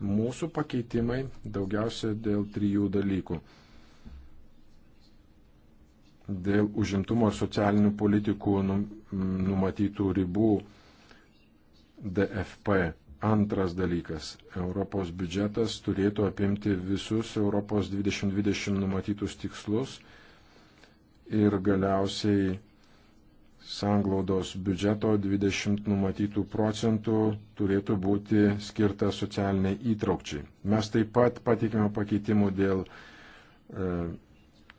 Mūsų pakeitimai daugiausia dėl trijų dalykų. Dėl užimtumo ir socialinių politikų numatytų ribų DFP Antras dalykas - Europos biudžetas turėtų apimti visus Europos 2020 numatytus tikslus ir galiausiai sanglaudos biudžeto 20 numatytų procentų turėtų būti skirta socialiniai įtraukčiai. Mes taip pat patikime pakeitimų dėl e,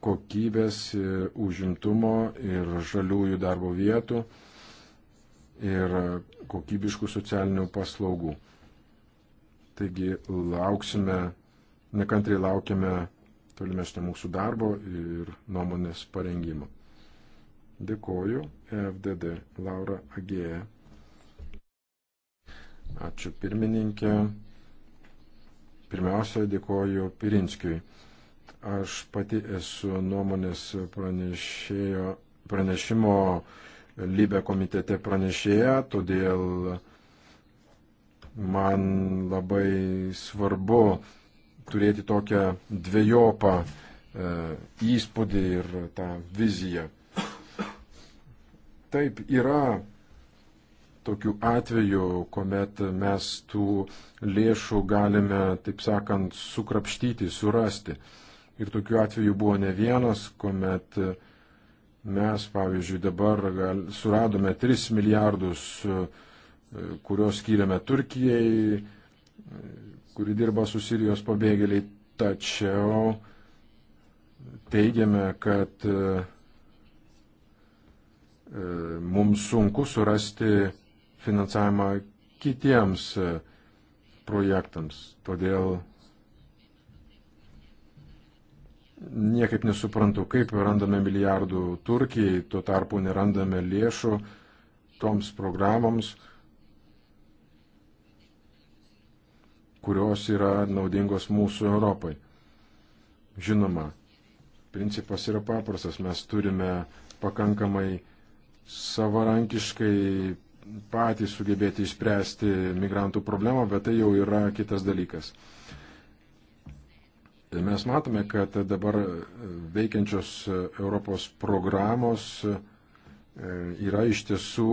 kokybės, e, užimtumo ir žaliųjų darbo vietų ir kokybiškų socialinių paslaugų. Taigi lauksime, nekantriai laukiame tolimesnio mūsų darbo ir nuomonės parengimo. Dėkoju FDD Laura Agėja. Ačiū pirmininkė. Pirmiausia, dėkoju Pirinskiui. Aš pati esu nuomonės pranešėjo, pranešimo uh, Libe komitete pranešėja, todėl man labai svarbu turėti tokią dviejopą e, įspūdį ir tą viziją. Taip, yra tokių atvejų, kuomet mes tų lėšų galime, taip sakant, sukrapštyti, surasti. Ir tokių atvejų buvo ne vienas, kuomet uh, Mes, pavyzdžiui, dabar gal, suradome 3 milijardus, e, kuriuos skiriame Turkijai, kuri dirba su Sirijos pabėgėliai, tačiau teigiame, kad e, e, mums sunku surasti finansavimą kitiems projektams. Todėl Niekaip nesuprantu, kaip randame milijardų Turkijai, tuo tarpu nerandame lėšų toms programoms, kurios yra naudingos mūsų Europai. Žinoma, principas yra paprastas, mes turime pakankamai savarankiškai patys sugebėti išspręsti migrantų problemą, bet tai jau yra kitas dalykas. Mes matome, kad dabar veikiančios Europos programos e, yra iš tiesų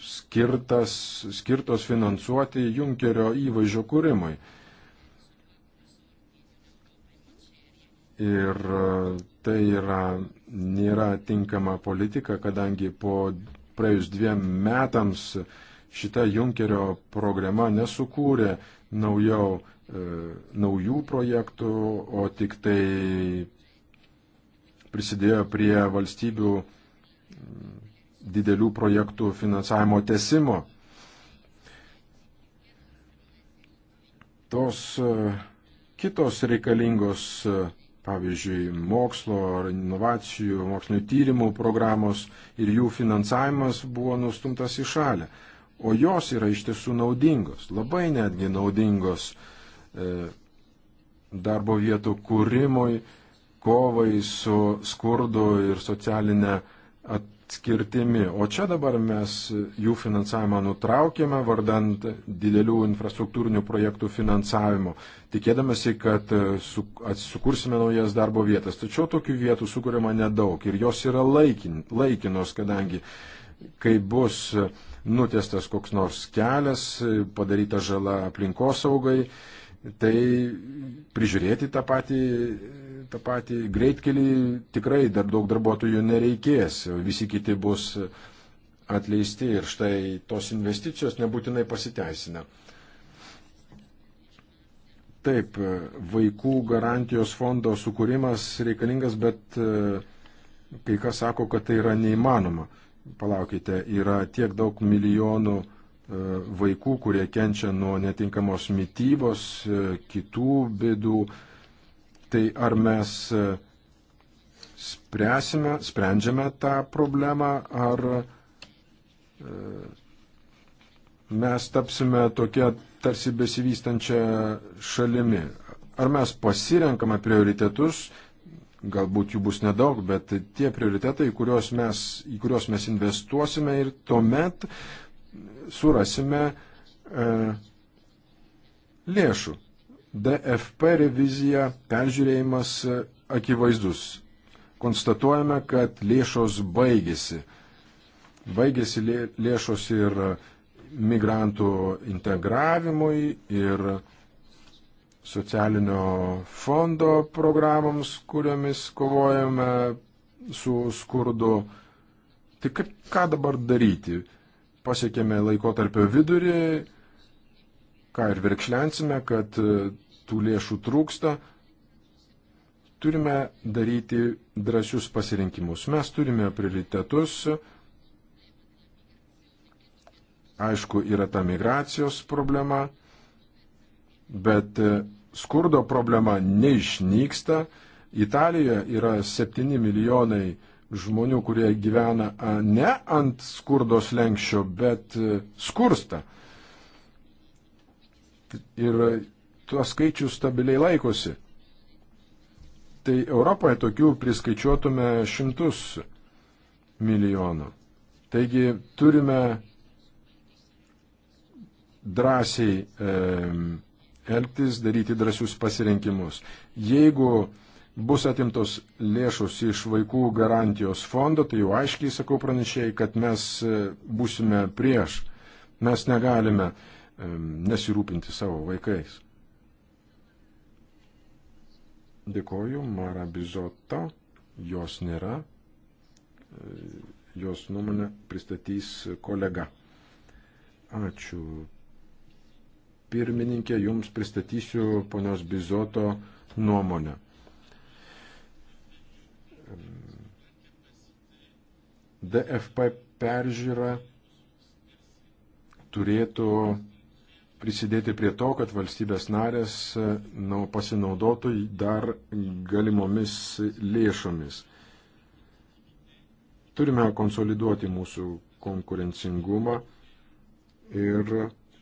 skirtas, skirtos finansuoti Junkerio įvaizdžio kūrimui. Ir e, tai yra, nėra tinkama politika, kadangi po praėjus dviem metams šita Junkerio programa nesukūrė naujau, E, naujų projektų, o tik tai prisidėjo prie valstybių didelių projektų finansavimo tesimo. Tos e, kitos reikalingos, e, pavyzdžiui, mokslo ar inovacijų, mokslinio tyrimų programos ir jų finansavimas buvo nustumtas į šalį. O jos yra iš tiesų naudingos, labai netgi naudingos uh, E, darbo vietų kūrimui, kovai su skurdu ir socialinė atskirtimi. O čia dabar mes jų finansavimą nutraukėme vardant didelių infrastruktūrinių projektų finansavimo, tikėdamasi, kad e, su, sukursime naujas darbo vietas. Tačiau tokių vietų sukūrima nedaug ir jos yra laikin, laikinos, kadangi kai bus nutestas koks nors kelias, padaryta žala aplinkosaugai, saugai, tai prižiūrėti tą patį, tą patį greitkelį tikrai dar daug darbuotojų nereikės, visi kiti bus atleisti ir štai tos investicijos nebūtinai pasiteisina. Taip, vaikų garantijos fondo sukūrimas reikalingas, bet e, kai kas sako, kad tai yra neįmanoma. Palaukite, yra tiek daug milijonų E, vaikų, kurie kenčia nuo netinkamos mytybos, e, kitų bėdų. Tai ar mes e, spręsime, sprendžiame tą problemą, ar mes tapsime tokia tarsi besivystančia šalimi. Ar mes pasirenkame prioritetus, galbūt jų bus nedaug, bet tie prioritetai, į kuriuos mes, į kuriuos mes investuosime ir tuomet uh, surasime e, lėšų. DFP revizija, peržiūrėjimas e, akivaizdus. Konstatuojame, kad lėšos baigėsi. Baigėsi lėšos ir migrantų integravimui, ir socialinio fondo programoms, kuriomis kovojame su skurdu. Tai kaip, ką dabar daryti? pasiekėme laikotarpio vidurį, ką ir virkšlensime, kad e, tų lėšų trūksta, turime daryti drąsius pasirinkimus. Mes turime prioritetus. Aišku, yra ta migracijos problema, bet e, skurdo problema neišnyksta. Italijoje yra 7 milijonai žmonių, kurie gyvena ne ant skurdo slengščio, bet e, skursta. Ir tuo skaičiu stabiliai laikosi. Tai Europoje tokių priskaičiuotume šimtus milijonų. Taigi turime drąsiai e, elgtis, daryti drąsius pasirinkimus. Jeigu bus atimtos lėšos iš vaikų garantijos fondo, tai jau aiškiai sakau pranešėjai, kad mes e, būsime prieš. Mes negalime e, nesirūpinti savo vaikais. Dėkoju, Mara Bizotto, jos nėra, e, jos nuomonę pristatys kolega. Ačiū. Pirmininkė, jums pristatysiu ponios Bizoto nuomonę. DFP peržiūra turėtų prisidėti prie to, kad valstybės narės nu, pasinaudotų dar galimomis lėšomis. Turime konsoliduoti mūsų konkurencingumą ir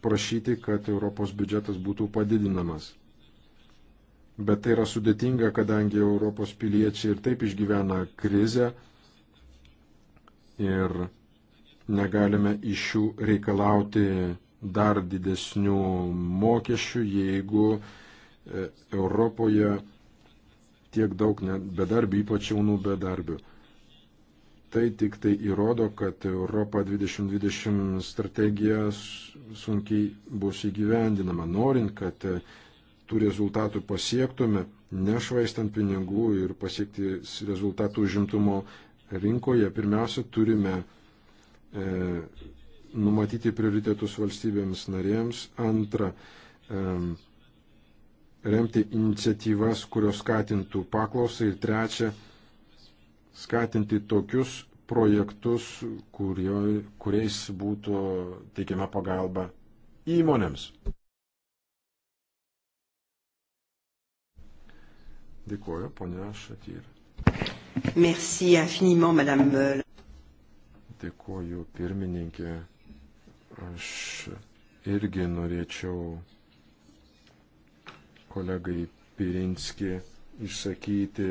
prašyti, kad Europos biudžetas būtų padidinamas. Bet tai yra sudėtinga, kadangi Europos piliečiai ir taip išgyvena krizę ir negalime iš jų reikalauti dar didesnių mokesčių, jeigu e, Europoje tiek daug bedarbių, ypač jaunų bedarbių. Tai tik tai įrodo, kad Europa 2020 strategija sunkiai bus įgyvendinama. Norint, kad e, tų rezultatų pasiektume, nešvaistant pinigų ir pasiekti rezultatų užimtumo rinkoje, pirmiausia, turime e, numatyti prioritetus valstybėms narėms. Antra, e, remti iniciatyvas, kurios skatintų paklausą. Ir trečia, skatinti tokius projektus, kurio, kuriais būtų teikiama pagalba įmonėms. Dėkuoju, ponia Šatyr. Merci infiniment, madame. Dėkuoju, pirmininkė. Aš irgi norėčiau kolegai Pirinski išsakyti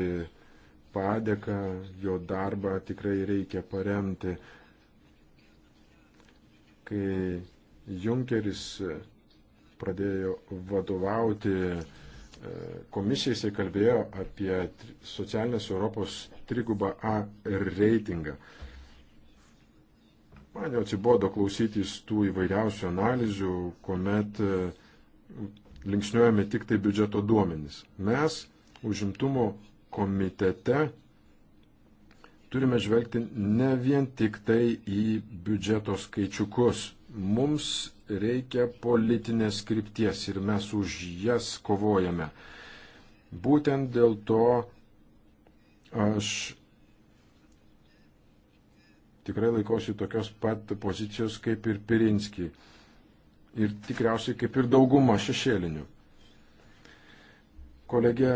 padėką, jo darbą tikrai reikia paremti. Kai Junkeris pradėjo vadovauti e, komisijai, jisai kalbėjo apie socialinės Europos trigubą A reitingą. Man jau atsibodo klausytis tų įvairiausių analizių, kuomet e, linksniuojame tik tai biudžeto duomenys. Mes užimtumo komitete turime žvelgti ne vien tik tai į biudžeto skaičiukus. Mums reikia politinės skripties ir mes už jas kovojame. Būtent dėl to Aš tikrai laikosi tokios pat pozicijos kaip ir Pirinski ir tikriausiai kaip ir dauguma šešėlinių. Kolegė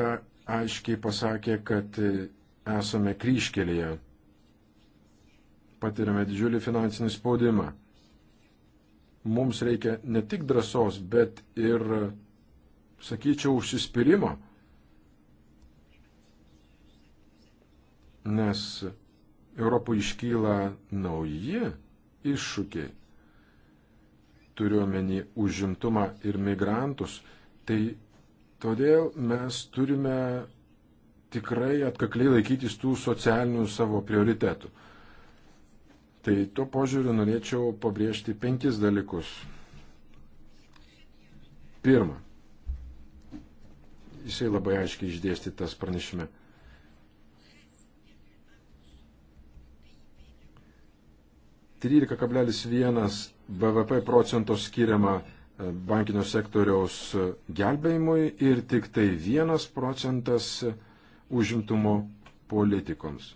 aiškiai pasakė, kad esame kryškelėje, patiriame didžiulį finansinį spaudimą. Mums reikia ne tik drąsos, bet ir, sakyčiau, užsispyrimo nes Europoje iškyla nauji iššūkiai, turiuomenį užimtumą ir migrantus, tai todėl mes turime tikrai atkakliai laikytis tų socialinių savo prioritetų. Tai tuo požiūriu norėčiau pabrėžti penkis dalykus. Pirma, jisai labai aiškiai išdėstytas pranešime. 13,1 BVP procento skiriama e, bankinio sektoriaus gelbėjimui ir tik tai 1 procentas užimtumo politikoms,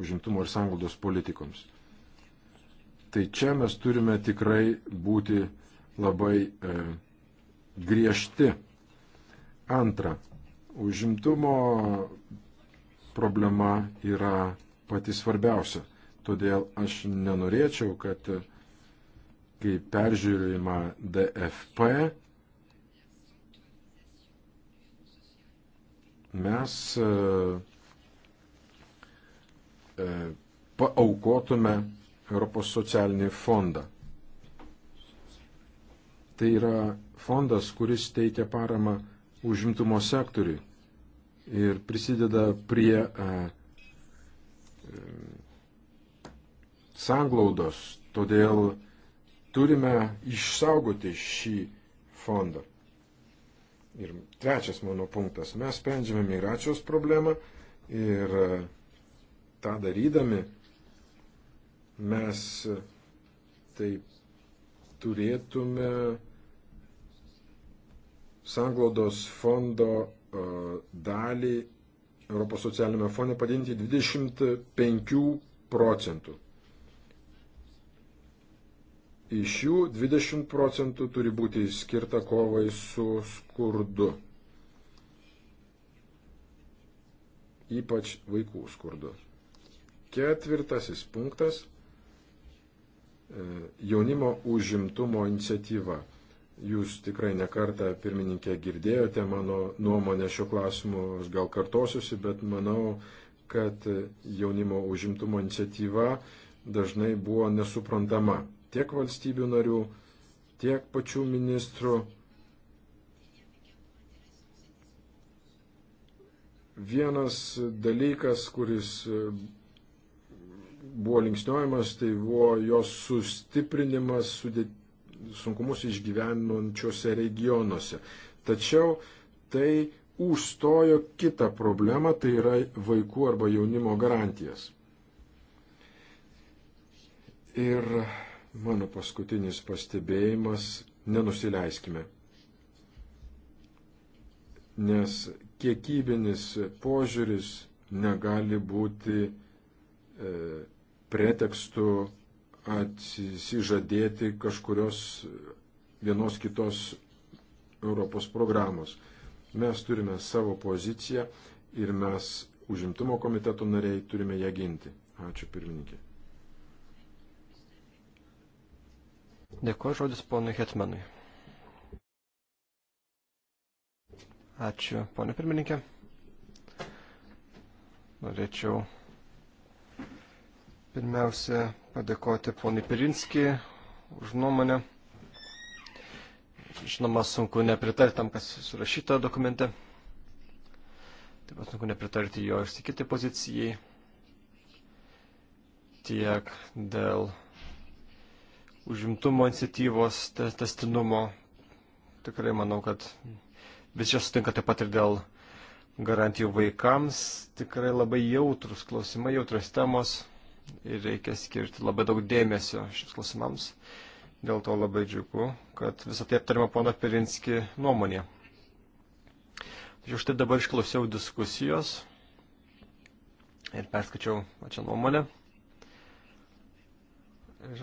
užimtumo ir sanglaudos politikoms. Tai čia mes turime tikrai būti labai e, griežti. Antra, užimtumo problema yra pati svarbiausia. Todėl aš nenorėčiau, kad kai peržiūrima DFP, mes e, e, paaukotume Europos socialinį fondą. Tai yra fondas, kuris teikia paramą užimtumo sektoriui ir prisideda prie e, sanglaudos. Todėl turime išsaugoti šį fondą. Ir trečias mano punktas. Mes sprendžiame migracijos problemą ir e, tą darydami mes e, taip turėtume sanglaudos fondo e, dalį Europos socialinėme fone padinti 25 procentų. Iš jų 20 procentų turi būti skirta kovai su skurdu. Ypač vaikų skurdu. Ketvirtasis punktas e, - jaunimo užimtumo iniciatyva. Jūs tikrai nekartą, pirmininkė, girdėjote mano nuomonę šiuo klausimu, aš gal kartosiuosi, bet manau, kad jaunimo užimtumo iniciatyva dažnai buvo nesuprantama tiek valstybių narių, tiek pačių ministrų. Vienas dalykas, kuris e, buvo linksniojimas, tai buvo jos sustiprinimas sudėt... sunkumus išgyvenančiose regionuose. Tačiau tai užstojo kitą problemą, tai yra vaikų arba jaunimo garantijas. Ir mano paskutinis pastebėjimas - nenusileiskime. Nes kiekybinis požiūris negali būti e, pretekstu atsižadėti kažkurios vienos kitos Europos programos. Mes turime savo poziciją ir mes užimtumo komiteto nariai turime ją ginti. Ačiū pirmininkė. Dėkuoju žodis ponui Hetmanui. Ačiū, ponė pirmininkė. Norėčiau pirmiausia padėkoti ponui Pirinskį už nuomonę. Žinoma, sunku nepritarti tam, kas surašyta dokumente. Taip pat sunku nepritarti jo išsikyti pozicijai tiek dėl užimtumo iniciatyvos testinumo. Tikrai manau, kad visi čia sutinka taip pat ir dėl garantijų vaikams. Tikrai labai jautrus klausimai, jautrus temos ir reikia skirti labai daug dėmesio šiems klausimams. Dėl to labai džiugu, kad visą tai aptarima pono Pirinski nuomonė. Tačiau štai dabar išklausiau diskusijos ir perskačiau pačią nuomonę. Ir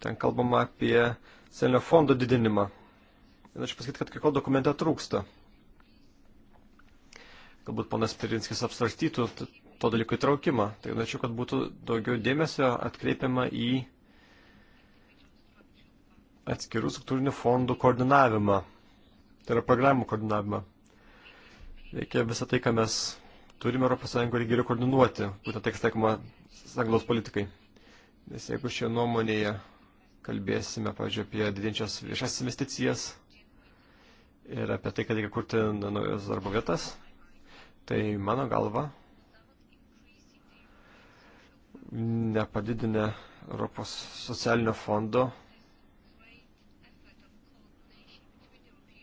ten kalbama apie senio fondo didinimą. Norėčiau pasakyti, kad kai ko dokumente trūksta. Galbūt ponas Pirinskis apsvarstytų to dalyko įtraukimą. Tai norėčiau, kad būtų daugiau dėmesio atkreipiama į atskirų struktūrinių fondų koordinavimą. Tai yra programų koordinavimą. Reikia visą tai, ką mes turime Europos Sąjungoje, geriau koordinuoti, būtent tai, kas taikoma sąjungos politikai. Nes jeigu šioje nuomonėje kalbėsime, pavyzdžiui, apie didinčias viešas investicijas ir apie tai, kad reikia kurti naujas darbo vietas, tai mano galva nepadidinę Europos socialinio fondo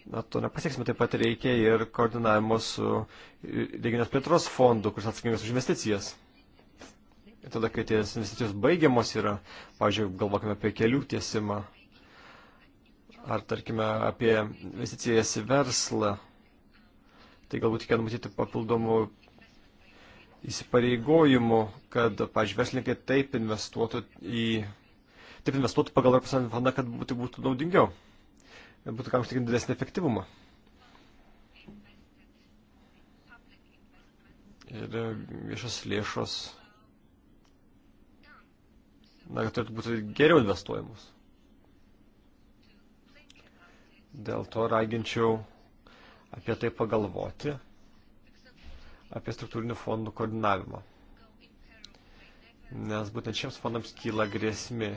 na, to nepasieksime, taip pat reikia ir koordinavimo su regionės plėtros fondu, kuris atsakingas už investicijas. Ir tada, kai ties investicijos baigiamos yra, pavyzdžiui, galvokime apie kelių tiesimą, ar tarkime apie investicijas į verslą, tai galbūt reikia numatyti papildomų įsipareigojimų, kad, pavyzdžiui, verslininkai taip investuotų į, taip investuotų pagal Europos Sąjungos fondą, kad būtų, būtų naudingiau, būtų kam užtikrinti didesnį efektyvumą. Ir viešas lėšos na, kad turėtų būti geriau investuojamos. Dėl to raginčiau apie tai pagalvoti, apie struktūrinių fondų koordinavimą. Nes būtent šiems fondams kyla grėsmi.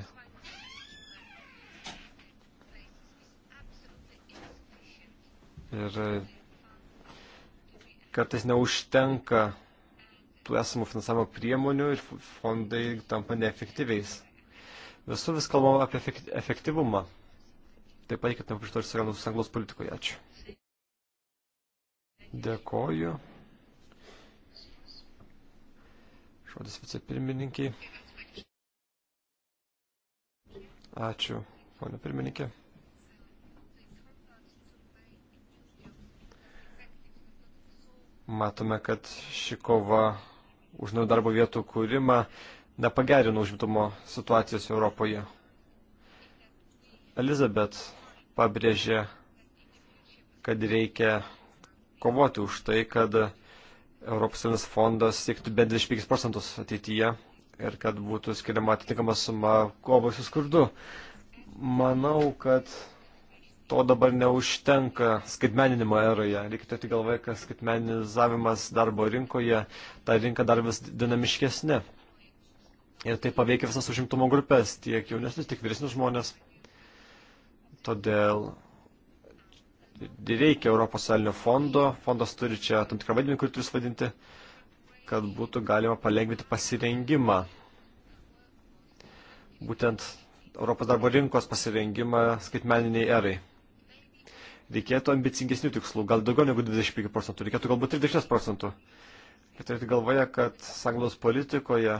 Ir kartais neužtenka tų esamų finansavimo priemonių ir fondai tampa neefektyviais. Visur vis kalbama apie efektyvumą. Taip pat, kad nepaprastai ir sąjungos sąjungos politikoje. Ačiū. Dėkoju. Žodis vicepirmininkiai. Ačiū, ponė pirmininkė. Matome, kad ši kova už naujų darbo vietų kūrimą nepagerino užimtumo situacijos Europoje. Elizabet pabrėžė, kad reikia kovoti už tai, kad Europos fondas siektų bent 25 procentus ateityje ir kad būtų skiriama atitinkama suma kovai su skurdu. Manau, kad to dabar neužtenka skaitmeninimo eroje. Reikia turėti galvoje, kad skaitmenizavimas darbo rinkoje tą rinką dar vis dinamiškesnė. Ir tai paveikia visas užimtumo grupės, tiek jaunesnius, tiek vyresnius žmonės. Todėl reikia Europos socialinio fondo, fondas turi čia tam tikrą vaidmenį, kurį turi vadinti, kad būtų galima palengvinti pasirengimą. Būtent Europos darbo rinkos pasirengimą skaitmeniniai erai reikėtų ambicingesnių tikslų, gal daugiau negu 25 procentų, reikėtų galbūt 30 procentų. Ir turėti galvoje, kad sanglos politikoje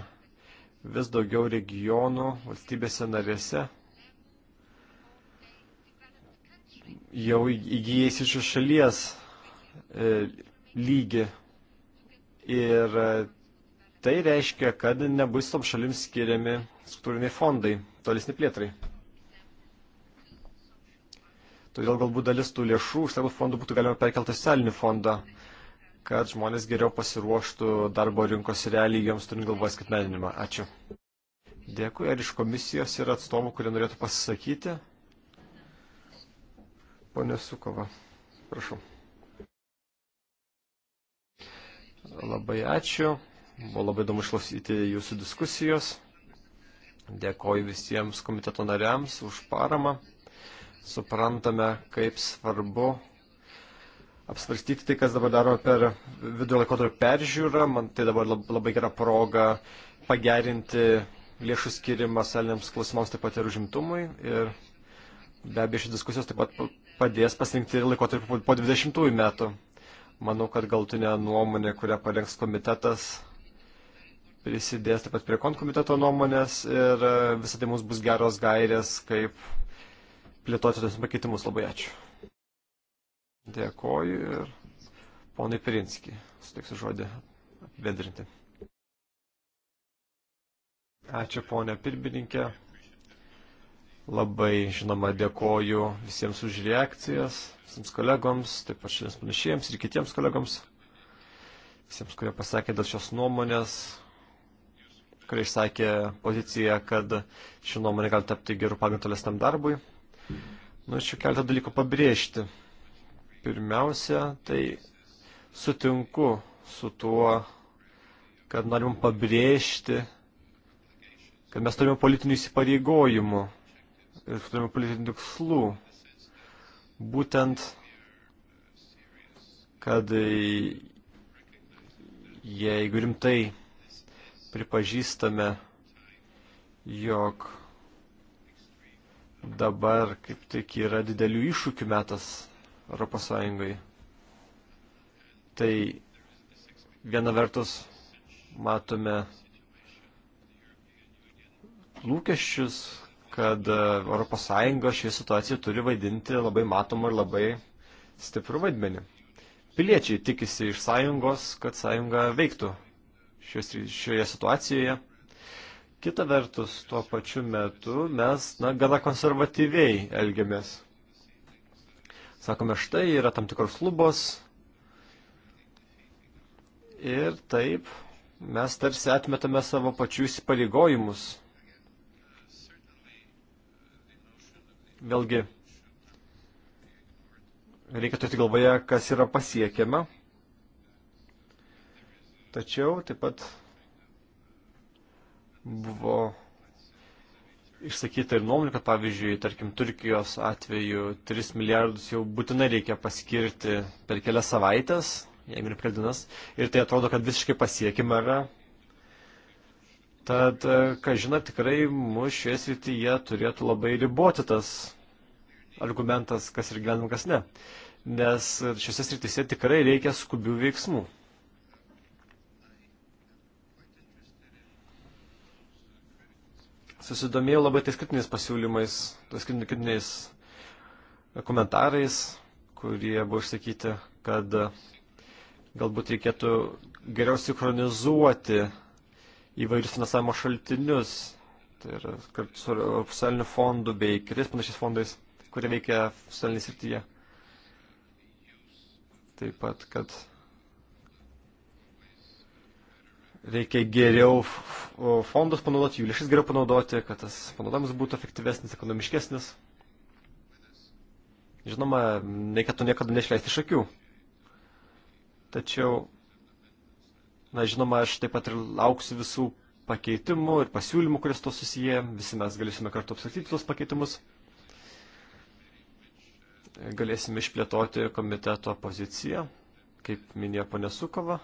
vis daugiau regionų valstybėse narėse jau įgyjais iš šalies e, lygį. Ir e, tai reiškia, kad nebus tom šalims skiriami struktūriniai fondai, tolesni plėtrai. Todėl galbūt dalis tų lėšų iš savo fondų būtų galima perkelti į socialinį fondą, kad žmonės geriau pasiruoštų darbo rinkos realijoms, turint galvoje skaitmeninimą. Ačiū. Dėkui. Ar iš komisijos yra atstovų, kurie norėtų pasisakyti? Pone Sukova, prašau. Labai ačiū. Buvo labai įdomu išklausyti jūsų diskusijos. Dėkoju visiems komiteto nariams už paramą suprantame, kaip svarbu apsvarstyti tai, kas dabar darome per vidurio laikotarpio peržiūrą. Man tai dabar labai gera proga pagerinti lėšų skirimą saliniams klausimams, taip pat ir užimtumui. Ir be abejo, šis diskusijos taip pat padės pasirinkti laikotarpį po 20 metų. Manau, kad galtinė nuomonė, kurią parengs komitetas, prisidės taip pat prie konkomiteto nuomonės ir e, visą tai mums bus geros gairės, kaip plėtoti tos pakeitimus. Labai ačiū. Dėkoju ir ponai Pirinski, suteiksiu žodį apibendrinti. Ačiū ponė pirmininkė. Labai, žinoma, dėkoju visiems už reakcijas, visiems kolegoms, taip pat šiems panašiems ir kitiems kolegoms, visiems, kurie pasakė dėl šios nuomonės, kurie išsakė poziciją, kad ši nuomonė gali tapti gerų pagrindų tolesniam darbui. Norėčiau nu, keletą dalykų pabrėžti. Pirmiausia, tai sutinku su tuo, kad norim pabrėžti, kad mes turime politinių įsipareigojimų ir turime politinių tikslų. Būtent, kad jeigu rimtai pripažįstame, jog dabar kaip tik yra didelių iššūkių metas Europos Sąjungai. Tai viena vertus matome lūkesčius, kad Europos Sąjunga šioje situacijoje turi vaidinti labai matomą ir labai stiprų vaidmenį. Piliečiai tikisi iš sąjungos, kad sąjunga veiktų šioje situacijoje Kita vertus, tuo pačiu metu mes, na, gana konservatyviai elgiamės. Sakome, štai yra tam tikros lubos ir taip mes tarsi atmetame savo pačių įsipareigojimus. Vėlgi, reikia turėti galvoje, kas yra pasiekiama. Tačiau taip pat Buvo išsakyta ir nuomonė, kad pavyzdžiui, tarkim, Turkijos atveju 3 milijardus jau būtinai reikia paskirti per kelias savaitės, jeigu ne per dienas, ir tai atrodo, kad visiškai pasiekime yra. Tad, e, ką žinot, tikrai mūsų šioje srityje turėtų labai riboti tas argumentas, kas ir gyvenam, kas ne. Nes e, šiuose srityse tikrai reikia skubių veiksmų. susidomėjau labai tais kritiniais pasiūlymais, tais kritiniais komentarais, kurie buvo išsakyti, kad e, galbūt reikėtų geriau sinchronizuoti įvairius finansavimo šaltinius, tai yra kartu su socialiniu fondu bei kitais panašiais fondais, kurie veikia socialinėje srityje. Taip pat, kad reikia geriau fondus panaudoti, jų lėšas geriau panaudoti, kad tas panaudojimas būtų efektyvesnis, ekonomiškesnis. Žinoma, reikia to niekada neišleisti iš akių. Tačiau, na žinoma, aš taip pat ir lauksiu visų pakeitimų ir pasiūlymų, kuris to susiję. Visi mes galėsime kartu apsakyti tuos pakeitimus. Galėsime išplėtoti komiteto poziciją, kaip minėjo ponė Sukova.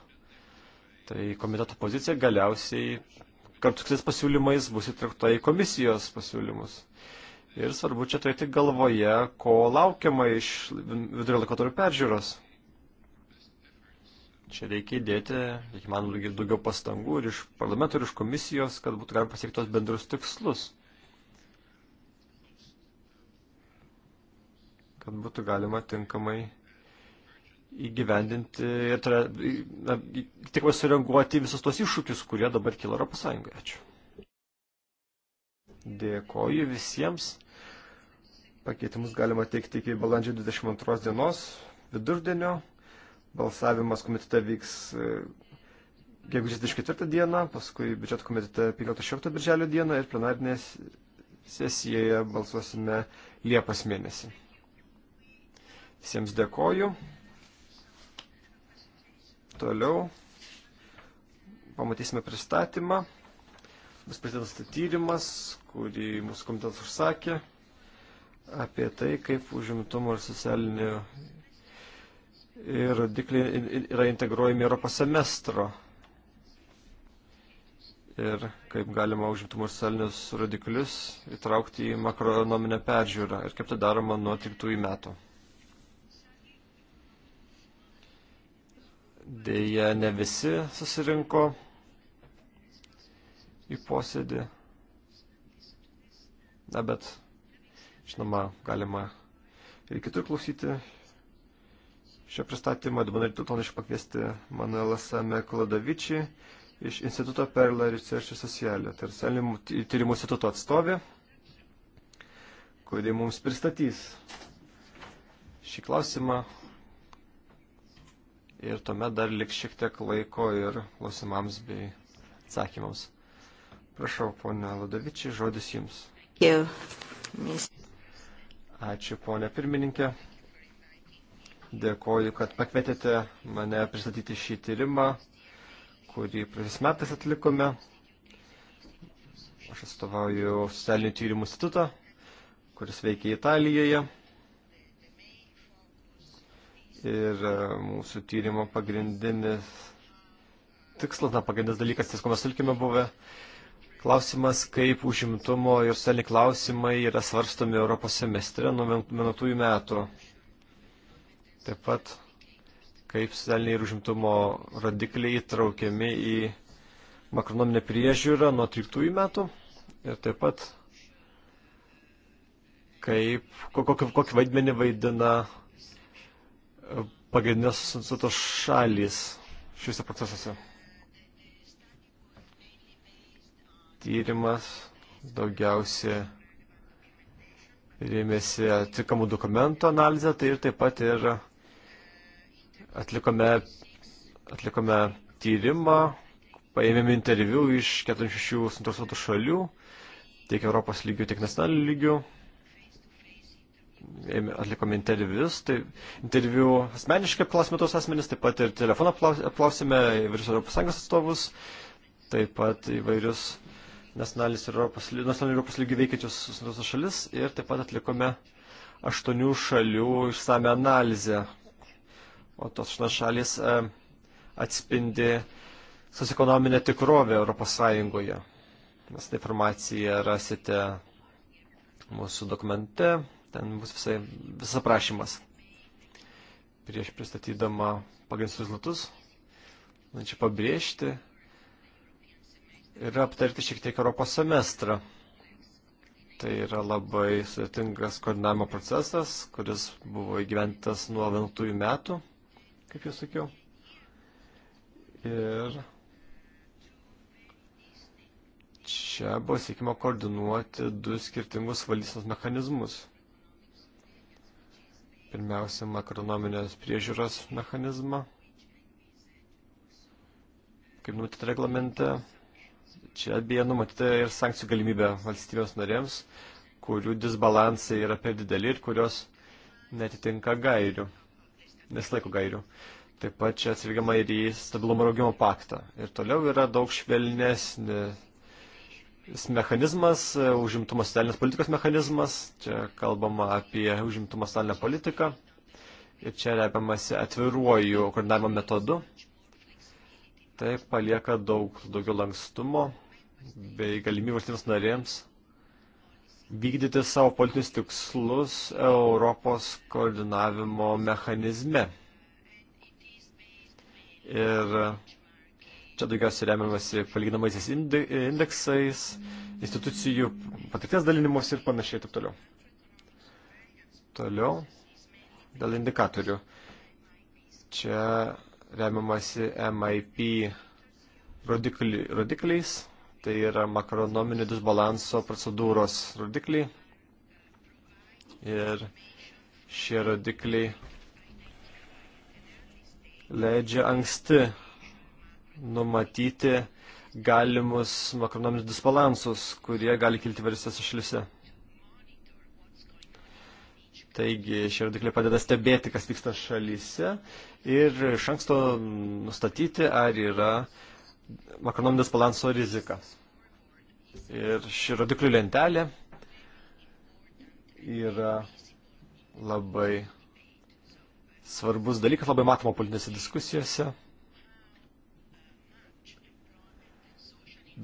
Tai komiteto pozicija galiausiai kartu su kitais pasiūlymais bus įtraukta į komisijos pasiūlymus. Ir svarbu čia turėti galvoje, ko laukiama iš vidurio laikotarpio peržiūros. Čia reikia įdėti, reikia man daugiau pastangų ir iš parlamento, ir iš komisijos, kad būtų galima pasiekti tos bendrus tikslus. Kad būtų galima tinkamai įgyvendinti ir tai, na, tikrai sureaguoti visus tos iššūkius, kurie dabar kilo Europos Sąjungoje. Ačiū. Dėkoju visiems. Pakeitimus galima teikti iki balandžio 22 dienos vidurdienio. Balsavimas komitete vyks e, gegužės 24 dieną, paskui biudžeto komitete 15-16 birželio dieną ir plenarinės sesijoje balsuosime Liepos mėnesį. Visiems dėkoju. Toliau pamatysime pristatymą. Bus pristatytas tyrimas, kurį mūsų komitetas užsakė apie tai, kaip užimtumo ir socialinio ir rodikliai yra integruojami Europos semestro ir kaip galima užimtumo ir socialinius rodiklius įtraukti į makroekonominę peržiūrą ir kaip tai daroma nuo 13 metų. Deja, ne visi susirinko į posėdį. Na, bet, žinoma, galima ir kitur klausyti šio pristatymą. Dabar norėtų toniškai pakviesti Manuelą Same Kladavičį iš Instituto Perla Research Socialio, tai yra tyrimų instituto atstovė, kuri mums pristatys šį klausimą, ir tuomet dar liks šiek tiek laiko ir klausimams bei atsakymams. Prašau, ponia Ludovičiai, žodis jums. Ačiū, ponia pirmininkė. Dėkoju, kad pakvietėte mane pristatyti šį tyrimą, kurį praeis metais atlikome. Aš atstovauju socialinių tyrimų institutą, kuris veikia Italijoje. Ir e, mūsų tyrimo pagrindinis tikslas, na, pagrindinis dalykas, ties ko mes sulkime, buvo klausimas, kaip užimtumo ir socialiniai klausimai yra svarstomi Europos semestre nuo minutųjų metų. Taip pat, kaip socialiniai ir užimtumo radikliai įtraukiami į makronominę priežiūrą nuo 13 metų. Ir taip pat, kaip, kokį, kokį vaidmenį vaidina pagrindinės susitarto šalys šiuose procesuose. Tyrimas daugiausia rėmėsi atlikamų dokumentų analizę, tai ir taip pat ir atlikome, atlikome tyrimą, paėmėme interviu iš 46 suinteresuotų šalių, tiek Europos lygių, tiek nacionalinių lygių atlikome intervius, tai interviu asmeniškai apklausime tos asmenys, taip pat ir telefoną apklausime įvairius Europos Sąjungos atstovus, taip pat įvairius nacionalinius ir Europos, nacionalinių Europos lygių veikiančius šalis ir taip pat atlikome aštuonių šalių išsame analizę. O tos aštuonios šalis e, atspindi socioekonominę tikrovę Europos Sąjungoje. Mes tą informaciją rasite mūsų dokumente, Ten bus visai, visas aprašymas. Prieš pristatydama pagrindus rezultatus, norėčiau pabrėžti ir aptarti šiek tiek Europos semestrą. Tai yra labai sudėtingas koordinavimo procesas, kuris buvo įgyventas nuo 11 metų, kaip jau sakiau. Ir čia buvo siekima koordinuoti du skirtingus valdysenos mechanizmus pirmiausia makronominės priežiūros mechanizmą. Kaip numatyta reglamente, čia beje numatyta ir sankcijų galimybė valstybės narėms, kurių disbalansai yra per dideli ir kurios netitinka gairių, nesilaiko gairių. Taip pat čia atsvilgiama ir į stabilumo augimo paktą. Ir toliau yra daug švelnesnė mechanizmas, e, užimtumo socialinės politikos mechanizmas, čia kalbama apie užimtumo socialinę politiką ir čia repiamasi atviruoju koordinavimo metodu. Tai palieka daug daugiau lankstumo bei galimybių valstybės narėms vykdyti savo politinius tikslus Europos koordinavimo mechanizme. Ir Čia daugiausiai remiamasi palyginamaisiais indeksais, institucijų patirties dalinimus ir panašiai taip toliau. Toliau dėl indikatorių. Čia remiamasi MIP rodikli, rodikliais, tai yra makronominio disbalanso procedūros rodikliai. Ir šie rodikliai leidžia anksti numatyti galimus makronominius disbalansus, kurie gali kilti varisėse šalise. Taigi šie rodikliai padeda stebėti, kas vyksta šalyse ir iš anksto nustatyti, ar yra makronominės balanso rizika. Ir ši rodiklių lentelė yra labai svarbus dalykas, labai matoma politinėse diskusijose.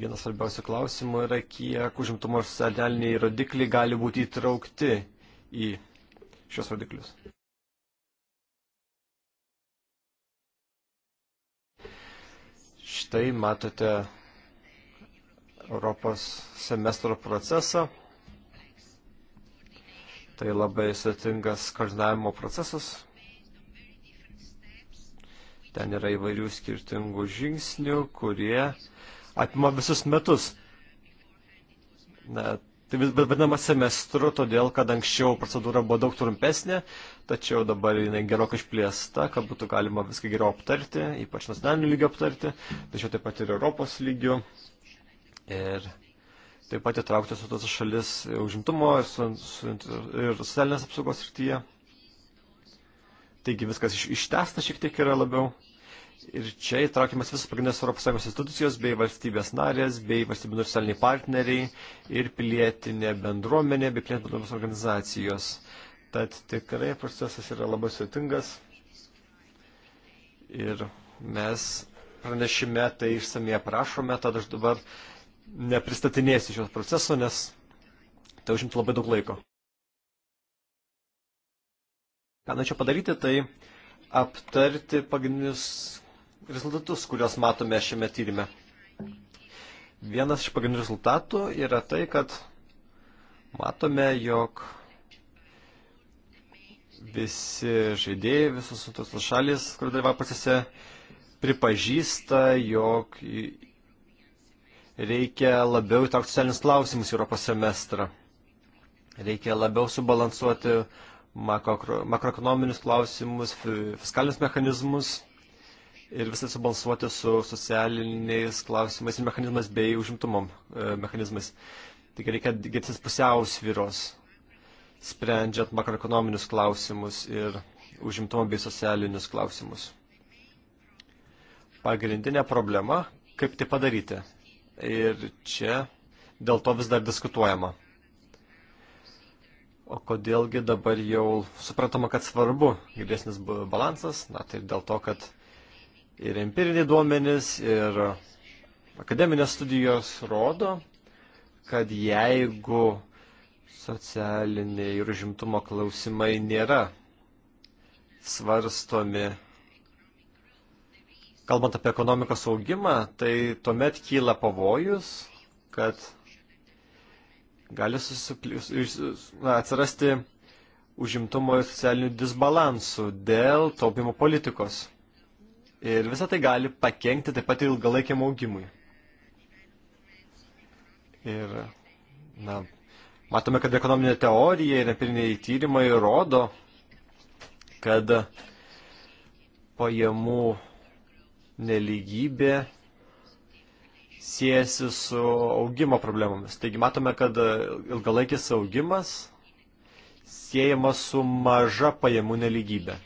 Vienas svarbiausių klausimų yra, kiek užimtumo ir socialiniai rodikliai gali būti įtraukti į šios rodiklius. Štai matote Europos semestro procesą. Tai labai sudėtingas koordinavimo procesas. Ten yra įvairių skirtingų žingsnių, kurie apima visus metus. Na, tai vadinama semestru, todėl kad anksčiau procedūra buvo daug trumpesnė, tačiau dabar jinai gerokai išplėsta, kad būtų galima viską geriau aptarti, ypač nacionalinių lygių aptarti, tačiau taip pat ir Europos lygių. Ir taip pat įtraukti su tos šalis užimtumo ir, su, su, ir socialinės apsaugos srityje. Taigi viskas iš, ištesta šiek tiek yra labiau. Ir čia įtraukiamas visos pagrindinės ES institucijos bei valstybės narės, bei valstybių narių socialiniai partneriai ir pilietinė bendruomenė bei pilietinės bendruomenės organizacijos. Tad tikrai procesas yra labai sudėtingas ir mes pranešime tai išsamei aprašome, tad aš dabar nepristatinėsiu šios proceso, nes tai užimtų labai daug laiko. Ką norėčiau padaryti, tai aptarti pagrindinius rezultatus, kuriuos matome šiame tyrime. Vienas iš pagrindinių rezultatų yra tai, kad matome, jog visi žaidėjai, visos tos šalis, kur dalyvauja procese, pripažįsta, jog reikia labiau įtraukti socialinius klausimus į Europos semestrą. Reikia labiau subalansuoti makro, makroekonominius klausimus, fiskalinius mechanizmus ir visą subalsuoti su socialiniais klausimais ir mechanizmas bei užimtumo e, mechanizmais. Tik reikia gėtis pusiausvyros, sprendžiant makroekonominius klausimus ir užimtumo bei socialinius klausimus. Pagrindinė problema, kaip tai padaryti. Ir čia dėl to vis dar diskutuojama. O kodėlgi dabar jau suprantama, kad svarbu geresnis balansas, na tai dėl to, kad ir empiriniai duomenys, ir akademinės studijos rodo, kad jeigu socialiniai ir užimtumo klausimai nėra svarstomi, kalbant apie ekonomikos augimą, tai tuomet kyla pavojus, kad gali susiplis, na, atsirasti užimtumo ir socialinių disbalansų dėl taupimo politikos. Ir visą tai gali pakengti taip pat ir ilgalaikiam augimui. Ir, na, matome, kad ekonominė teorija ir empiriniai tyrimai rodo, kad pajamų neligybė siejasi su augimo problemomis. Taigi matome, kad ilgalaikis augimas siejamas su maža pajamų neligybė.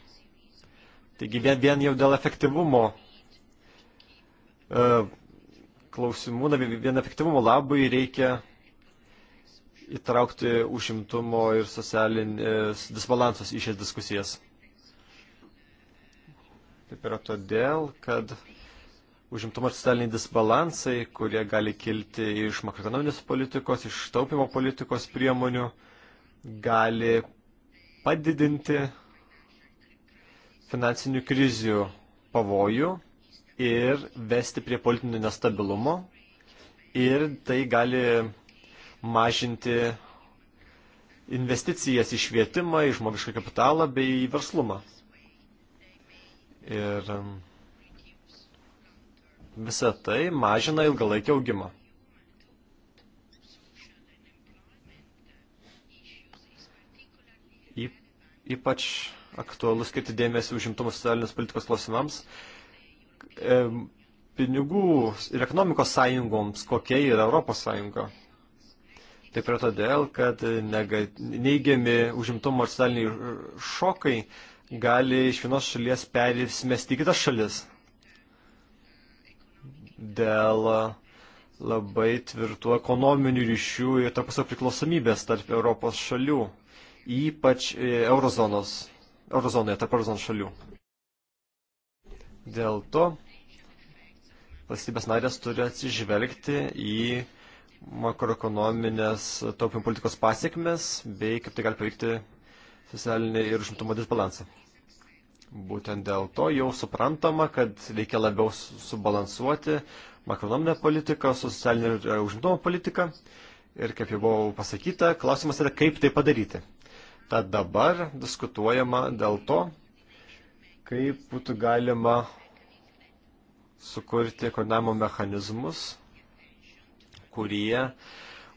Taigi vien, vien jau dėl efektyvumo e, klausimų, vien efektyvumo labai reikia įtraukti užimtumo ir socialinės e, disbalansus į šias diskusijas. Taip yra todėl, kad užimtumo ir socialiniai disbalansai, kurie gali kilti iš makroekonominės politikos, iš taupimo politikos priemonių, gali padidinti finansinių krizių pavojų ir vesti prie politinio nestabilumo ir tai gali mažinti investicijas į švietimą, į žmogišką kapitalą bei į verslumą. Ir um, visa tai mažina ilgalaikį augimą. Ypač aktualu skirti dėmesį užimtumo socialinės politikos klausimams. E, pinigų ir ekonomikos sąjungoms, kokia yra Europos sąjunga. Taip yra todėl, kad nega, neigiami užimtumo ir socialiniai šokai gali iš vienos šalies persimesti į kitas šalis. Dėl labai tvirtų ekonominių ryšių ir tarpusio priklausomybės tarp Europos šalių, ypač e, eurozonos eurozonoje, tarp eurozonos šalių. Dėl to valstybės narės turi atsižvelgti į makroekonominės taupimo politikos pasiekmes bei kaip tai gali paveikti socialinį ir užimtumo disbalansą. Būtent dėl to jau suprantama, kad reikia labiau subalansuoti makronominę politiką su socialinė ir e, užimtumo politika. Ir kaip jau buvo pasakyta, klausimas yra, kaip tai padaryti. Tad dabar diskutuojama dėl to, kaip būtų galima sukurti koordinavimo mechanizmus, kurie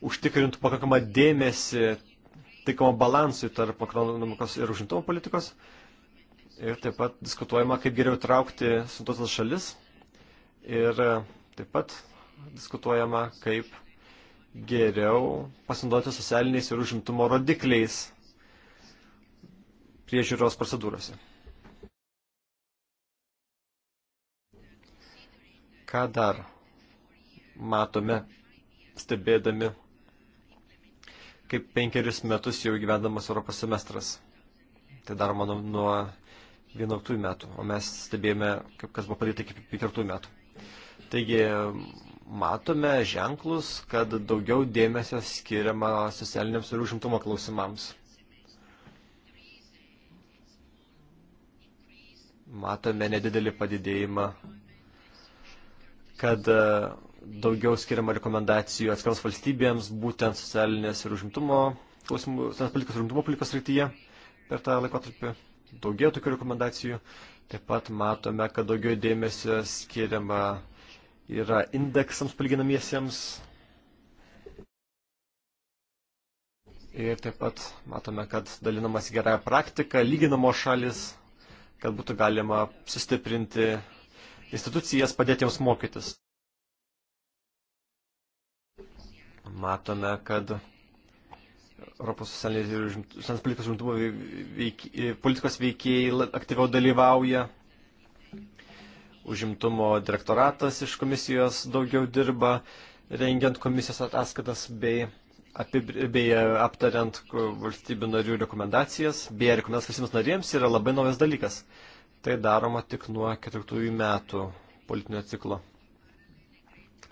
užtikrintų pakankamą dėmesį taikomą balansui tarp ekonomikos ir užimtumo politikos. Ir taip pat diskutuojama, kaip geriau traukti suntuotas šalis. Ir taip pat diskutuojama, kaip geriau pasinaudoti socialiniais ir užimtumo rodikliais priežiūros procedūrose. Ką dar matome, stebėdami, kaip penkerius metus jau gyvendamas Europos semestras. Tai dar, manau, nuo 11 metų, o mes stebėjome, kaip kas buvo padaryta iki 15 metų. Taigi matome ženklus, kad daugiau dėmesio skiriama socialiniams ir užimtumo klausimams. matome nedidelį padidėjimą, kad e, daugiau skiriama rekomendacijų atskiroms valstybėms, būtent socialinės ir užimtumo klausimų, socialinės politikos ir užimtumo politikos rytyje per tą laikotarpį. Daugiau tokių rekomendacijų. Taip pat matome, kad daugiau dėmesio skiriama yra indeksams palyginamiesiems. Ir taip pat matome, kad dalinamas gerąją praktiką, lyginamos šalis kad būtų galima sustiprinti institucijas, padėti jiems mokytis. Matome, kad Europos socialinės politikos žimtumo veik, politikos veikėjai aktyviau dalyvauja. Užimtumo direktoratas iš komisijos daugiau dirba, rengiant komisijos ataskatas bei apibrėbėje aptariant valstybių narių rekomendacijas, beje, rekomendacijas valstybės narėms yra labai naujas dalykas. Tai daroma tik nuo 14 metų politinio ciklo.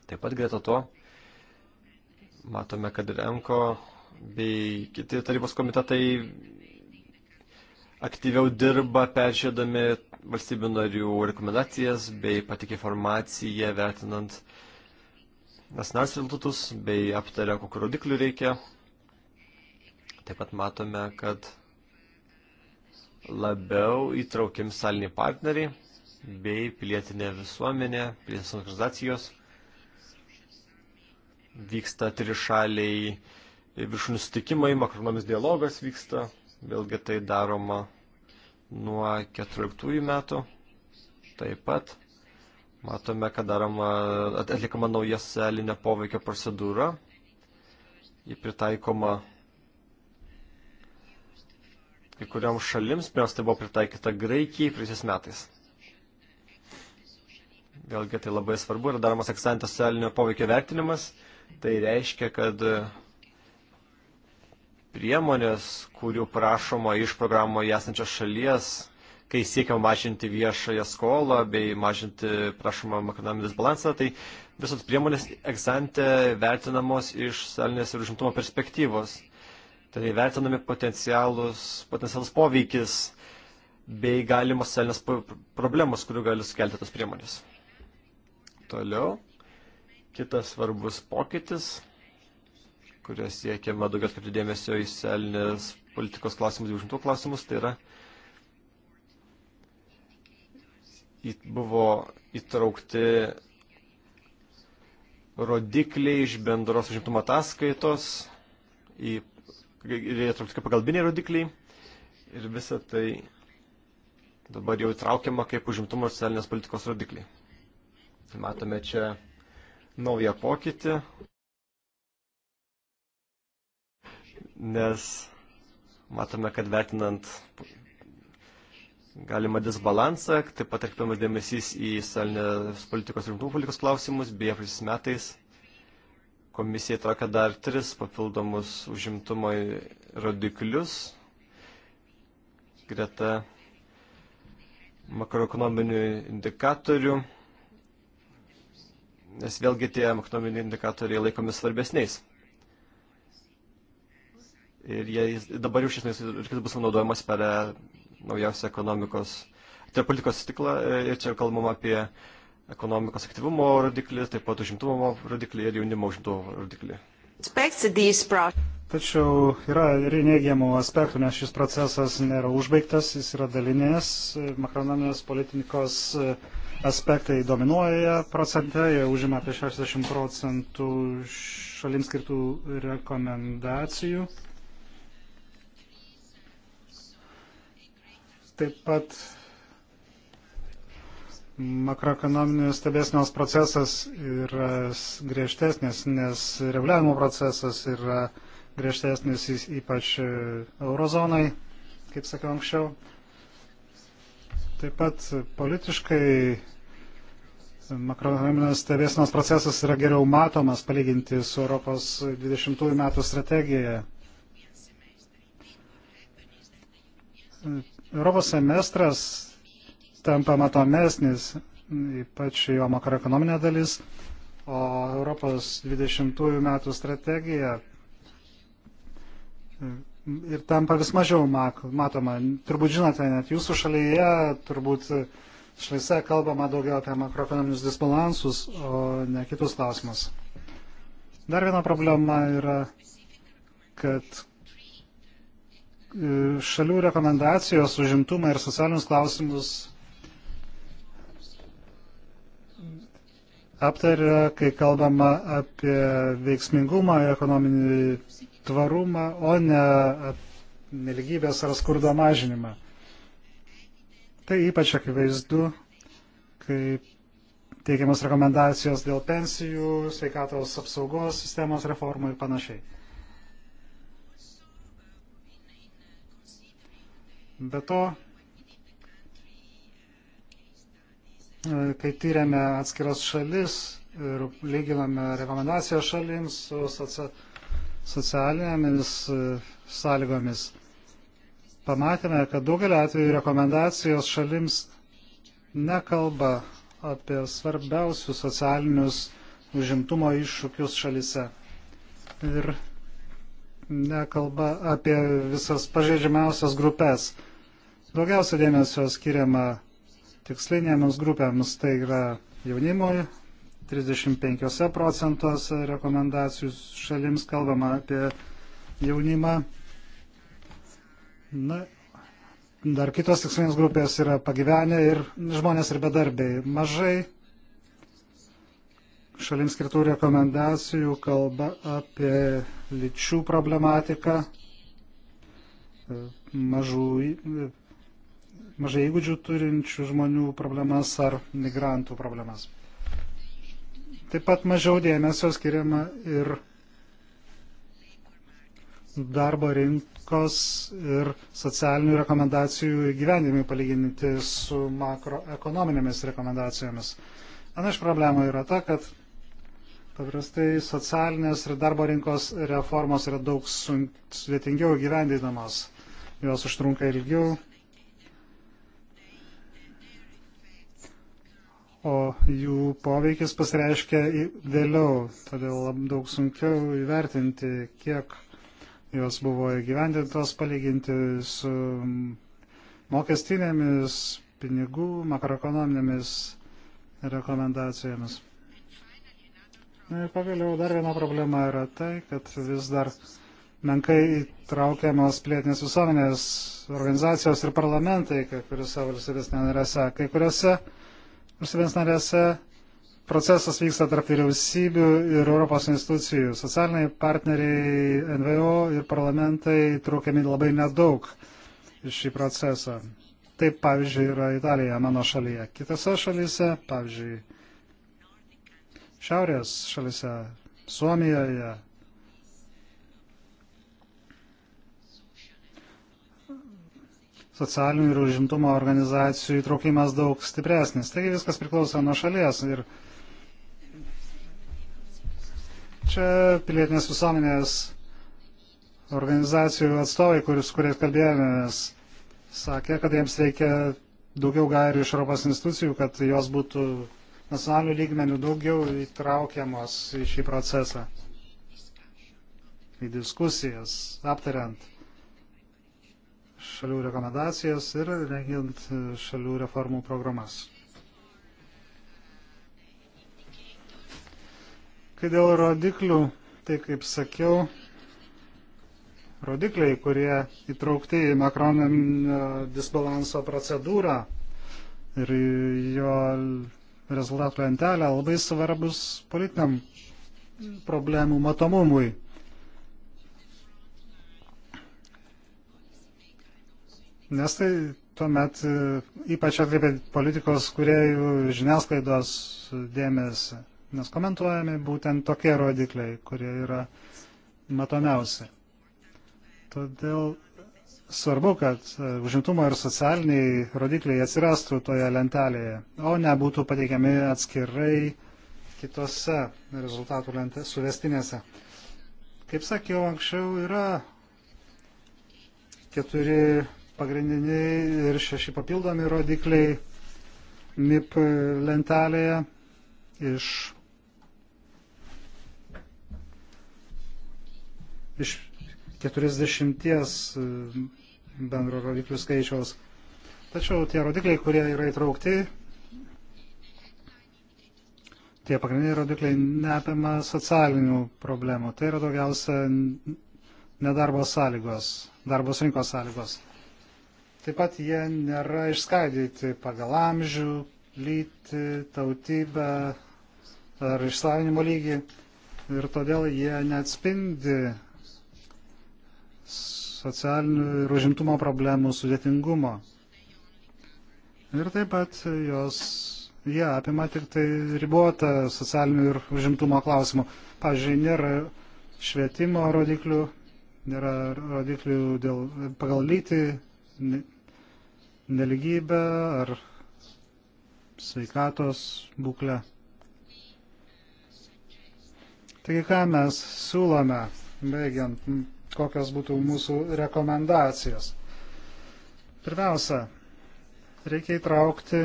Taip pat greta to matome, kad ir EMKO bei kiti tarybos komitetai aktyviau dirba peržiūrėdami valstybių narių rekomendacijas bei patikė informaciją vertinant uh, nacionalinius rezultatus bei aptarė, kokiu rodikliu reikia. Taip pat matome, kad labiau įtraukiami saliniai partneriai bei pilietinė visuomenė, pilietinės organizacijos. Vyksta trišaliai viršūnių sutikimai, makronomis dialogas vyksta. Vėlgi tai daroma nuo 14 metų. Taip pat Matome, kad daroma, atlikama nauja selinė poveikio procedūra. Ji pritaikoma kai kuriam šalims, pirmiausia, tai buvo pritaikyta Graikijai praeisiais metais. Vėlgi tai labai svarbu, yra daromas eksantės socialinio poveikio vertinimas. Tai reiškia, kad priemonės, kurių prašoma iš programoje esančios šalies, kai siekiam mažinti viešąją skolą bei mažinti prašomą ekonominį disbalansą, tai visos priemonės egzante vertinamos iš socialinės ir užimtumo perspektyvos. Tai vertinami potencialus, potencialus poveikis bei galimos socialinės problemos, kurių gali sukelti tos priemonės. Toliau, kitas svarbus pokytis, kurios siekiama daugiau atkreipti dėmesio į socialinės politikos klausimus, užimtų klausimus, tai yra buvo įtraukti rodikliai iš bendros užimtumo ataskaitos, į, ir įtraukti kaip pagalbiniai rodikliai. Ir visa tai dabar jau įtraukiama kaip užimtumo ir socialinės politikos rodikliai. Tai matome čia naują pokytį, nes matome, kad vertinant galima disbalansą, taip pat atkreipiamas dėmesys į salinės politikos ir rimtų politikos klausimus, beje, praeisis metais komisija traukia dar tris papildomus užimtumo rodiklius greta makroekonominių indikatorių, nes vėlgi tie makroekonominiai indikatoriai laikomi svarbesniais. Ir jie dabar jau šis reikės bus naudojamas per naujausią ekonomikos, tai yra politikos stiklą e, ir čia kalbam apie ekonomikos aktyvumo rodiklį, taip pat užimtumo rodiklį ir jaunimo užimtumo rodiklį. Tačiau yra ir neigiamų aspektų, nes šis procesas nėra užbaigtas, jis yra dalinės, makronominės politikos e, aspektai dominuoja procente, jie užima apie 60 procentų šalims skirtų rekomendacijų. Taip pat makroekonominės stebėsnios procesas yra griežtesnis, nes reguliavimo procesas yra griežtesnis ypač e, eurozonai, kaip sakiau anksčiau. Taip pat politiškai makroekonominės stebėsnos procesas yra geriau matomas palyginti su Europos 20 metų strategija. Europos semestras tampa matomesnis, ypač jo makroekonominė dalis, o Europos 20 metų strategija e, ir tampa vis mažiau matoma. Turbūt žinote, net jūsų šalyje, turbūt šalyse kalbama daugiau apie makroekonominius disbalansus, o ne kitus klausimus. Dar viena problema yra, kad E, šalių rekomendacijos užimtumą ir socialinius klausimus aptarė, kai kalbama apie veiksmingumą, ekonominį tvarumą, o ne neligybės ar skurdo mažinimą. Tai ypač akivaizdu, kai teikiamas rekomendacijos dėl pensijų, sveikatos apsaugos sistemos reformų ir panašiai. Be to, e, kai tyrėme atskiras šalis ir lyginame rekomendacijas šalims su socialinėmis e, sąlygomis, pamatėme, kad daugelio atveju rekomendacijos šalims nekalba apie svarbiausius socialinius užimtumo iššūkius šalise. Ir nekalba apie visas pažeidžiamiausias grupės Daugiausia dėmesio skiriama tikslinėms grupėms, tai yra jaunimui, 35 procentos rekomendacijų šalims kalbama apie jaunimą. Na, dar kitos tikslinės grupės yra pagyvenę ir žmonės ir bedarbiai. Mažai šalims skirtų rekomendacijų kalba apie lyčių problematiką, mažų mažai įgūdžių turinčių žmonių problemas ar migrantų problemas. Taip pat mažiau dėmesio skiriama ir darbo rinkos ir socialinių rekomendacijų įgyvendimui palyginti su makroekonominėmis rekomendacijomis. Viena iš problemų yra ta, kad paprastai socialinės ir darbo rinkos reformos yra daug sudėtingiau gyvendinamos. Jos užtrunka ilgiau o jų poveikis pasireiškia vėliau, todėl daug sunkiau įvertinti, kiek jos buvo įgyvendintos, palyginti su mokestinėmis, pinigų, makroekonominėmis rekomendacijomis. Na ir pagaliau dar viena problema yra tai, kad vis dar menkai įtraukiamos plėtinės visuomenės organizacijos ir parlamentai kai kuriuose valstybės nenarėse. Kai kuriuose valstybės narėse procesas vyksta tarp vyriausybių ir Europos institucijų. Socialiniai partneriai, NVO ir parlamentai traukiami labai nedaug į šį procesą. Taip, pavyzdžiui, yra Italija mano šalyje. Kitose šalyse, pavyzdžiui, šiaurės šalyse, Suomijoje, socialinių ir užimtumo organizacijų įtraukimas daug stipresnis. Taigi viskas priklauso nuo šalies. Ir čia pilietinės visuomenės organizacijų atstovai, kuris, kuriais kalbėjomės, sakė, kad jiems reikia daugiau gairių iš Europos institucijų, kad jos būtų nacionalinių lygmenių daugiau įtraukiamos į šį procesą, į diskusijas, aptariant šalių rekomendacijas ir rengiant šalių reformų programas. Kai dėl rodiklių, tai kaip sakiau, rodikliai, kurie įtraukti į makroninio disbalanso procedūrą ir jo rezultatų lentelę, labai svarbus politiniam problemų matomumui. nes tai tuomet e, ypač atkreipia politikos kuriejų žiniasklaidos dėmesį, nes komentuojami būtent tokie rodikliai, kurie yra matomiausi. Todėl svarbu, kad e, užimtumo ir socialiniai rodikliai atsirastų toje lentelėje, o nebūtų pateikiami atskirai kitose rezultatų lentė, suvestinėse. Kaip sakiau, anksčiau yra keturi pagrindiniai ir šeši papildomi rodikliai MIP lentelėje iš, iš 40 e, bendro rodiklių skaičiaus. Tačiau tie rodikliai, kurie yra įtraukti, tie pagrindiniai rodikliai neapima socialinių problemų. Tai yra daugiausia nedarbo sąlygos, darbos rinkos sąlygos. Taip pat jie nėra išskaidyti pagal amžių, lytį, tautybę ar išslavinimo lygį ir todėl jie neatspindi socialinių ir užimtumo problemų sudėtingumo. Ir taip pat jos, jie apima tik tai ribotą socialinių ir užimtumo klausimų. Pavyzdžiui, nėra švietimo rodiklių, nėra rodiklių dėl, pagal lytį, neligybę ar sveikatos būklę. Taigi, ką mes siūlome, baigiant, kokios būtų mūsų rekomendacijos. Pirmiausia, reikia įtraukti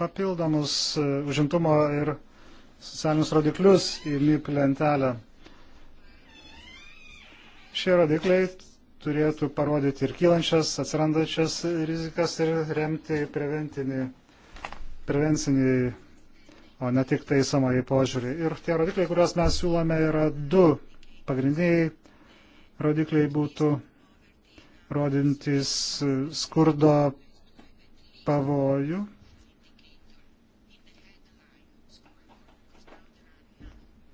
papildomus e, užimtumo ir socialinius rodiklius į MIP lentelę. Šie rodikliai turėtų parodyti ir kylančias, atsirandančias rizikas ir remti prevencinį, prevencinį o ne tik taisomąjį požiūrį. Ir tie rodikliai, kuriuos mes siūlome, yra du pagrindiniai rodikliai būtų rodintis skurdo pavojų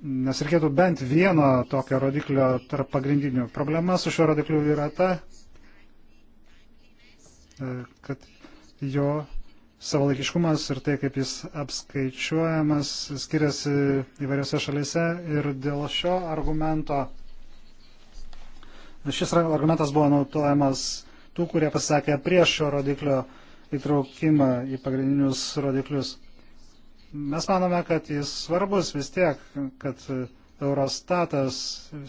nes reikėtų bent vieno tokio rodiklio tarp pagrindinių. Problema su šiuo rodikliu yra ta, e, kad jo savalaikiškumas ir tai, kaip jis apskaičiuojamas, skiriasi įvairiose šalise ir dėl šio argumento. Šis argumentas buvo naudojamas tų, kurie pasisakė prieš šio rodiklio įtraukimą į pagrindinius rodiklius. Mes manome, kad jis svarbus vis tiek, kad Eurostatas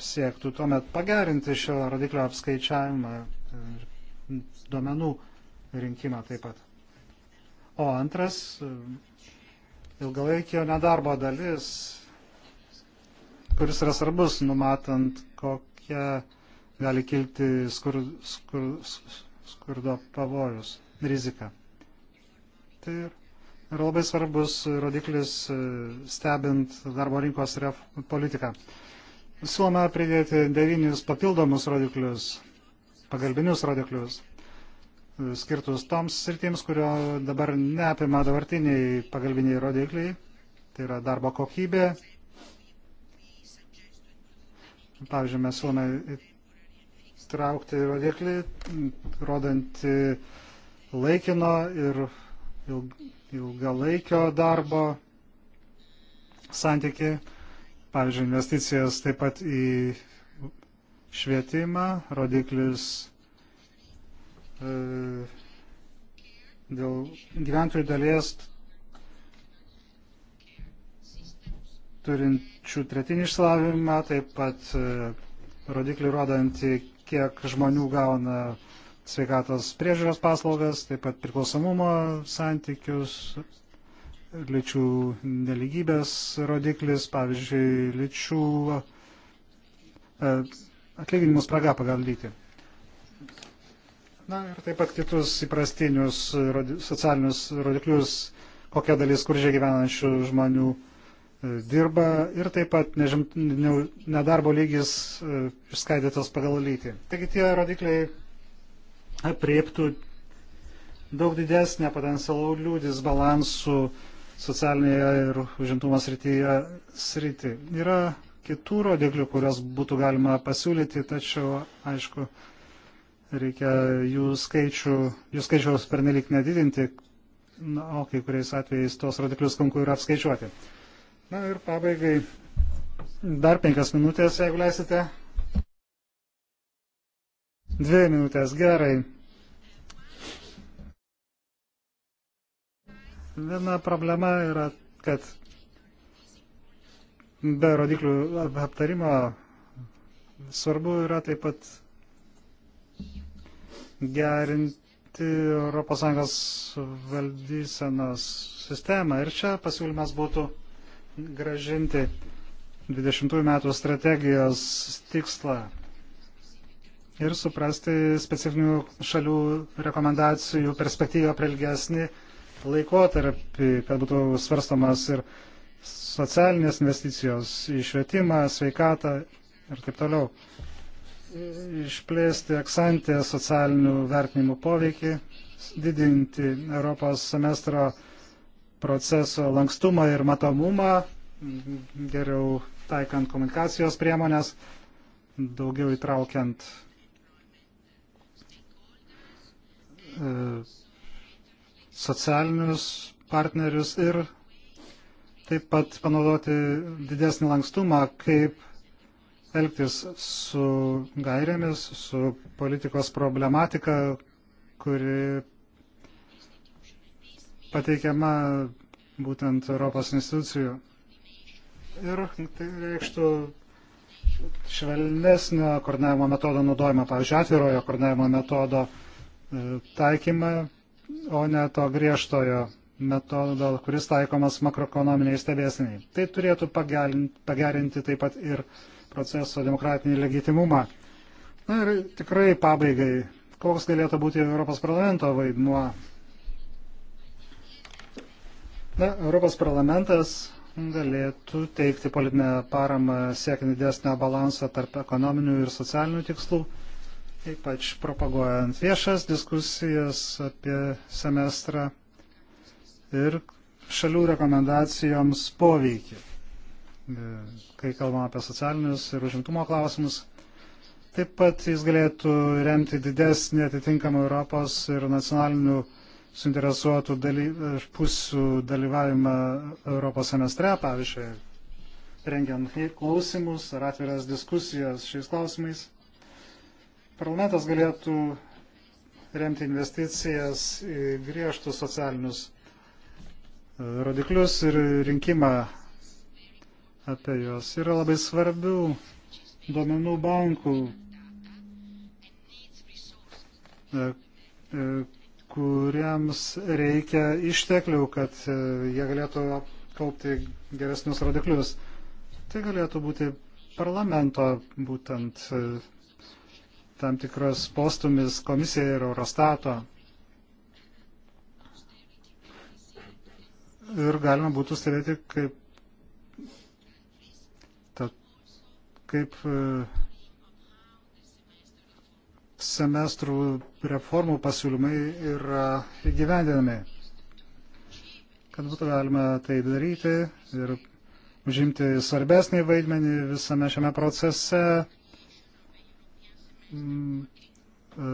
siektų tuomet pagerinti šio rodiklio apskaičiavimą ir duomenų rinkimą taip pat. O antras, ilgalaikio nedarbo dalis, kuris yra svarbus, numatant, kokia gali kilti skur, skur, skurdo pavojus, rizika. Tai ir yra labai svarbus rodiklis e, stebint darbo rinkos politiką. Siūloma pridėti devynius papildomus rodiklius, pagalbinius rodiklius, e, skirtus toms sritims, kurio dabar neapima dabartiniai pagalbiniai rodikliai. Tai yra darbo kokybė. Pavyzdžiui, mes siūlome traukti rodiklį, rodant laikino ir ilgalaikio darbo santyki, pavyzdžiui, investicijas taip pat į švietimą, rodiklis e, dėl gyventojų dalies turinčių tretinį išslavimą, taip pat e, rodiklį rodantį, kiek žmonių gauna e, sveikatos priežiūros paslaugas, taip pat priklausomumo santykius, lyčių neligybės rodiklis, pavyzdžiui, lyčių e, atlyginimus praga pagal lytį. Na ir taip pat kitus įprastinius socialinius rodiklius, kokia dalis skurdžiai gyvenančių žmonių e, dirba ir taip pat nežim, nedarbo lygis e, išskaidytas pagal lytį. Taigi tie rodikliai apriektų daug didesnę potencialų disbalansų socialinėje ir užimtumo srityje srity. Yra kitų rodiklių, kurios būtų galima pasiūlyti, tačiau, aišku, reikia jų, skaičių, jų skaičiaus pernelik nedidinti, na, o kai kuriais atvejais tos rodiklius sunku yra apskaičiuoti. Na ir pabaigai dar penkias minutės, jeigu leisite. Dvi minutės, gerai. Viena problema yra, kad be rodiklių aptarimo svarbu yra taip pat gerinti ES valdysenos sistemą. Ir čia pasiūlymas būtų gražinti 20 metų strategijos tikslą ir suprasti specifinių šalių rekomendacijų perspektyvą per ilgesnį laikotarpį, kad būtų svarstamas ir socialinės investicijos į švietimą, sveikatą ir taip toliau. Išplėsti eksantę socialinių vertinimų poveikį, didinti Europos semestro proceso lankstumą ir matomumą, geriau taikant komunikacijos priemonės, daugiau įtraukiant E, socialinius partnerius ir taip pat panaudoti didesnį lankstumą, kaip elgtis su gairėmis, su politikos problematika, kuri pateikiama būtent Europos institucijų. Ir tai reikštų švelnesnio koordinavimo metodo naudojimą, pavyzdžiui, atvirojo koordinavimo metodo E, taikymą, o ne to griežtojo metodo, kuris taikomas makroekonominiai stebėsiniai. Tai turėtų pagerinti taip pat ir proceso demokratinį legitimumą. Na ir tikrai pabaigai, koks galėtų būti Europos parlamento vaidmuo? Na, Europos parlamentas galėtų teikti politinę paramą siekiant didesnio balanso tarp ekonominių ir socialinių tikslų ypač propaguojant viešas diskusijas apie semestrą ir šalių rekomendacijoms poveikį, e, kai kalbam apie socialinius ir užimtumo klausimus. Taip pat jis galėtų remti didesnį atitinkamą Europos ir nacionalinių suinteresuotų daly, pusių dalyvavimą Europos semestre, pavyzdžiui, rengiant klausimus ar atviras diskusijas šiais klausimais. Parlamentas galėtų remti investicijas į griežtus socialinius e, rodiklius ir rinkimą apie juos. Yra labai svarbių duomenų bankų, e, e, kuriems reikia išteklių, kad jie galėtų kaupti geresnius rodiklius. Tai galėtų būti parlamento būtent tam tikras postumis komisija ir Eurostato. Ir galima būtų stebėti, kaip, ta, kaip e, semestrų reformų pasiūlymai yra įgyvendinami. Kad būtų galima tai daryti ir užimti svarbesnį vaidmenį visame šiame procese, Mm, e,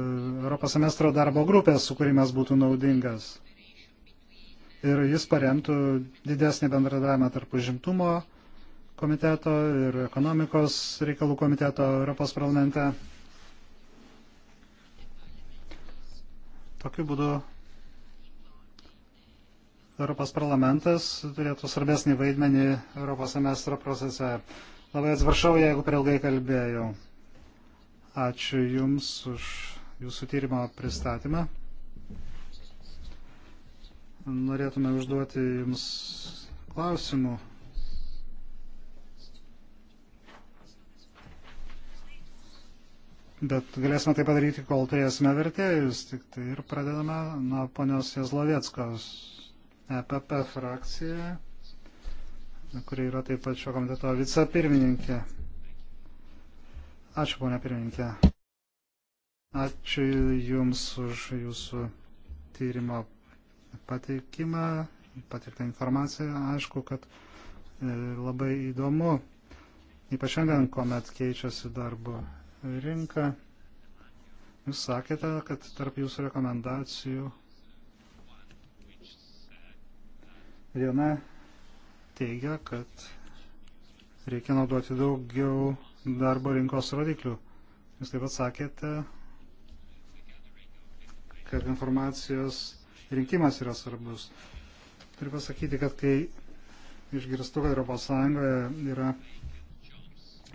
Europos semestro darbo grupės sukūrimas būtų naudingas. Ir jis paremtų didesnį bendradavimą tarp užimtumo komiteto ir ekonomikos reikalų komiteto Europos parlamente. Tokiu būdu Europos parlamentas turėtų svarbesnį vaidmenį Europos semestro procese. Labai atsiprašau, jeigu per ilgai kalbėjau. Ačiū Jums už Jūsų tyrimo pristatymą. Norėtume užduoti Jums klausimų. Bet galėsime tai padaryti, kol turėsime tai vertėjus. Tik tai ir pradedame nuo ponios Jazlovietskos EPP frakcija, kuri yra taip pat šio komiteto vicepirmininkė. Ačiū, ponia pirmininkė. Ačiū Jums už Jūsų tyrimo pateikimą, pateiktą informaciją. Aišku, kad e, labai įdomu, ypač šiandien, kuomet keičiasi darbo rinka. Jūs sakėte, kad tarp Jūsų rekomendacijų viena teigia, kad reikia naudoti daugiau darbo rinkos rodiklių. Jūs taip pat sakėte, kad informacijos rinkimas yra svarbus. Turiu pasakyti, kad kai išgirstu, kad Europos Sąjungoje yra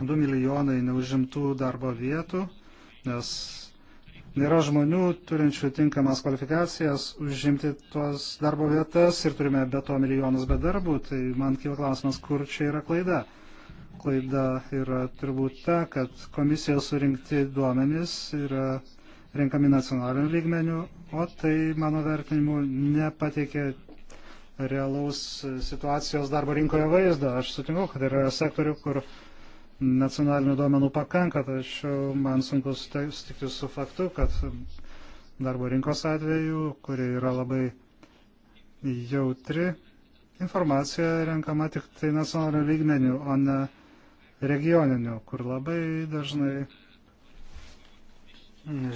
2 milijonai neužimtų darbo vietų, nes nėra žmonių turinčių tinkamas kvalifikacijas užimti tuos darbo vietas ir turime be to milijonus bedarbų, tai man kyla klausimas, kur čia yra klaida klaida yra turbūt ta, kad komisijos surinkti duomenys yra renkami nacionaliniu lygmeniu, o tai, mano vertinimu, nepateikė realaus situacijos darbo rinkoje vaizdo. Aš sutinku, kad yra sektorių, kur nacionalinių duomenų pakanka, tačiau man sunku sutikti su faktu, kad darbo rinkos atveju, kuri yra labai jautri, informacija renkama tik tai nacionaliniu lygmeniu, o ne regioninių, kur labai dažnai,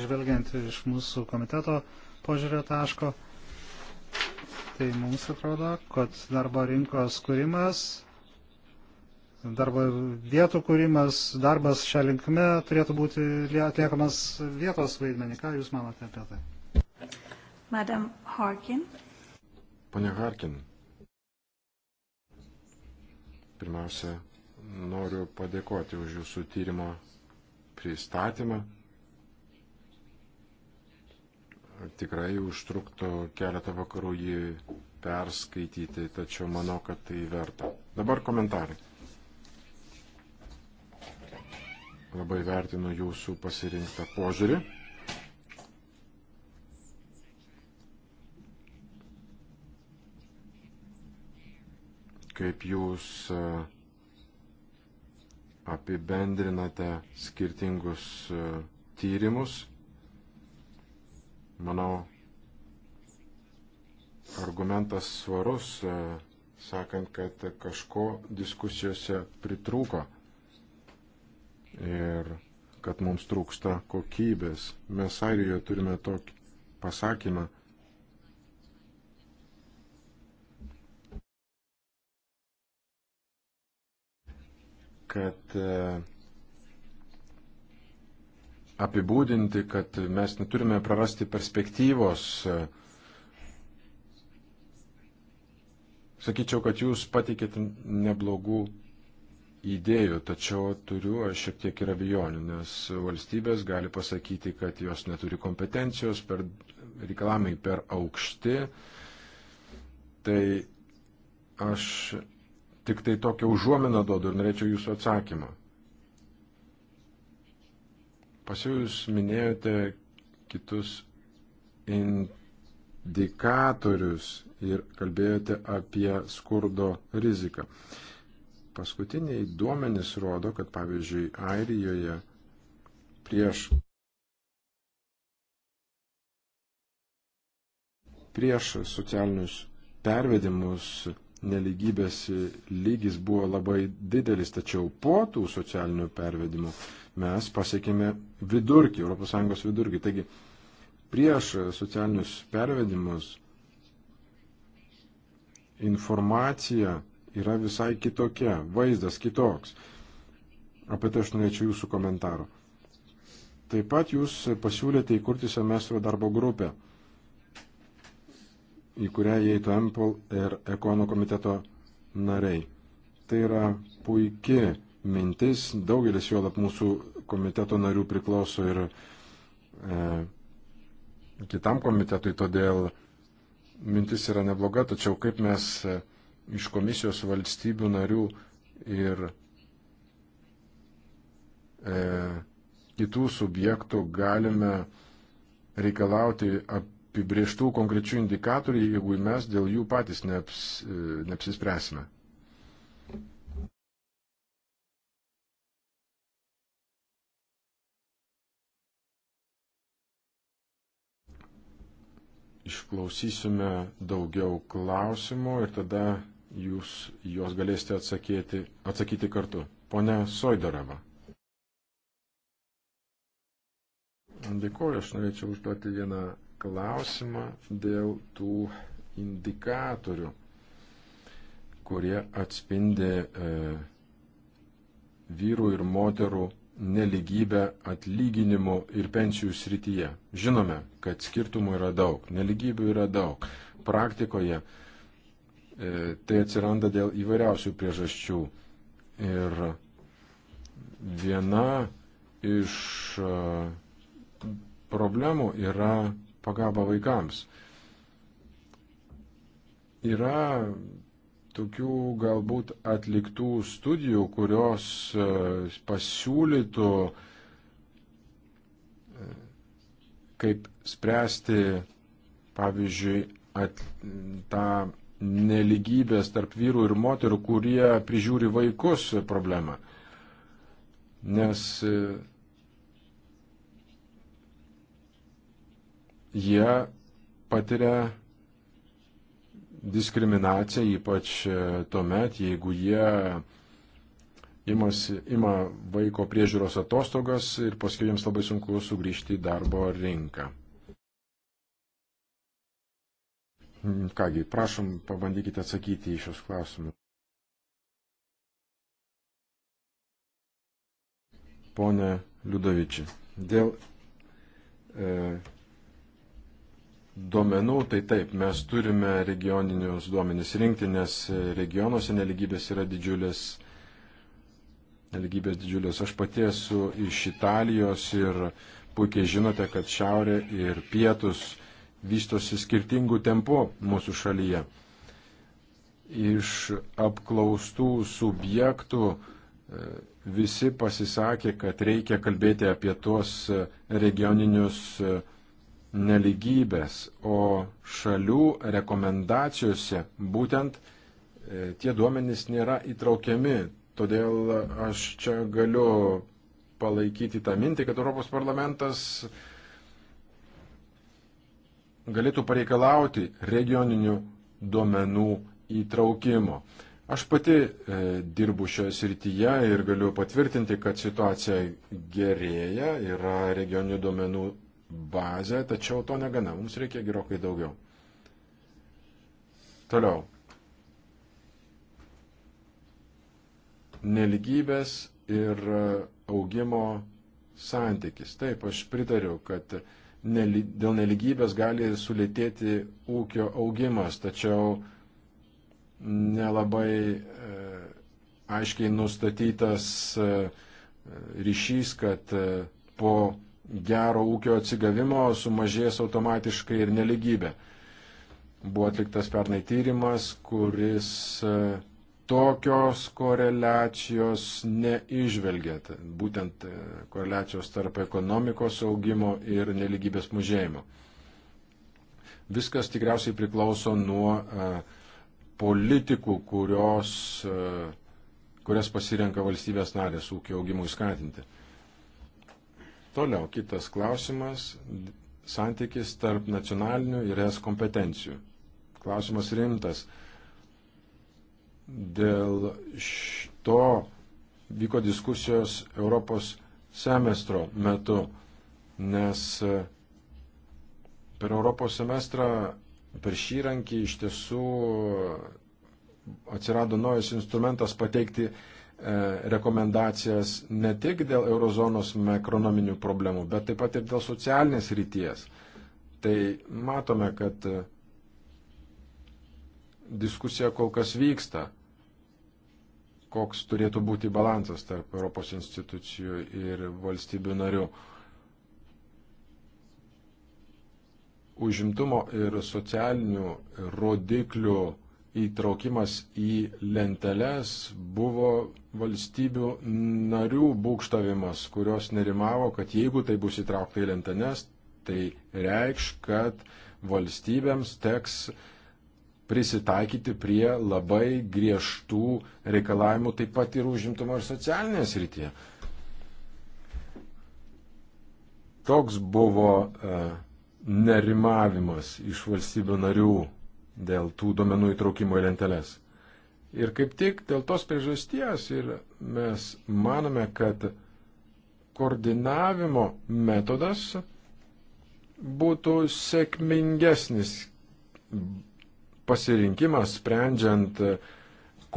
žvelgiant iš mūsų komiteto požiūrio taško, tai mums atrodo, kad darbo rinkos kūrimas, darbo vietų kūrimas, darbas šią linkme turėtų būti atliekamas vietos vaidmenį. Ką Jūs manote apie tai? Madam Harkin. Pane Harkin. Pirmiausia, noriu padėkoti už jūsų tyrimo pristatymą. Tikrai užtruktų keletą vakarų jį perskaityti, tačiau manau, kad tai verta. Dabar komentarai. Labai vertinu jūsų pasirinktą požiūrį. Kaip jūs uh, apibendrinate skirtingus e, tyrimus. Manau, argumentas svarus, e, sakant, kad kažko diskusijose pritrūko ir kad mums trūksta kokybės. Mes Airijoje turime tokį pasakymą, kad e, apibūdinti, kad mes neturime prarasti perspektyvos. Sakyčiau, kad jūs patikėt neblogų idėjų, tačiau turiu aš šiek tiek ir abejonių, nes valstybės gali pasakyti, kad jos neturi kompetencijos, per, reikalavimai per aukšti. Tai aš Tik tai tokią užuominą duodu ir norėčiau jūsų atsakymą. Pas jūs minėjote kitus indikatorius ir kalbėjote apie skurdo riziką. Paskutiniai duomenys rodo, kad pavyzdžiui Airijoje prieš, prieš socialinius pervedimus neligybės lygis buvo labai didelis, tačiau po tų socialinių pervedimų mes pasiekėme vidurkį, ES vidurkį. Taigi prieš socialinius pervedimus informacija yra visai kitokia, vaizdas kitoks. Apie tai aš norėčiau jūsų komentaro. Taip pat jūs pasiūlėte įkurti semestro darbo grupę į kurią įeitų EMPL ir Ekono komiteto nariai. Tai yra puikia mintis, daugelis juolap mūsų komiteto narių priklauso ir e, kitam komitetui, todėl mintis yra nebloga, tačiau kaip mes e, iš komisijos valstybių narių ir e, kitų subjektų galime reikalauti apie apibrieštų konkrečių indikatorių, jeigu mes dėl jų patys neaps, e, neapsispręsime. Išklausysime daugiau klausimų ir tada jūs juos galėsite atsakyti, atsakyti kartu. Pone Soidarava. Dėkuoju, aš norėčiau užduoti vieną klausimą dėl tų indikatorių, kurie atspindi e, vyrų ir moterų neligybę atlyginimo ir pensijų srityje. Žinome, kad skirtumų yra daug, neligybių yra daug. Praktikoje e, tai atsiranda dėl įvairiausių priežasčių. Ir viena iš e, problemų yra pagalba vaikams. Yra tokių galbūt atliktų studijų, kurios e, pasiūlytų, e, kaip spręsti, pavyzdžiui, at, tą neligybės tarp vyrų ir moterų, kurie prižiūri vaikus problemą. Nes e, jie patiria diskriminaciją, ypač e, tuomet, jeigu jie imasi, ima vaiko priežiūros atostogas ir paskui jiems labai sunku sugrįžti į darbo rinką. Mm, kągi, prašom, pabandykite atsakyti į šios klausimus. Pone Liudovičiai, dėl e, duomenų, tai taip, mes turime regioninius duomenys rinkti, nes regionuose neligybės yra didžiulės. Neligybės didžiulės. Aš pati esu iš Italijos ir puikiai žinote, kad šiaurė ir pietus vystosi skirtingų tempų mūsų šalyje. Iš apklaustų subjektų e, visi pasisakė, kad reikia kalbėti apie tuos e, regioninius duomenys neligybės, o šalių rekomendacijose būtent e, tie duomenys nėra įtraukiami. Todėl aš čia galiu palaikyti tą mintį, kad Europos parlamentas galėtų pareikalauti regioninių duomenų įtraukimo. Aš pati e, dirbu šioje srityje ir galiu patvirtinti, kad situacija gerėja, yra regioninių duomenų bazę, tačiau to negana, mums reikia gerokai daugiau. Toliau. Neligybės ir e, augimo santykis. Taip, aš pritariu, kad neli, dėl neligybės gali sulėtėti ūkio augimas, tačiau nelabai e, aiškiai nustatytas e, ryšys, kad e, po gero ūkio atsigavimo sumažės automatiškai ir neligybė. Buvo atliktas pernai tyrimas, kuris e, tokios koreliacijos neižvelgia, būtent e, koreliacijos tarp ekonomikos augimo ir neligybės mažėjimo. Viskas tikriausiai priklauso nuo e, politikų, kurios, kurias pasirenka valstybės narės ūkio augimui skatinti. Toliau kitas klausimas - santykis tarp nacionalinių ir es kompetencijų. Klausimas rimtas. Dėl to vyko diskusijos Europos semestro metu, nes e, per Europos semestrą, per šį rankį iš tiesų e, atsirado naujas instrumentas pateikti E, rekomendacijas ne tik dėl eurozonos ekonominių problemų, bet taip pat ir dėl socialinės ryties. Tai matome, kad e, diskusija kol kas vyksta, koks turėtų būti balansas tarp Europos institucijų ir valstybių narių. Užimtumo ir socialinių rodiklių įtraukimas į lenteles buvo valstybių narių būkštavimas, kurios nerimavo, kad jeigu tai bus įtraukta į lenteles, tai reikš, kad valstybėms teks prisitaikyti prie labai griežtų reikalavimų taip pat ir užimtumo ir socialinės rytyje. Toks buvo e, nerimavimas iš valstybių narių dėl tų duomenų įtraukimo į lenteles. Ir kaip tik dėl tos priežasties ir mes manome, kad koordinavimo metodas būtų sėkmingesnis pasirinkimas sprendžiant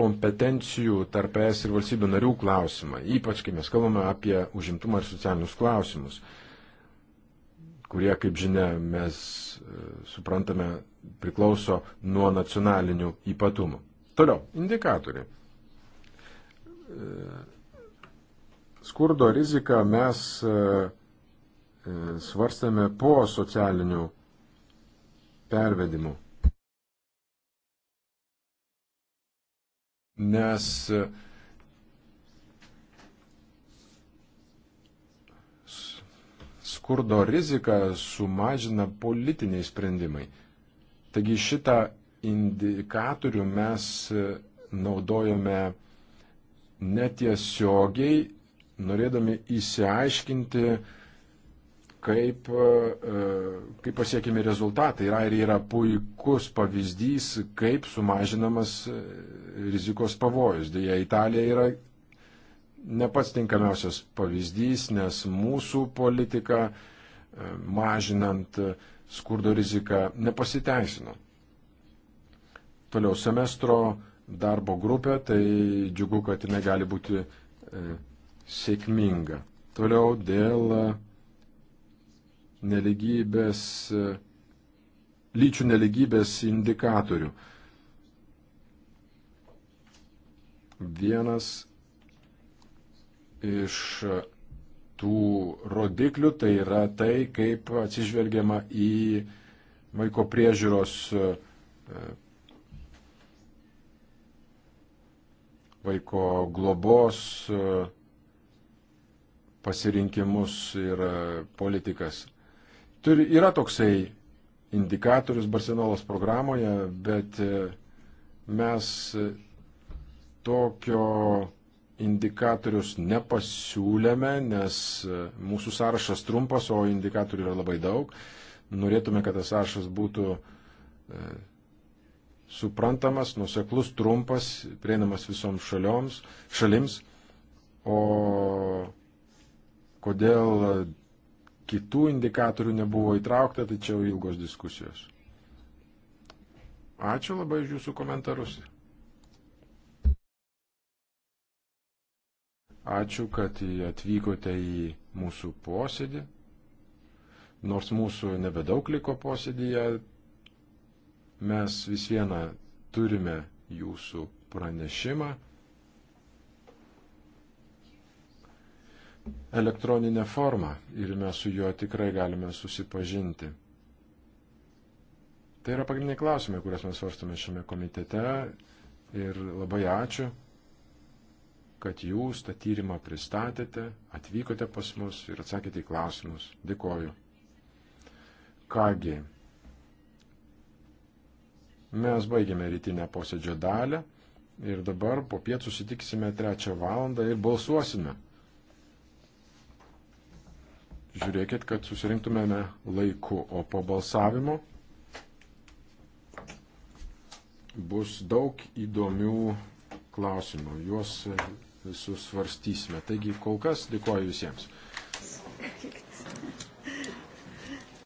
kompetencijų tarp es ir valstybių narių klausimą, ypač kai mes kalbame apie užimtumą ir socialinius klausimus kurie, kaip žinia, mes e, suprantame priklauso nuo nacionalinių ypatumų. Toliau, indikatoriai. E, skurdo riziką mes e, svarstame po socialinių pervedimų. Nes skurdo riziką sumažina politiniai sprendimai. Taigi šitą indikatorių mes e, naudojame netiesiogiai, norėdami įsiaiškinti, kaip, e, kaip pasiekime rezultatai. Ir airija yra puikus pavyzdys, kaip sumažinamas e, rizikos pavojus. Deja, Italija yra ne pats tinkamiausias pavyzdys, nes mūsų politika e, mažinant e, skurdo riziką nepasiteisino. Toliau semestro darbo grupė, tai džiugu, kad jinai gali būti e, sėkminga. Toliau dėl neligybės, lyčių neligybės indikatorių. Vienas iš tų rodiklių, tai yra tai, kaip atsižvelgiama į vaiko priežiūros e, vaiko globos e, pasirinkimus ir e, politikas. Turi, yra toksai indikatorius Barcelonos programoje, bet mes tokio indikatorius nepasiūlėme, nes e, mūsų sąrašas trumpas, o indikatorių yra labai daug. Norėtume, kad tas sąrašas būtų e, suprantamas, nuseklus, trumpas, prieinamas visoms šalioms, šalims. O kodėl kitų indikatorių nebuvo įtraukta, tai čia ilgos diskusijos. Ačiū labai už jūsų komentarus. Ačiū, kad atvykote į mūsų posėdį. Nors mūsų nebedaug liko posėdėje, mes vis vieną turime jūsų pranešimą. Elektroninė forma ir mes su juo tikrai galime susipažinti. Tai yra pagrindiniai klausimai, kuriuos mes svarstame šiame komitete ir labai ačiū kad jūs tą tyrimą pristatėte, atvykote pas mus ir atsakėte į klausimus. Dėkoju. Kągi, mes baigėme rytinę posėdžio dalį ir dabar po pietų susitiksime trečią valandą ir balsuosime. Žiūrėkit, kad susirinktumėme laiku, o po balsavimo bus daug įdomių klausimų. Juos visus svarstysime. Taigi kol kas dėkoju visiems.